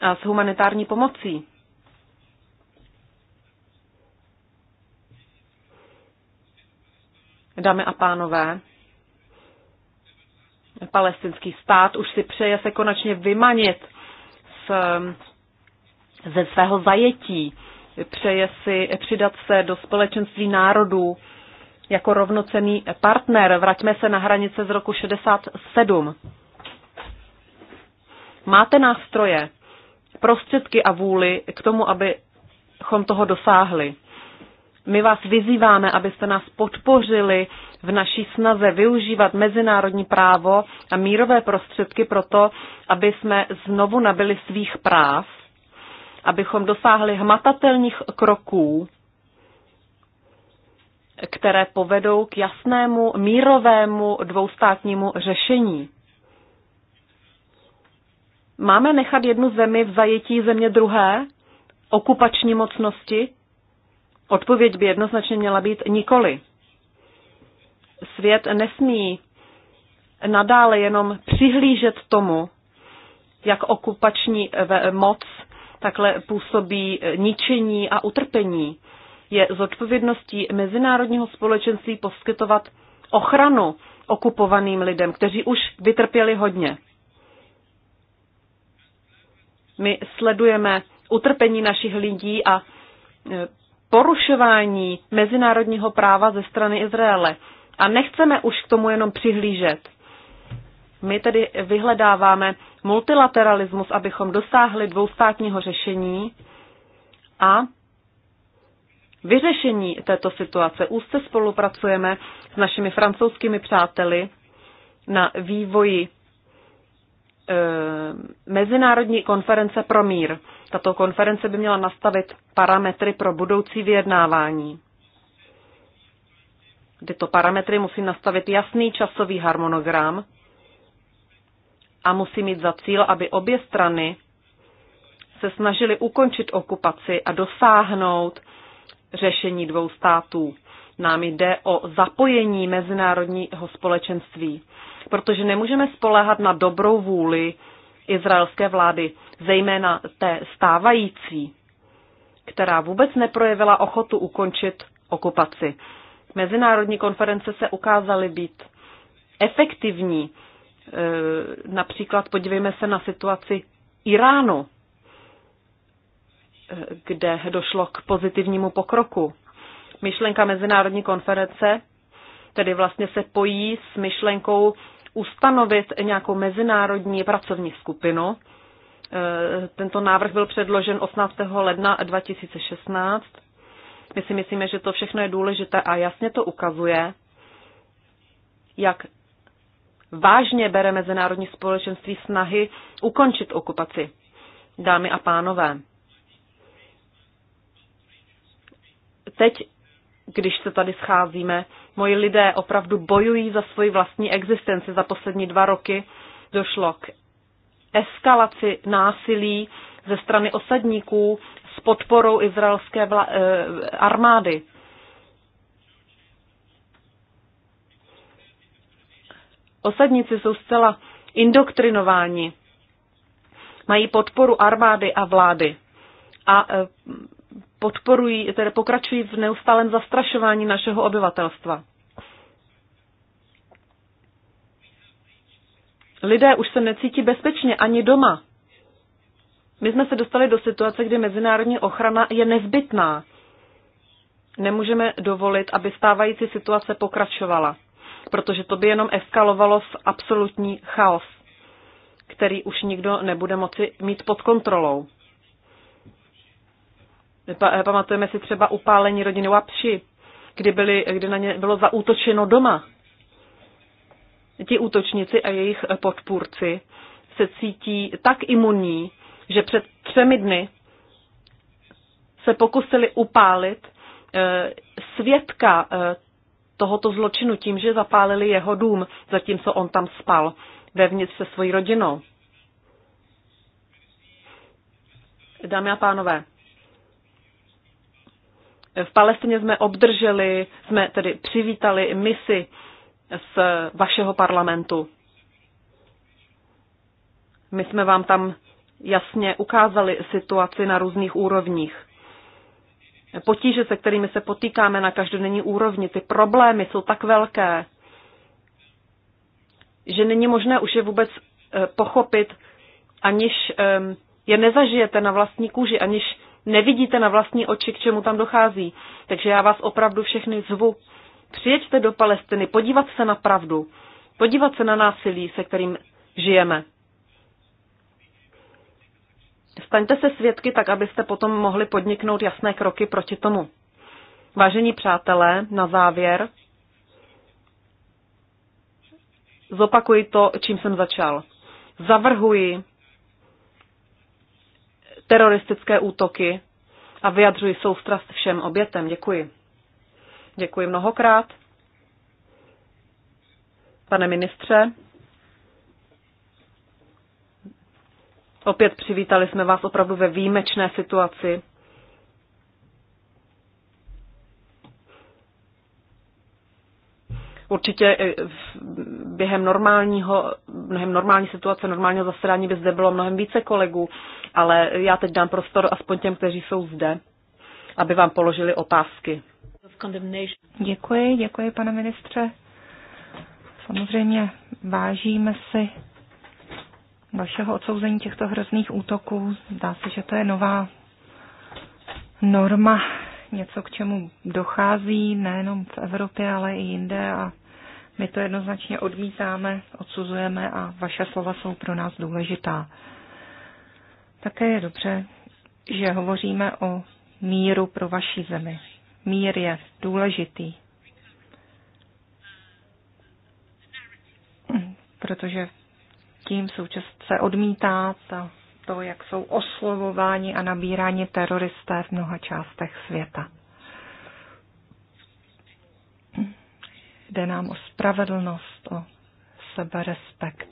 a s humanitární pomocí. Dámy a pánové, palestinský stát už si přeje se konečně vymanit z, ze svého zajetí, přeje si přidat se do společenství národů jako rovnocený partner. Vraťme se na hranice z roku 67. Máte nástroje, prostředky a vůli k tomu, abychom toho dosáhli. My vás vyzýváme, abyste nás podpořili v naší snaze využívat mezinárodní právo a mírové prostředky pro to, aby jsme znovu nabili svých práv, abychom dosáhli hmatatelných kroků, které povedou k jasnému mírovému dvoustátnímu řešení. Máme nechat jednu zemi v zajetí země druhé, okupační mocnosti, Odpověď by jednoznačně měla být nikoli. Svět nesmí nadále jenom přihlížet tomu, jak okupační eh, eh, moc takhle působí eh, ničení a utrpení. Je zodpovědností mezinárodního společenství poskytovat ochranu okupovaným lidem, kteří už vytrpěli hodně. My sledujeme utrpení našich lidí a porušování mezinárodního práva ze strany Izraele. A nechceme už k tomu jenom přihlížet. My tedy vyhledáváme multilateralismus, abychom dosáhli dvoustátního řešení a vyřešení této situace. Úzce spolupracujeme s našimi francouzskými přáteli na vývoji Eh, mezinárodní konference pro mír. Tato konference by měla nastavit parametry pro budoucí vyjednávání. Tyto parametry musí nastavit jasný časový harmonogram a musí mít za cíl, aby obě strany se snažily ukončit okupaci a dosáhnout řešení dvou států. Nám jde o zapojení mezinárodního společenství protože nemůžeme spolehat na dobrou vůli izraelské vlády, zejména té stávající, která vůbec neprojevila ochotu ukončit okupaci. Mezinárodní konference se ukázaly být efektivní. E, například podívejme se na situaci Iránu, e, kde došlo k pozitivnímu pokroku. Myšlenka mezinárodní konference tedy vlastně se pojí s myšlenkou ustanovit nějakou mezinárodní pracovní skupinu. E, tento návrh byl předložen 18. ledna 2016. My si myslíme, že to všechno je důležité a jasně to ukazuje, jak vážně bere mezinárodní společenství snahy ukončit okupaci. Dámy a pánové, teď, když se tady scházíme, Moji lidé opravdu bojují za svoji vlastní existenci. Za poslední dva roky došlo k eskalaci násilí ze strany osadníků s podporou izraelské vla- eh, armády. Osadníci jsou zcela indoktrinováni, mají podporu armády a vlády a eh, podporují, tedy pokračují v neustálém zastrašování našeho obyvatelstva. Lidé už se necítí bezpečně ani doma. My jsme se dostali do situace, kdy mezinárodní ochrana je nezbytná. Nemůžeme dovolit, aby stávající situace pokračovala, protože to by jenom eskalovalo v absolutní chaos, který už nikdo nebude moci mít pod kontrolou. Eh, pamatujeme si třeba upálení rodiny Wapši, kdy, byli, eh, kdy na ně bylo zaútočeno doma. Ti útočníci a jejich eh, podpůrci se cítí tak imunní, že před třemi dny se pokusili upálit e, svědka e, tohoto zločinu tím, že zapálili jeho dům, zatímco on tam spal vevnitř se svojí rodinou. Dámy a pánové, v Palestině jsme obdrželi, jsme tedy přivítali misi z vašeho parlamentu. My jsme vám tam jasně ukázali situaci na různých úrovních. Potíže, se kterými se potýkáme na každodenní úrovni, ty problémy jsou tak velké, že není možné už je vůbec eh, pochopit, aniž ehm, je nezažijete na vlastní kůži, aniž nevidíte na vlastní oči, k čemu tam dochází. Takže já vás opravdu všechny zvu. Přijeďte do Palestiny, podívat se na pravdu, podívat se na násilí, se kterým žijeme. Staňte se svědky tak, abyste potom mohli podniknout jasné kroky proti tomu. Vážení přátelé, na závěr zopakuji to, čím jsem začal. Zavrhuji teroristické útoky a vyjadřuji soustrast všem obětem. Děkuji. Děkuji mnohokrát. Pane ministře, opět přivítali jsme vás opravdu ve výjimečné situaci. Určitě během normálního, během normální situace, normálního zasedání by zde bylo mnohem více kolegů, ale já teď dám prostor aspoň těm, kteří jsou zde, aby vám položili otázky. Děkuji, děkuji, pane ministře. Samozřejmě vážíme si vašeho odsouzení těchto hrozných útoků. Zdá se, že to je nová norma, něco, k čemu dochází nejenom v Evropě, ale i jinde a my to jednoznačně odmítáme, odsuzujeme a vaše slova jsou pro nás důležitá. Také je dobře, že hovoříme o míru pro vaši zemi. Mír je důležitý, protože tím současně se odmítá ta, to, jak jsou oslovováni a nabíráni teroristé v mnoha částech světa. Jde nám o spravedlnost, o seberespekt.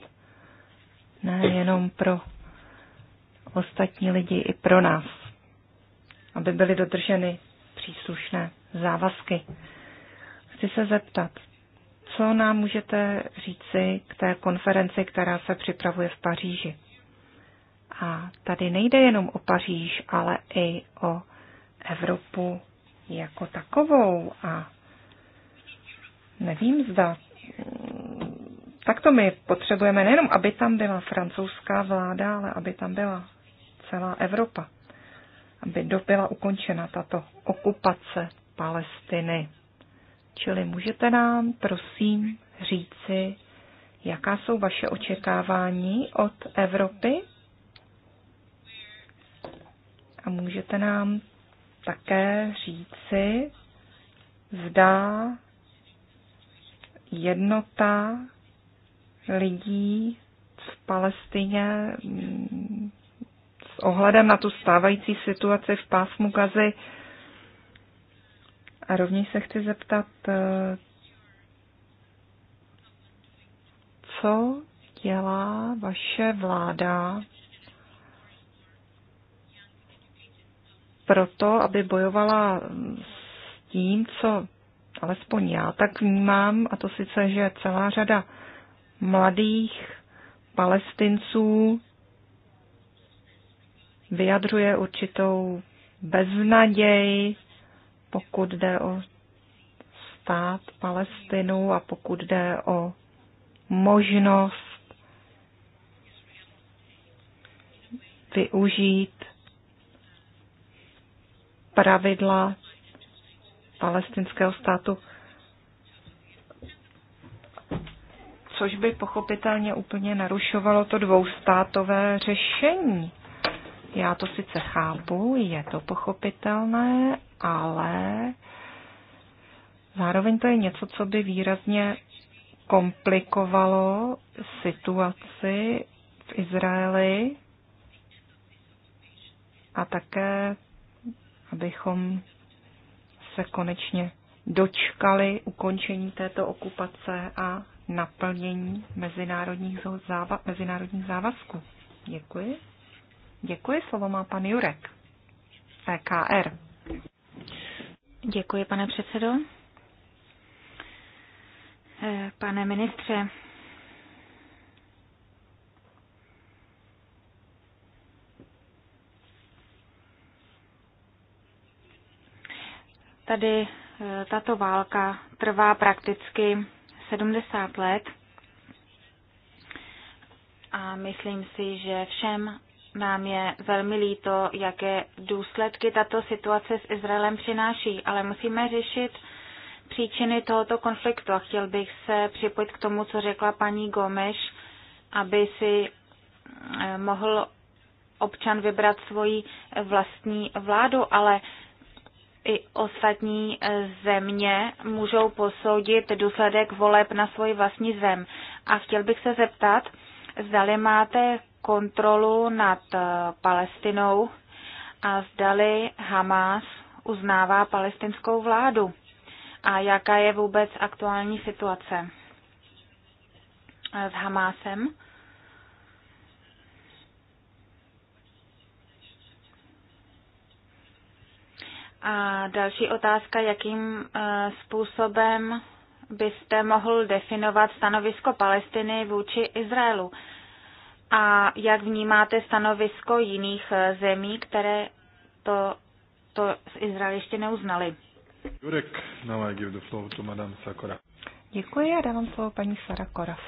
Ne jenom pro ostatní lidi, i pro nás. Aby byly dodrženy příslušné závazky. Chci se zeptat, co nám můžete říci k té konferenci, která se připravuje v Paříži? A tady nejde jenom o Paříž, ale i o Evropu jako takovou a Nevím, zda takto my potřebujeme nejenom, aby tam byla francouzská vláda, ale aby tam byla celá Evropa. Aby byla ukončena tato okupace Palestiny. Čili můžete nám, prosím, říci, jaká jsou vaše očekávání od Evropy? A můžete nám také říci, zda jednota lidí v Palestině mm, s ohledem na tu stávající situaci v pásmu Gazy. A rovněž se chci zeptat, eh, co dělá vaše vláda proto, aby bojovala s tím, co alespoň já tak vnímám, a to sice, že celá řada mladých palestinců vyjadřuje určitou beznaděj, pokud jde o stát Palestinu a pokud jde o možnost využít pravidla palestinského státu, což by pochopitelně úplně narušovalo to dvoustátové řešení. Já to sice chápu, je to pochopitelné, ale zároveň to je něco, co by výrazně komplikovalo situaci v Izraeli a také, abychom se konečně dočkali ukončení této okupace a naplnění mezinárodních, záva, mezinárodních závazků. Děkuji. Děkuji, slovo má pan Jurek. PKR. Děkuji, pane předsedo. Eh, pane ministře, Tady eh, tato válka trvá prakticky 70 let a myslím si, že všem nám je velmi líto, jaké důsledky tato situace s Izraelem přináší, ale musíme řešit příčiny tohoto konfliktu a chtěl bych se připojit k tomu, co řekla paní Gomeš, aby si eh, mohl občan vybrat svoji vlastní vládu, ale i ostatní e, země můžou posoudit důsledek voleb na svoji vlastní zem. A chtěl bych se zeptat, zdali máte kontrolu nad e, Palestinou a zdali Hamas uznává palestinskou vládu a jaká je vůbec aktuální situace s Hamásem. A další otázka, jakým eh, způsobem byste mohl definovat stanovisko Palestiny vůči Izraelu? A jak vnímáte stanovisko jiných eh, zemí, které to, to z Izrael ještě neuznali? Jurek, now I give the floor to Madame Sakora. Děkuji a dávám slovo paní Sara Koraf.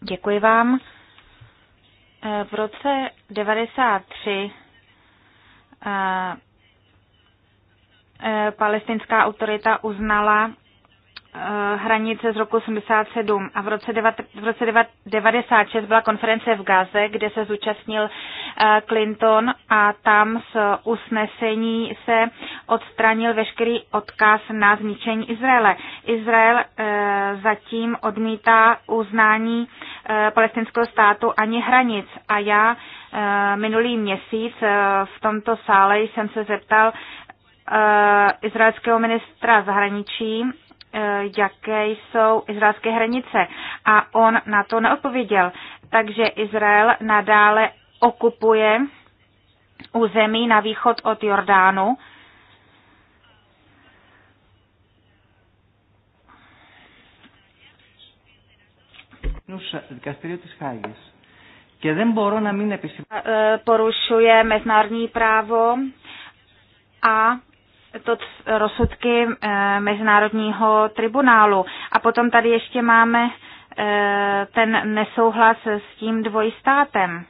Děkuji vám. Eh, v roce 93 eh, eh, palestinská autorita uznala Eh, hranice z roku 87 a v roce, 1996 byla konference v Gaze, kde se zúčastnil eh, Clinton a tam z usnesení se odstranil veškerý odkaz na zničení Izraele. Izrael eh, zatím odmítá uznání palestinského státu ani hranic a já minulý měsíc v tomto sále jsem se zeptal izraelského ministra zahraničí Eh, jaké jsou izraelské hranice. A on na to neodpověděl. Takže Izrael nadále okupuje území na východ od Jordánu. Eh, porušuje mezinárodní právo a to rozsudky eh, Mezinárodního tribunálu. A potom tady ještě máme eh, ten nesouhlas s tím dvojstátem.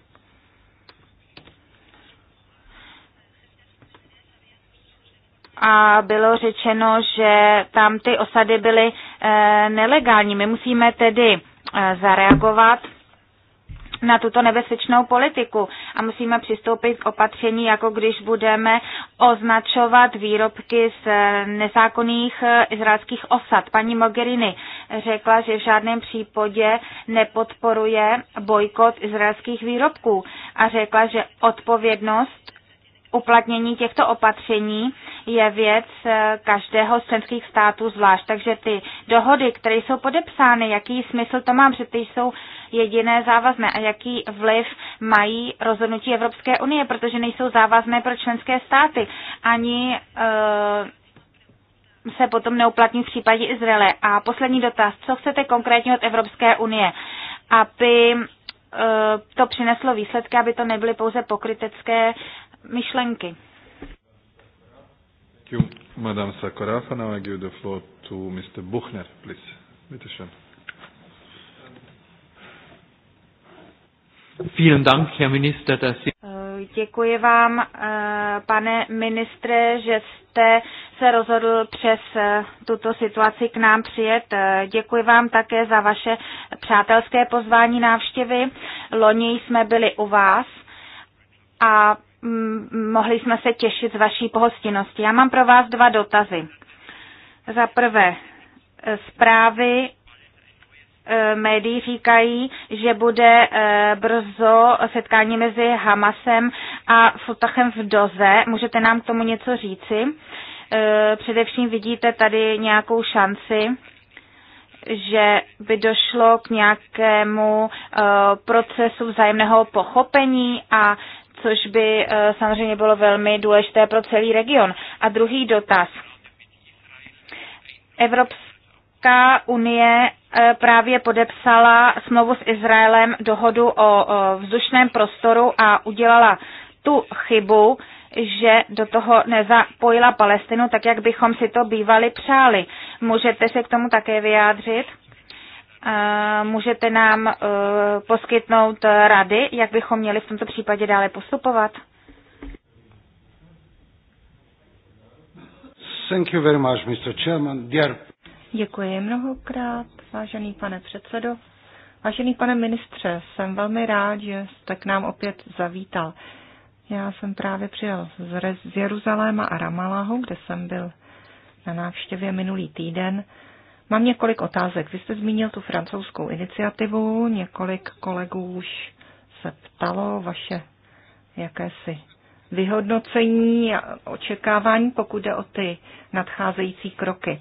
a bylo řečeno, že tam ty osady byly eh, nelegální. My musíme tedy zareagovat na tuto nebezpečnou politiku a musíme přistoupit k opatření, jako když budeme označovat výrobky z eh, nezákonných eh, izraelských osad. Paní Mogherini řekla, že v žádném případě nepodporuje bojkot izraelských výrobků a řekla, že odpovědnost uplatnění těchto opatření je věc eh, každého z členských států zvlášť. Takže ty dohody, které jsou podepsány, jaký smysl to má, protože ty jsou jediné závazné a jaký vliv mají rozhodnutí Evropské unie, protože nejsou závazné pro členské státy. Ani uh, se potom neuplatní v případě Izraele. A poslední dotaz, co chcete konkrétně od Evropské unie, aby eh, to přineslo výsledky, aby to nebyly pouze pokrytecké myšlenky. Buchner, eh, Děkuji vám, eh, pane ministře, že jste se rozhodl přes eh, tuto situaci k nám přijet. Děkuji vám také za vaše přátelské pozvání návštěvy. Loni jsme byli u vás a mohli jsme se těšit z vaší pohostinnosti. Já mám pro vás dva dotazy. Za prvé, e, zprávy e, médií říkají, že bude e, brzo setkání mezi Hamasem a Futachem v Doze. Můžete nám k tomu něco říci? Především vidíte tady nějakou šanci, že by došlo k nějakému procesu vzájemného pochopení a což by eh, samozřejmě bylo velmi důležité pro celý region. A druhý dotaz. Evropská unie eh, právě podepsala smlouvu s Izraelem dohodu o vzdušném prostoru a udělala tu chybu, že do toho nezapojila Palestinu, tak jak bychom si to bývali přáli. Můžete se k tomu také vyjádřit? Můžete nám e, poskytnout rady, jak bychom měli v tomto případě dále postupovat? Thank you very much, Mr. Chairman. Dear... Děkuji mnohokrát, vážený pane předsedo. Vážený pane ministře, jsem velmi rád, že jste k nám opět zavítal. Já jsem právě přijel z Jeruzaléma a Ramalahu, kde jsem byl na návštěvě minulý týden. Mám několik otázek. Vy jste zmínil tu francouzskou iniciativu, několik kolegů už se ptalo vaše jakési vyhodnocení a očekávání, pokud jde o ty nadcházející kroky.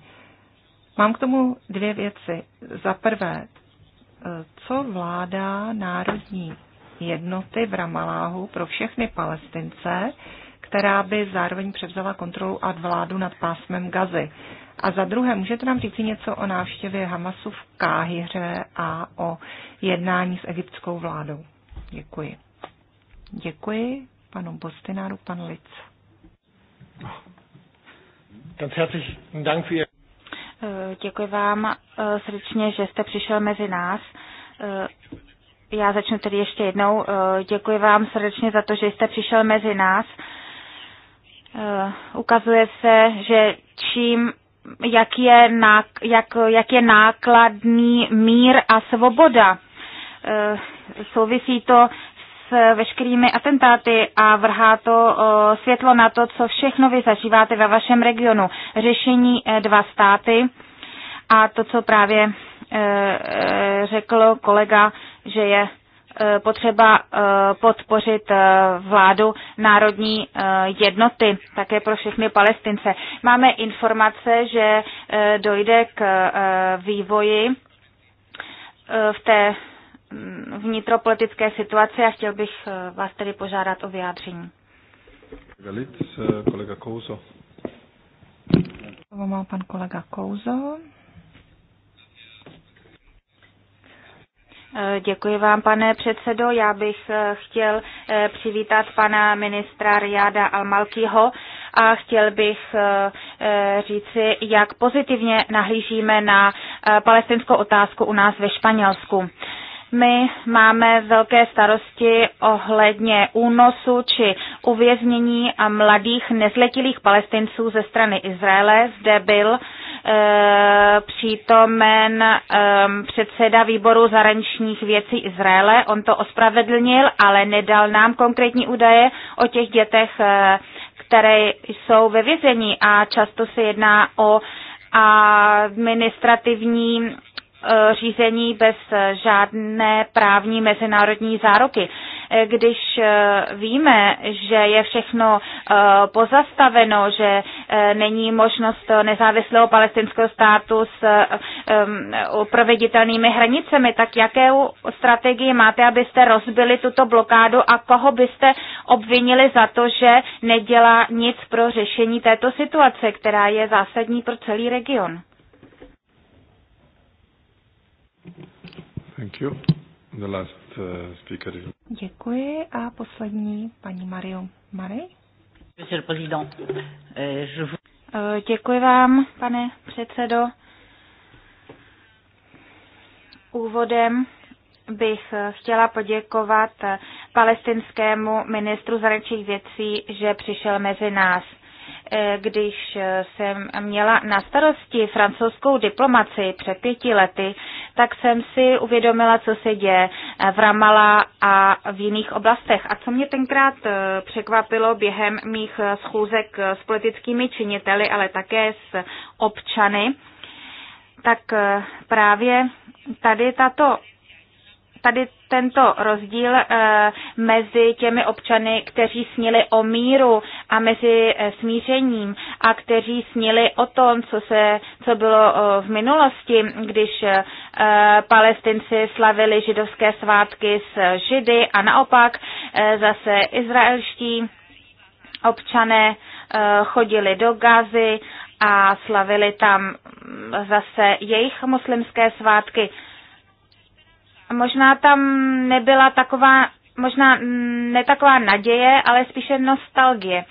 Mám k tomu dvě věci. Za prvé, eh, co vláda národní jednoty v Ramaláhu pro všechny Palestince, která by zároveň převzala kontrolu a vládu nad pásmem Gazy. A za druhé, můžete nám říct něco o návštěvě Hamasu v Káhyře a o jednání s egyptskou vládou? Děkuji. Děkuji panu Bostináru, pan Lic. Ganz Dank für eh, Děkuji vám eh, srdečně, že jste přišel mezi nás. Eh, já začnu tedy ještě jednou. Děkuji vám srdečně za to, že jste přišel mezi nás. Ukazuje se, že čím jak je, nák, jak, jak je nákladný mír a svoboda. E, souvisí to s veškerými atentáty a vrhá to světlo na to, co všechno vy zažíváte ve vašem regionu. Řešení e, dva státy a to, co právě e, řekl kolega, že je Eh, potřeba eh, podpořit eh, vládu národní jednoty, také pro všechny palestince. Máme informace, že dojde k vývoji v té mm, vnitropolitické situaci a chtěl bych vás tedy požádat o vyjádření. Velic, kolega Kouzo. Slovo má pan kolega Kouzo. Děkuji vám, pane předsedo. Já bych eh, chtěl eh, přivítat pana ministra Riada Almalkyho a chtěl bych eh, říci, jak pozitivně nahlížíme na palestinskou otázku u nás ve Španělsku. My máme velké starosti ohledně únosu či uvěznění a mladých nezletilých palestinců ze strany Izraele. Zde byl eh, přítomen ehm, předseda výboru zahraničních věcí Izraele. On to ospravedlnil, ale nedal nám konkrétní údaje o těch dětech, eh, které jsou ve vězení a často se jedná o administrativní Eh, řízení bez žádné právní mezinárodní zároky, eh, Když eh, víme, že je všechno pozastaveno, že není možnost nezávislého palestinského státu s um, proveditelnými hranicemi, tak jaké strategii máte, abyste rozbili tuto blokádu a koho byste obvinili za to, že nedělá nic pro řešení této situace, která je zásadní pro celý region? Thank you. The last uh, speaker is... Děkuji a poslední paní Mario Mary. Monsieur eh, eh, Děkuji vám, pane předsedo. Úvodem bych eh, chtěla poděkovat palestinskému ministru zahraničních věcí, že přišel mezi nás. Eh, když eh, jsem měla na starosti francouzskou diplomaci před pěti lety, tak jsem si uvědomila, co se děje eh, v Ramala a v jiných oblastech. A co mě tenkrát překvapilo během mých schůzek s politickými činiteli, ale také s občany, tak právě tady tato tady tento rozdíl eh, mezi těmi občany, kteří snili o míru a mezi eh, smířením a kteří snili o tom, co, se, co bylo eh, v minulosti, když palestinci slavili židovské svátky s židy a naopak zase izraelští občané chodili do Gazy a slavili tam mm, zase jejich muslimské svátky. Možná tam nebyla taková, možná mm, ne taková naděje, ale spíše nostalgie.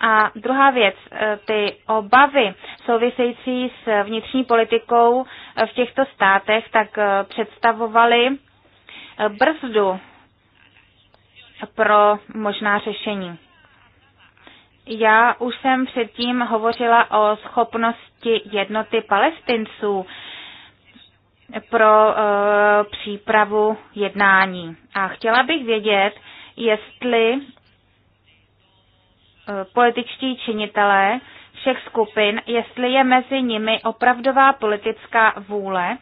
A druhá věc, e, ty obavy související s vnitřní politikou e, v těchto státech, tak e, představovaly brzdu pro možná řešení. Já už jsem předtím hovořila o schopnosti jednoty palestinců pro eh, přípravu jednání. A chtěla bych vědět, jestli eh, političtí činitelé všech skupin, jestli je mezi nimi opravdová politická vůle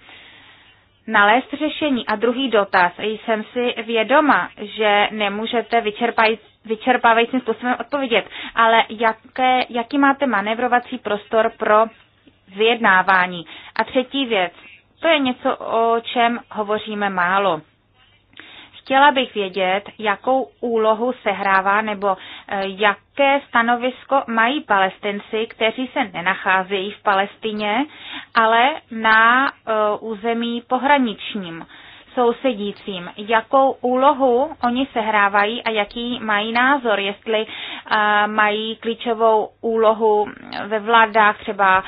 nalézt řešení. A druhý dotaz. Jsem si vědoma, že nemůžete vyčerpávajícím způsobem odpovědět, ale jaké, jaký máte manevrovací prostor pro vyjednávání? A třetí věc. To je něco, o čem hovoříme málo. Chtěla bych vědět, jakou úlohu sehrává nebo e, jaké stanovisko mají palestinci, kteří se nenacházejí v Palestině, ale na e, území pohraničním sousedícím, jakou úlohu oni sehrávají a jaký mají názor, jestli e, mají klíčovou úlohu ve vládách třeba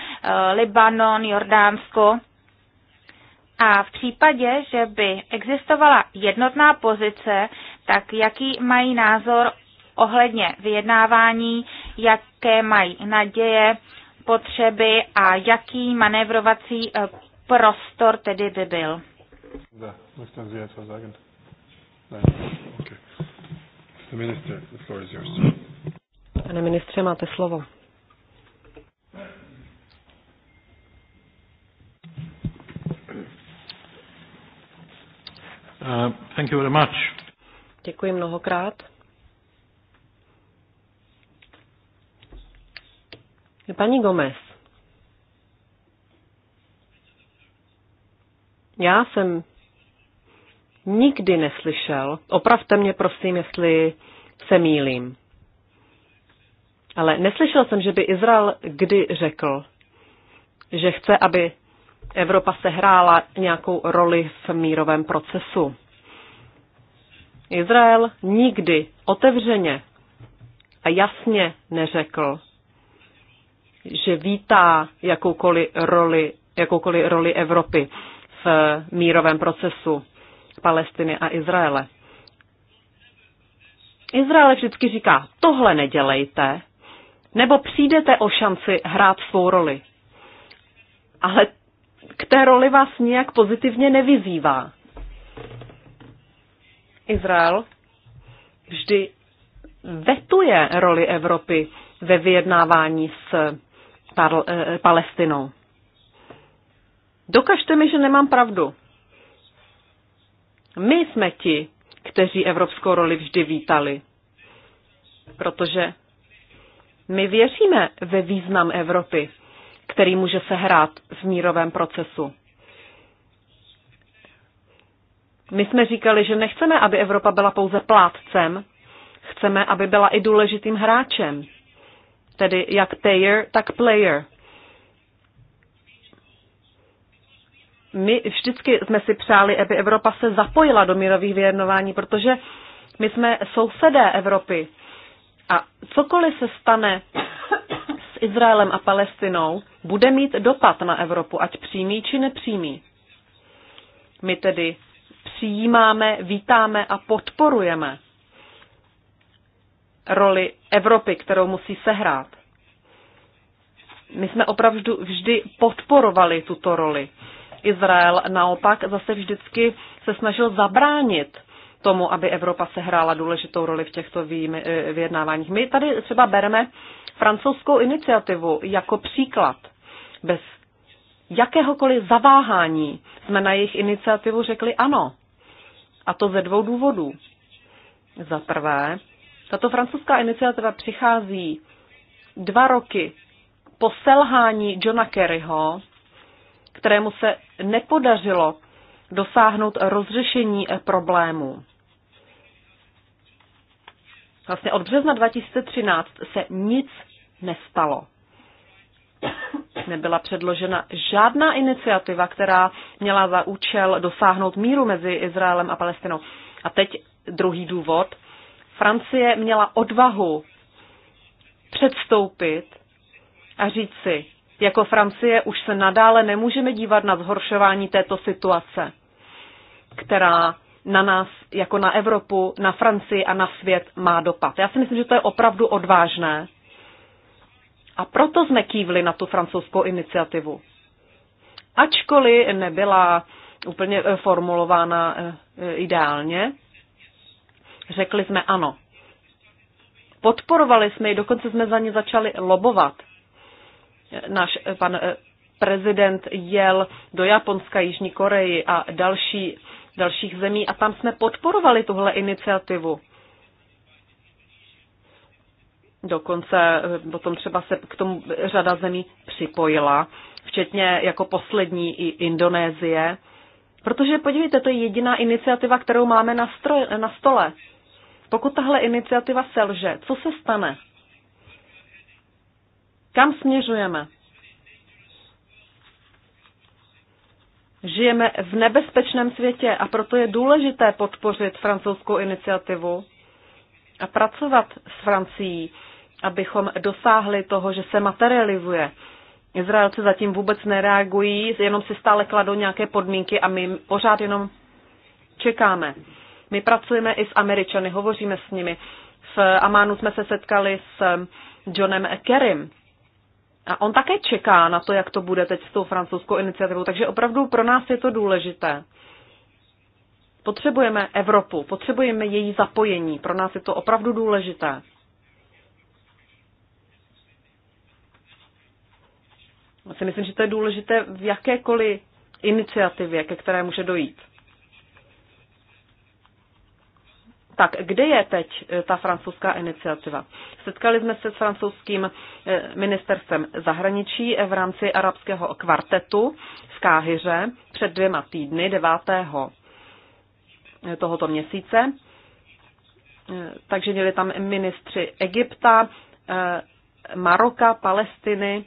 Libanon, Jordánsko a v případě, že by existovala jednotná pozice, tak jaký mají názor ohledně vyjednávání, jaké mají naděje, potřeby a jaký manévrovací eh, prostor tedy by byl. Minister, Pane ministře, máte slovo. Uh, thank you very much. Děkuji mnohokrát. Paní Gomez. Já jsem nikdy neslyšel, opravte mě prosím, jestli se mýlím, ale neslyšel jsem, že by Izrael kdy řekl, že chce, aby Evropa sehrála nějakou roli v mírovém procesu. Izrael nikdy otevřeně a jasně neřekl, že vítá jakoukoliv roli, jakoukoliv roli Evropy v mírovém procesu Palestiny a Izraele. Izrael vždycky říká, tohle nedělejte, nebo přijdete o šanci hrát svou roli. Ale k té roli vás nijak pozitivně nevyzývá. Izrael vždy vetuje roli Evropy ve vyjednávání s eh, eh, Palestinou. Dokažte mi, že nemám pravdu. My jsme ti, kteří evropskou roli vždy vítali, protože my věříme ve význam Evropy který může se hrát v mírovém procesu. My jsme říkali, že nechceme, aby Evropa byla pouze plátcem, chceme, aby byla i důležitým hráčem, tedy jak payer, tak player. My vždycky jsme si přáli, aby Evropa se zapojila do mírových vyjednování, protože my jsme sousedé Evropy. A cokoliv se stane Izraelem a Palestinou bude mít dopad na Evropu, ať přímý či nepřímý. My tedy přijímáme, vítáme a podporujeme roli Evropy, kterou musí sehrát. My jsme opravdu vždy podporovali tuto roli. Izrael naopak zase vždycky se snažil zabránit tomu, aby Evropa sehrála důležitou roli v těchto eh, vyjednáváních. My tady třeba bereme francouzskou iniciativu jako příklad. Bez jakéhokoliv zaváhání jsme na jejich iniciativu řekli ano. A to ze dvou důvodů. Za prvé, tato francouzská iniciativa přichází dva roky po selhání Johna Kerryho, kterému se nepodařilo dosáhnout rozřešení problémů vlastně od března 2013 se nic nestalo. Nebyla předložena žádná iniciativa, která měla za účel dosáhnout míru mezi Izraelem a Palestinou. A teď druhý důvod. Francie měla odvahu předstoupit a říct si, jako Francie už se nadále nemůžeme dívat na zhoršování této situace, která na nás, jako na Evropu, na Francii a na svět má dopad. Já si myslím, že to je opravdu odvážné. A proto jsme kývli na tu francouzskou iniciativu. Ačkoliv nebyla úplně eh, formulována eh, ideálně, řekli jsme ano. Podporovali jsme ji, dokonce jsme za ně začali lobovat. Náš eh, pan prezident jel do Japonska, Jižní Koreji a další dalších zemí a tam jsme podporovali tuhle iniciativu. Dokonce potom eh, třeba se k tomu řada zemí připojila, včetně jako poslední i Indonésie. Protože podívejte, to je jediná iniciativa, kterou máme na, stroj, na stole. Pokud tahle iniciativa selže, co se stane? Kam směřujeme? Žijeme v nebezpečném světě a proto je důležité podpořit francouzskou iniciativu a pracovat s Francií, abychom dosáhli toho, že se materializuje. Izraelci zatím vůbec nereagují, jenom si stále kladou nějaké podmínky a my pořád jenom čekáme. My pracujeme i s Američany, hovoříme s nimi. V Amánu jsme se setkali s Johnem Kerrym, a on také čeká na to, jak to bude teď s tou francouzskou iniciativou, takže opravdu pro nás je to důležité. Potřebujeme Evropu, potřebujeme její zapojení, pro nás je to opravdu důležité. Já si myslím, že to je důležité v jakékoliv iniciativě, ke které může dojít. Tak kde je teď eh, ta francouzská iniciativa? Setkali jsme se s francouzským eh, ministerstvem zahraničí eh, v rámci arabského kvartetu v Káhyře před dvěma týdny, 9. tohoto měsíce. Takže měli tam ministři Egypta, Maroka, Palestiny,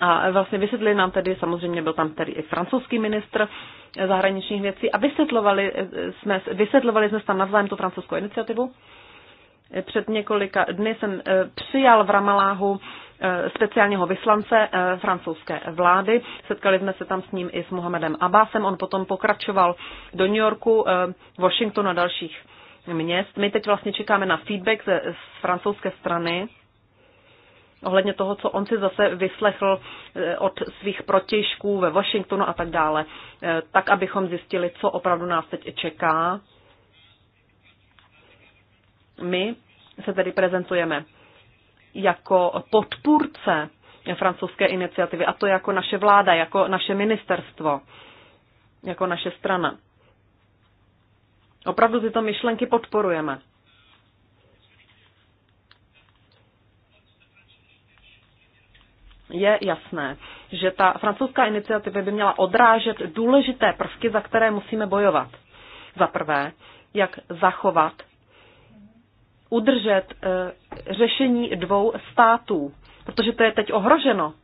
a vlastně vysvětlili nám tedy, samozřejmě byl tam tedy i francouzský ministr, zahraničních věcí a vysvětlovali eh, jsme, vysvětlovali jsme tam navzájem tu francouzskou iniciativu. Před několika dny jsem eh, přijal v Ramaláhu eh, speciálního vyslance francouzské vlády. Setkali jsme se tam s ním i s Mohamedem Abbasem. On potom pokračoval do New Yorku, Washingtonu a dalších měst. My teď vlastně čekáme na feedback z francouzské strany ohledně toho, co on si zase vyslechl eh, od svých protěžků ve Washingtonu a tak dále, eh, tak abychom zjistili, co opravdu nás teď čeká. My se tedy prezentujeme jako podpůrce francouzské iniciativy, a to jako naše vláda, jako naše ministerstvo, jako naše strana. Opravdu tyto myšlenky podporujeme. je jasné, že ta francouzská iniciativa by měla odrážet důležité prvky, za které musíme bojovat. Za prvé, jak zachovat, udržet e, řešení dvou států, protože to je teď ohroženo.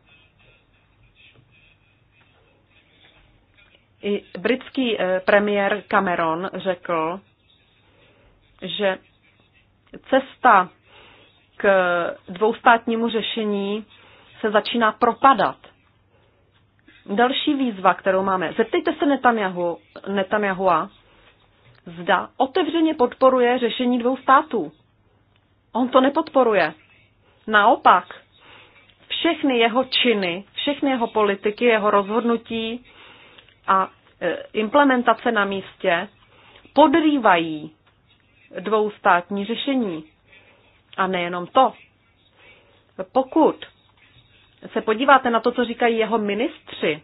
I britský e, premiér Cameron řekl, že cesta k dvoustátnímu řešení se začíná propadat. Další výzva, kterou máme. Zeptejte se Netanyahu, Netanyahua, zda otevřeně podporuje řešení dvou států. On to nepodporuje. Naopak, všechny jeho činy, všechny jeho politiky, jeho rozhodnutí a e, implementace na místě podrývají dvoustátní řešení. A nejenom to. Pokud se podíváte na to, co říkají jeho ministři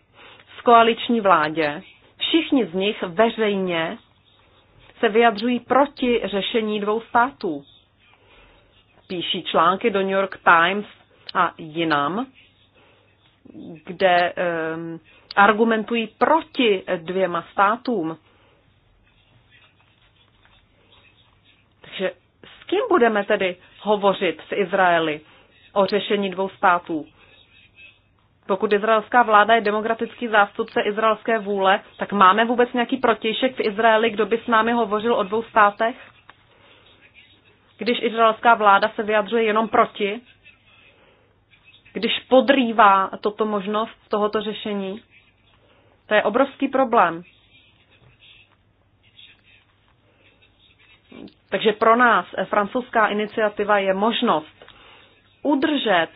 v koaliční vládě, všichni z nich veřejně se vyjadřují proti řešení dvou států. Píší články do New York Times a jinam, kde um, argumentují proti dvěma státům. Takže s kým budeme tedy hovořit v Izraeli o řešení dvou států? Pokud izraelská vláda je demokratický zástupce izraelské vůle, tak máme vůbec nějaký protějšek v Izraeli, kdo by s námi hovořil o dvou státech? Když izraelská vláda se vyjadřuje jenom proti, když podrývá toto možnost tohoto řešení, to je obrovský problém. Takže pro nás francouzská iniciativa je možnost udržet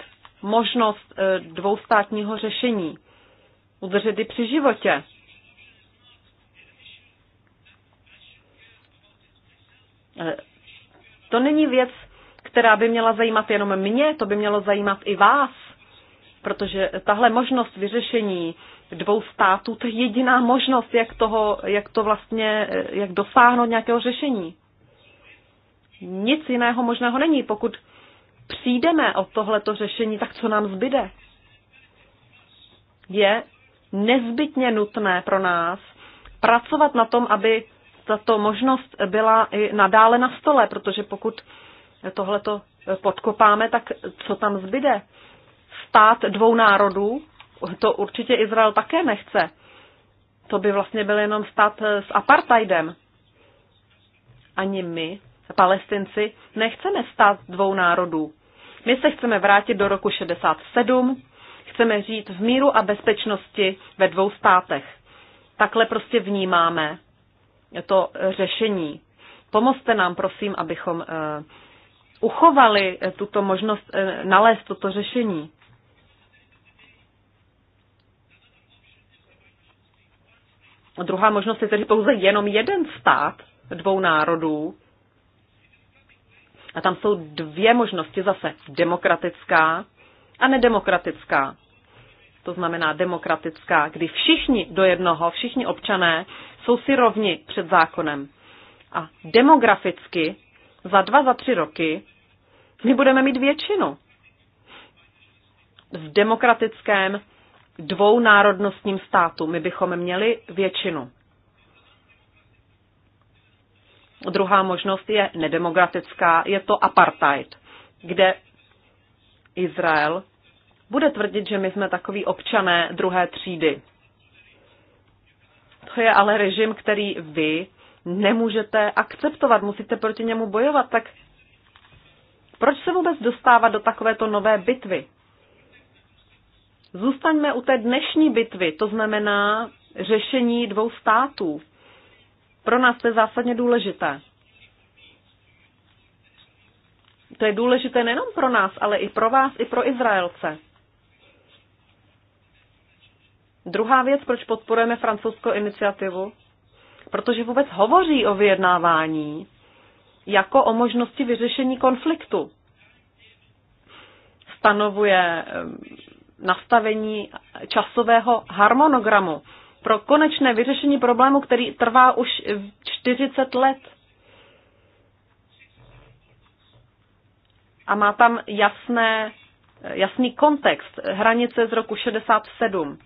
možnost eh, dvoustátního řešení, udržet ji při životě. To není věc, která by měla zajímat jenom mě, to by mělo zajímat i vás, protože tahle možnost vyřešení dvou států, to je jediná možnost, jak, toho, jak to vlastně, eh, jak dosáhnout nějakého řešení. Nic jiného možného není, pokud přijdeme o tohleto řešení, tak co nám zbyde? Je nezbytně nutné pro nás pracovat na tom, aby tato možnost byla i nadále na stole, protože pokud tohleto podkopáme, tak co tam zbyde? Stát dvou národů, to určitě Izrael také nechce. To by vlastně byl jenom stát s apartheidem. Ani my palestinci, nechceme stát dvou národů. My se chceme vrátit do roku 67, chceme žít v míru a bezpečnosti ve dvou státech. Takhle prostě vnímáme to řešení. Pomozte nám, prosím, abychom eh, uchovali eh, tuto možnost eh, nalézt toto řešení. A druhá možnost je tedy pouze jenom jeden stát dvou národů, a tam jsou dvě možnosti zase. Demokratická a nedemokratická. To znamená demokratická, kdy všichni do jednoho, všichni občané jsou si rovni před zákonem. A demograficky za dva, za tři roky my budeme mít většinu. V demokratickém dvounárodnostním státu my bychom měli většinu. Druhá možnost je nedemokratická, je to apartheid, kde Izrael bude tvrdit, že my jsme takový občané druhé třídy. To je ale režim, který vy nemůžete akceptovat, musíte proti němu bojovat, tak proč se vůbec dostávat do takovéto nové bitvy? Zůstaňme u té dnešní bitvy, to znamená řešení dvou států. Pro nás to je zásadně důležité. To je důležité nejenom pro nás, ale i pro vás, i pro Izraelce. Druhá věc, proč podporujeme francouzskou iniciativu, protože vůbec hovoří o vyjednávání jako o možnosti vyřešení konfliktu. Stanovuje ehm, nastavení časového harmonogramu pro konečné vyřešení problému, který trvá už 40 let. A má tam jasné, jasný kontext hranice z roku 67.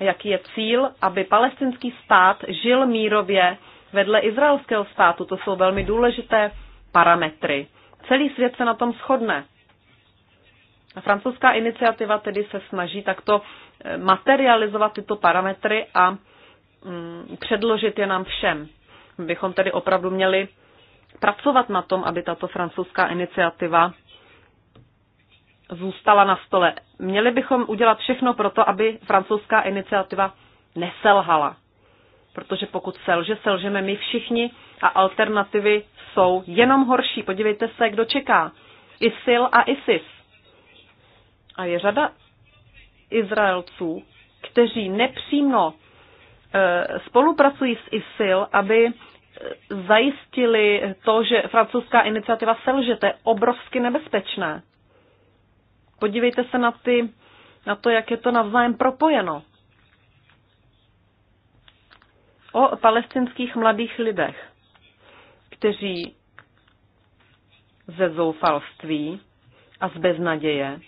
Jaký je cíl, aby palestinský stát žil mírově vedle izraelského státu? To jsou velmi důležité parametry. Celý svět se na tom shodne. Francouzská iniciativa tedy se snaží takto eh, materializovat tyto parametry a mm, předložit je nám všem. Bychom tedy opravdu měli pracovat na tom, aby tato francouzská iniciativa zůstala na stole. Měli bychom udělat všechno pro to, aby francouzská iniciativa neselhala. Protože pokud selže, selžeme my všichni a alternativy jsou jenom horší. Podívejte se, kdo čeká. ISIL a ISIS a je řada Izraelců, kteří nepřímo e, spolupracují s ISIL, aby e, zajistili to, že francouzská iniciativa selže. To je obrovsky nebezpečné. Podívejte se na, ty, na to, jak je to navzájem propojeno. O palestinských mladých lidech, kteří ze zoufalství a z beznaděje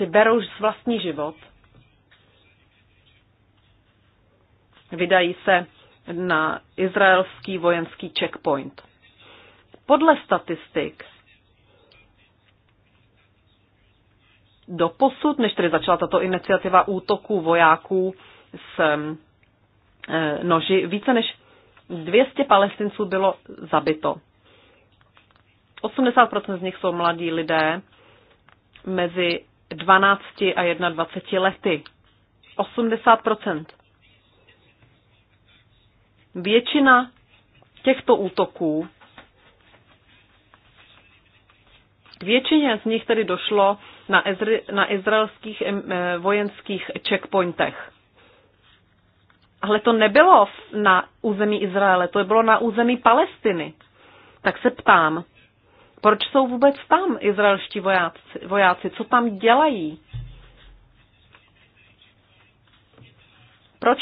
si berou z vlastní život, vydají se na izraelský vojenský checkpoint. Podle statistik do posud, než tedy začala tato iniciativa útoků vojáků s eh, noži, více než 200 palestinců bylo zabito. 80% z nich jsou mladí lidé mezi 12 a 21 lety. 80 Většina těchto útoků, k většině z nich tedy došlo na, ezri, na izraelských eh, vojenských checkpointech. Ale to nebylo na území Izraele, to bylo na území Palestiny. Tak se ptám, proč jsou vůbec tam izraelští vojáci, vojáci? Co tam dělají? Proč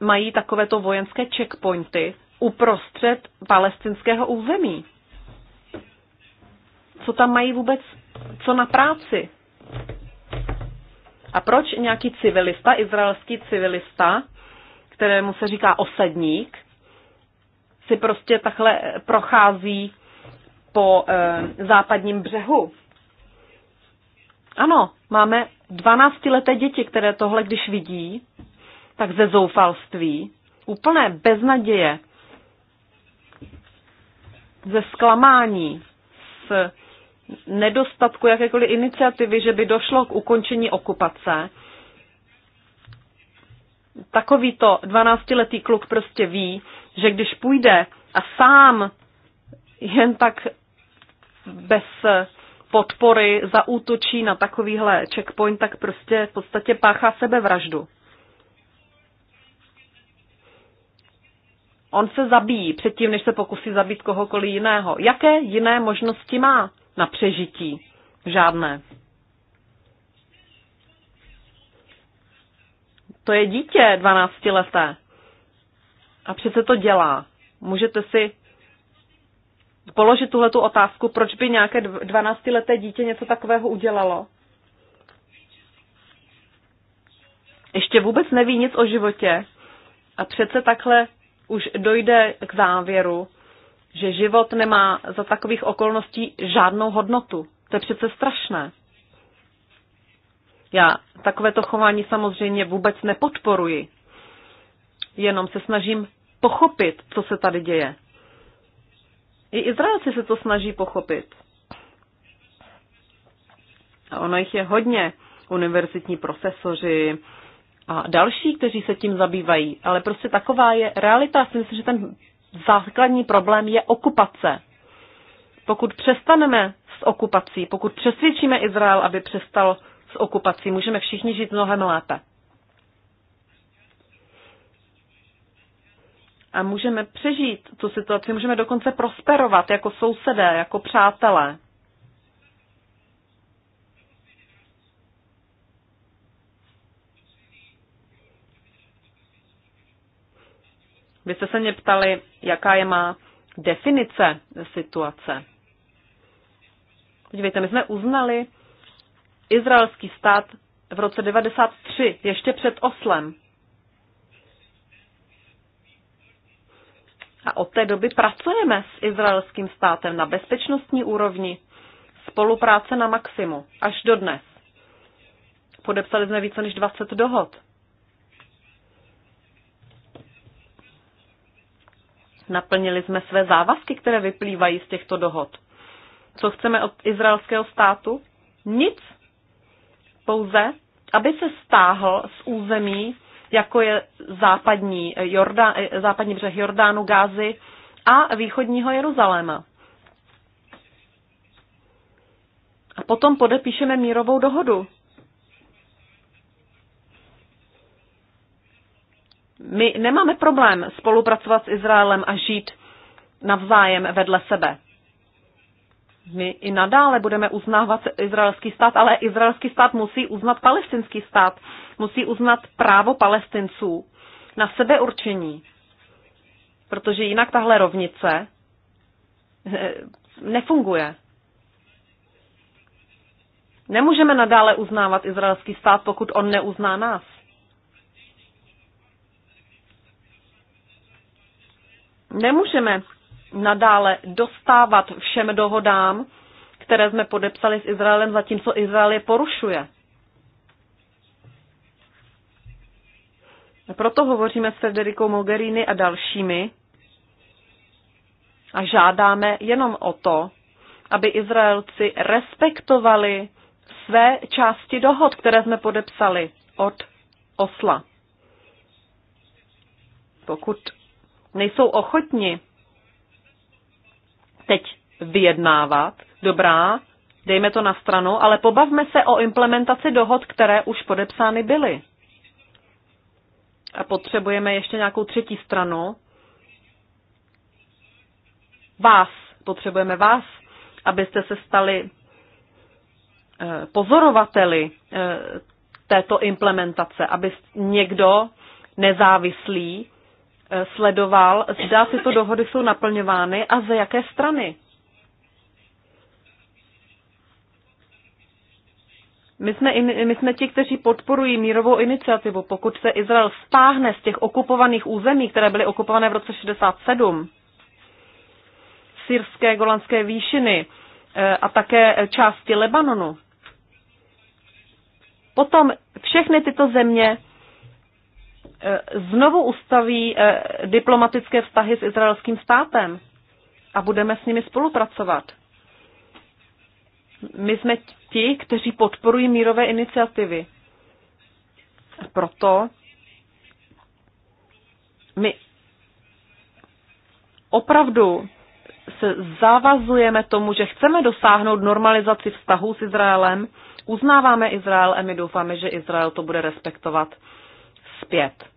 mají takovéto vojenské checkpointy uprostřed palestinského území? Co tam mají vůbec, co na práci? A proč nějaký civilista, izraelský civilista, kterému se říká osadník, si prostě takhle prochází po eh, západním břehu. Ano, máme 12-leté děti, které tohle, když vidí, tak ze zoufalství, úplné beznaděje, ze zklamání, z nedostatku jakékoliv iniciativy, že by došlo k ukončení okupace, takovýto 12-letý kluk prostě ví, že když půjde a sám jen tak bez podpory zaútočí na takovýhle checkpoint, tak prostě v podstatě páchá sebevraždu. On se zabíjí předtím, než se pokusí zabít kohokoliv jiného. Jaké jiné možnosti má na přežití? Žádné. To je dítě 12 leté. A přece to dělá. Můžete si položit tuhle tu otázku, proč by nějaké 12-leté dítě něco takového udělalo. Ještě vůbec neví nic o životě. A přece takhle už dojde k závěru, že život nemá za takových okolností žádnou hodnotu. To je přece strašné. Já takovéto chování samozřejmě vůbec nepodporuji. Jenom se snažím pochopit, co se tady děje. I Izraelci se to snaží pochopit. A ono jich je hodně, univerzitní profesoři a další, kteří se tím zabývají. Ale prostě taková je realita. Já si myslím, že ten základní problém je okupace. Pokud přestaneme s okupací, pokud přesvědčíme Izrael, aby přestal s okupací, můžeme všichni žít mnohem lépe. a můžeme přežít tu situaci, můžeme dokonce prosperovat jako sousedé, jako přátelé. Vy jste se mě ptali, jaká je má definice situace. Podívejte, my jsme uznali izraelský stát v roce 93, ještě před Oslem. A od té doby pracujeme s izraelským státem na bezpečnostní úrovni. Spolupráce na maximu, až do dnes. Podepsali jsme více než 20 dohod. Naplnili jsme své závazky, které vyplývají z těchto dohod. Co chceme od izraelského státu? Nic. Pouze, aby se stáhl z území jako je západní, Jordán, západní břeh Jordánu, Gázy a východního Jeruzaléma. A potom podepíšeme mírovou dohodu. My nemáme problém spolupracovat s Izraelem a žít navzájem vedle sebe my i nadále budeme uznávat izraelský stát, ale izraelský stát musí uznat palestinský stát, musí uznat právo palestinců na sebeurčení, protože jinak tahle rovnice eh, nefunguje. Nemůžeme nadále uznávat izraelský stát, pokud on neuzná nás. Nemůžeme nadále dostávat všem dohodám, které jsme podepsali s Izraelem, zatímco Izrael je porušuje. Proto hovoříme s Federikou Mogherini a dalšími a žádáme jenom o to, aby Izraelci respektovali své části dohod, které jsme podepsali od Osla. Pokud nejsou ochotni teď vyjednávat. Dobrá, dejme to na stranu, ale pobavme se o implementaci dohod, které už podepsány byly. A potřebujeme ještě nějakou třetí stranu. Vás, potřebujeme vás, abyste se stali eh, pozorovateli eh, této implementace, aby někdo nezávislý sledoval, zda tyto dohody jsou naplňovány a ze jaké strany. My jsme, my jsme ti, kteří podporují mírovou iniciativu, pokud se Izrael stáhne z těch okupovaných území, které byly okupované v roce 67, syrské golanské výšiny eh, a také části Lebanonu. Potom všechny tyto země Eh, znovu ustaví eh, diplomatické vztahy s izraelským státem a budeme s nimi spolupracovat. My jsme ti, kteří podporují mírové iniciativy. Proto my opravdu se zavazujeme tomu, že chceme dosáhnout normalizaci vztahů s Izraelem, uznáváme Izrael a my doufáme, že Izrael to bude respektovat zpět.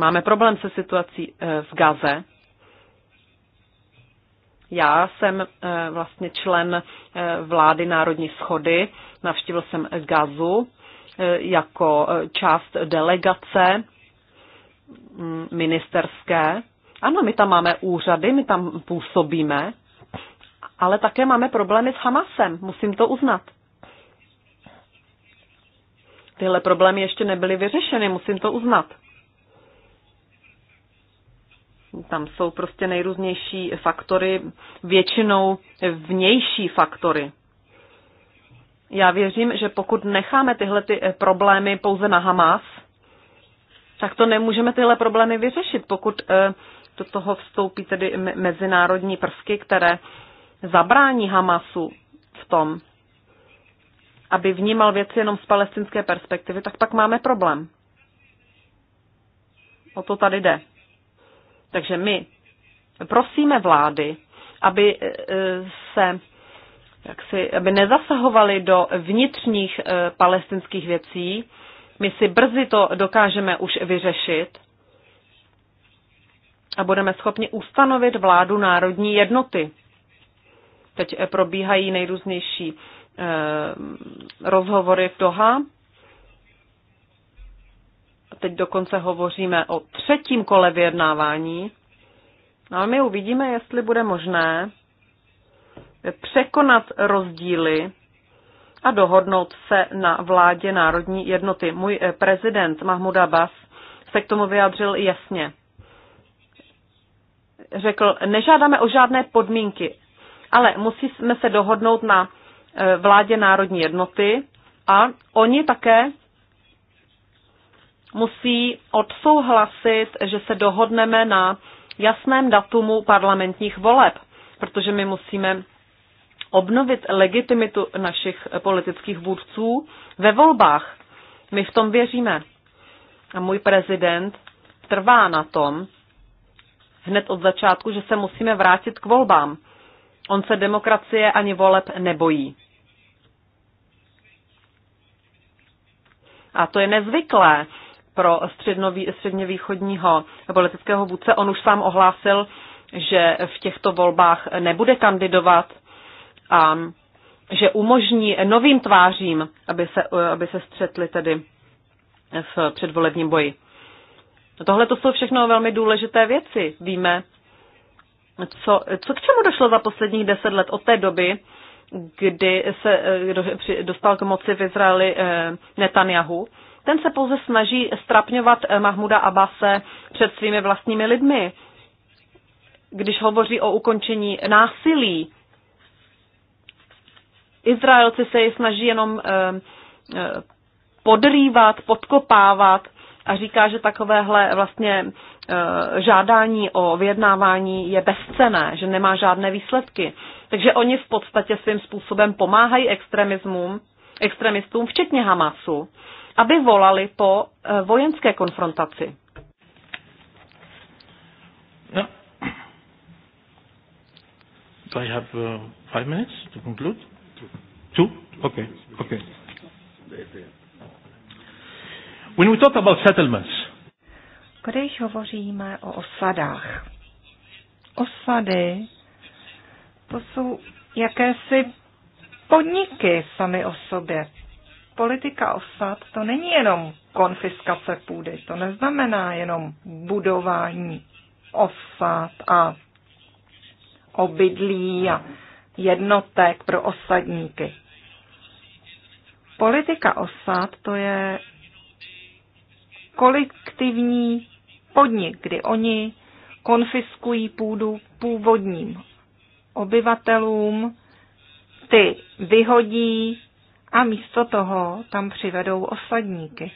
Máme problém se situací eh, v Gaze. Já jsem eh, vlastně člen eh, vlády Národní schody, navštívil jsem Gazu jako část delegace mm, ministerské. Ano, my tam máme úřady, my tam působíme, ale také máme problémy s Hamasem, musím to uznat. Tyhle problémy ještě nebyly vyřešeny, musím to uznat. Tam jsou prostě nejrůznější faktory, většinou vnější faktory. Já věřím, že pokud necháme tyhle ty eh, problémy pouze na Hamas, tak to nemůžeme tyhle problémy vyřešit, pokud eh, do toho vstoupí tedy mezinárodní prvky, které zabrání Hamasu v tom, aby vnímal věci jenom z palestinské perspektivy, tak pak máme problém. O to tady jde. Takže my prosíme vlády, aby e, se jak si, aby nezasahovali do vnitřních e, palestinských věcí. My si brzy to dokážeme už vyřešit a budeme schopni ustanovit vládu národní jednoty. Teď e, probíhají nejrůznější rozhovory v Doha Teď dokonce hovoříme o třetím kole vyjednávání. No a my uvidíme, jestli bude možné překonat rozdíly a dohodnout se na vládě národní jednoty. Můj eh, prezident Mahmud Abbas se k tomu vyjádřil jasně. Řekl, nežádáme o žádné podmínky, ale musíme se dohodnout na eh, vládě národní jednoty a oni také musí odsouhlasit, že se dohodneme na jasném datumu parlamentních voleb, protože my musíme obnovit legitimitu našich politických vůdců ve volbách. My v tom věříme. A můj prezident trvá na tom hned od začátku, že se musíme vrátit k volbám. On se demokracie ani voleb nebojí. A to je nezvyklé pro středně východního politického vůdce. On už sám ohlásil, že v těchto volbách nebude kandidovat a že umožní novým tvářím, aby se, aby se střetli tedy v předvolebním boji. Tohle to jsou všechno velmi důležité věci. Víme, co, co k čemu došlo za posledních deset let od té doby, kdy se dostal k moci v Izraeli eh, Netanyahu. Ten se pouze snaží strapňovat eh, Mahmuda Abase před svými vlastními lidmi, když hovoří o ukončení násilí. Izraelci se je snaží jenom eh, eh, podrývat, podkopávat a říká, že takovéhle vlastně žádání o vyjednávání je bezcené, že nemá žádné výsledky. Takže oni v podstatě svým způsobem pomáhají extremismům, extremistům, včetně Hamasu aby volali po eh, vojenské konfrontaci. Yeah. No. Do I have uh, five minutes to conclude? Two? Okay. Okay. When we talk about settlements, když hovoříme o osadách, osady to jsou jakési podniky sami o sobě politika osad to není jenom konfiskace půdy, to neznamená jenom budování osad a obydlí a jednotek pro osadníky. Politika osad to je kolektivní podnik, kdy oni konfiskují půdu původním obyvatelům, ty vyhodí, a místo toho tam přivedou osadníky.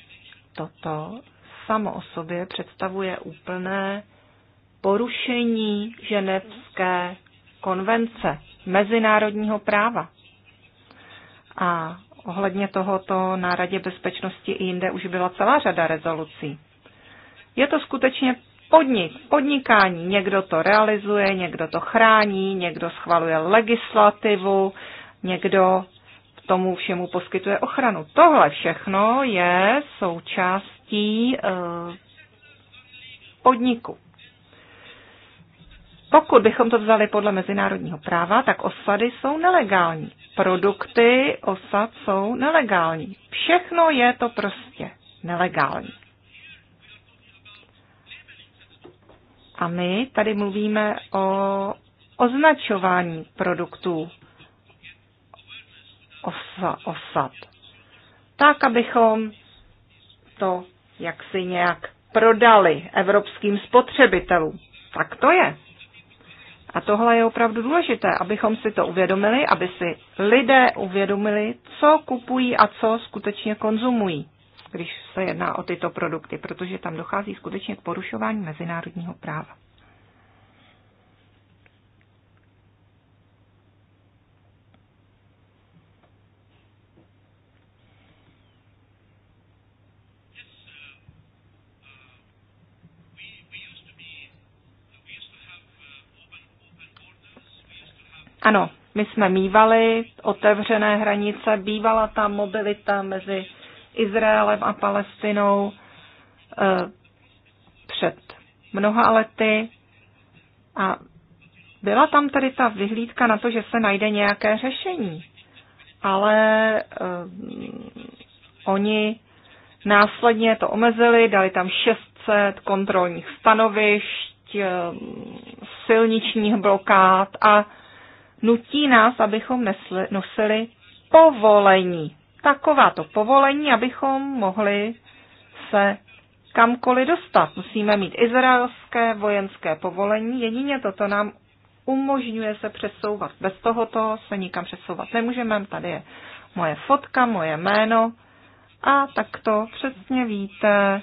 Toto samo o sobě představuje úplné porušení ženevské konvence mezinárodního práva. A ohledně tohoto na Radě bezpečnosti i jinde už byla celá řada rezolucí. Je to skutečně podnik, podnikání. Někdo to realizuje, někdo to chrání, někdo schvaluje legislativu, někdo tomu všemu poskytuje ochranu. Tohle všechno je součástí eh, podniku. Pokud bychom to vzali podle mezinárodního práva, tak osady jsou nelegální. Produkty osad jsou nelegální. Všechno je to prostě nelegální. A my tady mluvíme o označování produktů osa, osad. Tak, abychom to jaksi nějak prodali evropským spotřebitelům. Tak to je. A tohle je opravdu důležité, abychom si to uvědomili, aby si lidé uvědomili, co kupují a co skutečně konzumují, když se jedná o tyto produkty, protože tam dochází skutečně k porušování mezinárodního práva. Ano, my jsme mývali otevřené hranice, bývala tam mobilita mezi Izraelem a Palestinou eh, před mnoha lety a byla tam tedy ta vyhlídka na to, že se najde nějaké řešení. Ale e, oni následně to omezili, dali tam 600 kontrolních stanovišť, e, silničních blokád a nutí nás, abychom nesli, nosili povolení. Takováto povolení, abychom mohli se kamkoliv dostat. Musíme mít izraelské vojenské povolení, jedině toto nám umožňuje se přesouvat. Bez tohoto se nikam přesouvat nemůžeme. Tady je moje fotka, moje jméno a takto přesně víte,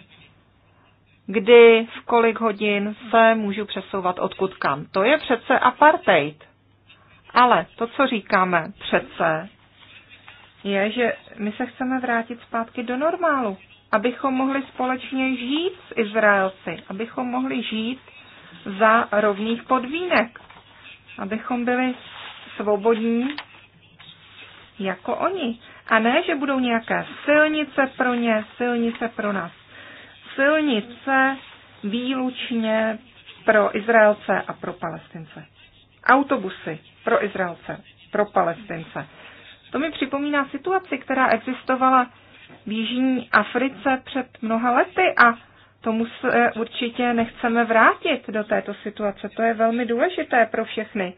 kdy, v kolik hodin se můžu přesouvat odkud kam. To je přece apartheid. Ale to, co říkáme přece, je, že my se chceme vrátit zpátky do normálu, abychom mohli společně žít s Izraelci, abychom mohli žít za rovných podmínek, abychom byli svobodní jako oni. A ne, že budou nějaké silnice pro ně, silnice pro nás. Silnice výlučně pro Izraelce a pro Palestince. Autobusy, pro Izraelce, pro Palestince. To mi připomíná situaci, která existovala v Jižní Africe před mnoha lety a tomu se určitě nechceme vrátit do této situace. To je velmi důležité pro všechny,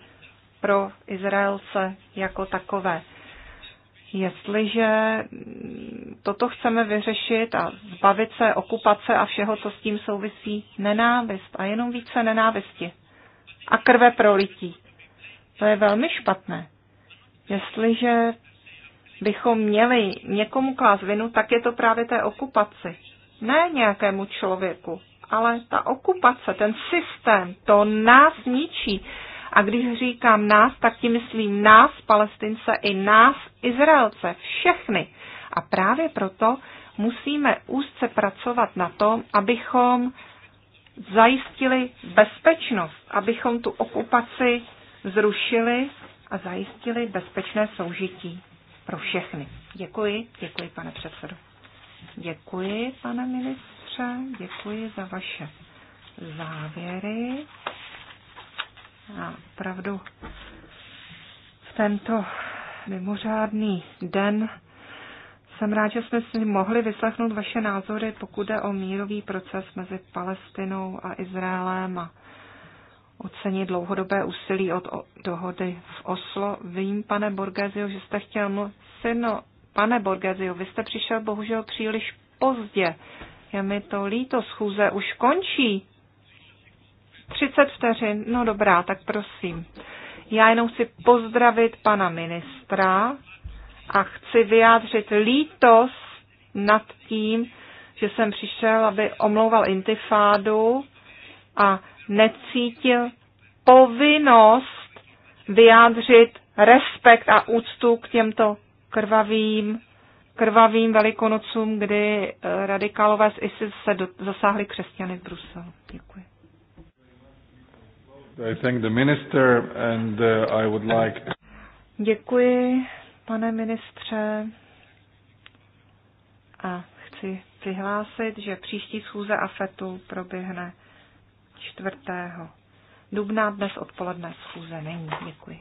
pro Izraelce jako takové. Jestliže toto chceme vyřešit a zbavit se okupace a všeho, co s tím souvisí, nenávist a jenom více nenávisti a krve prolití. To je velmi špatné. Jestliže bychom měli někomu klást vinu, tak je to právě té okupaci. Ne nějakému člověku, ale ta okupace, ten systém, to nás ničí. A když říkám nás, tak tím myslím nás, Palestince, i nás, Izraelce, všechny. A právě proto musíme úzce pracovat na tom, abychom zajistili bezpečnost, abychom tu okupaci zrušili a zajistili bezpečné soužití pro všechny. Děkuji, děkuji pane předsedo. Děkuji, pane ministře, děkuji za vaše závěry. A opravdu v tento mimořádný den jsem rád, že jsme si mohli vyslechnout vaše názory, pokud jde o mírový proces mezi Palestinou a Izraelem a ocenit dlouhodobé úsilí od dohody v Oslo. Vím, pane Borgazio, že jste chtěl mluvit. No, pane Borgazio, vy jste přišel bohužel příliš pozdě. Je mi to líto, schůze už končí. 30 vteřin, no dobrá, tak prosím. Já jenom chci pozdravit pana ministra a chci vyjádřit lítost nad tím, že jsem přišel, aby omlouval intifádu a necítil povinnost vyjádřit respekt a úctu k těmto krvavým, krvavým velikonocům, kdy eh, radikálové z ISIS se do, zasáhli křesťany v Bruselu. Děkuji. I thank the minister and uh, I would like Děkuji, pane ministře. A chci přihlásit, že příští schůze AFETu proběhne čtvrtého dubna dnes odpoledne schůze není. Děkuji.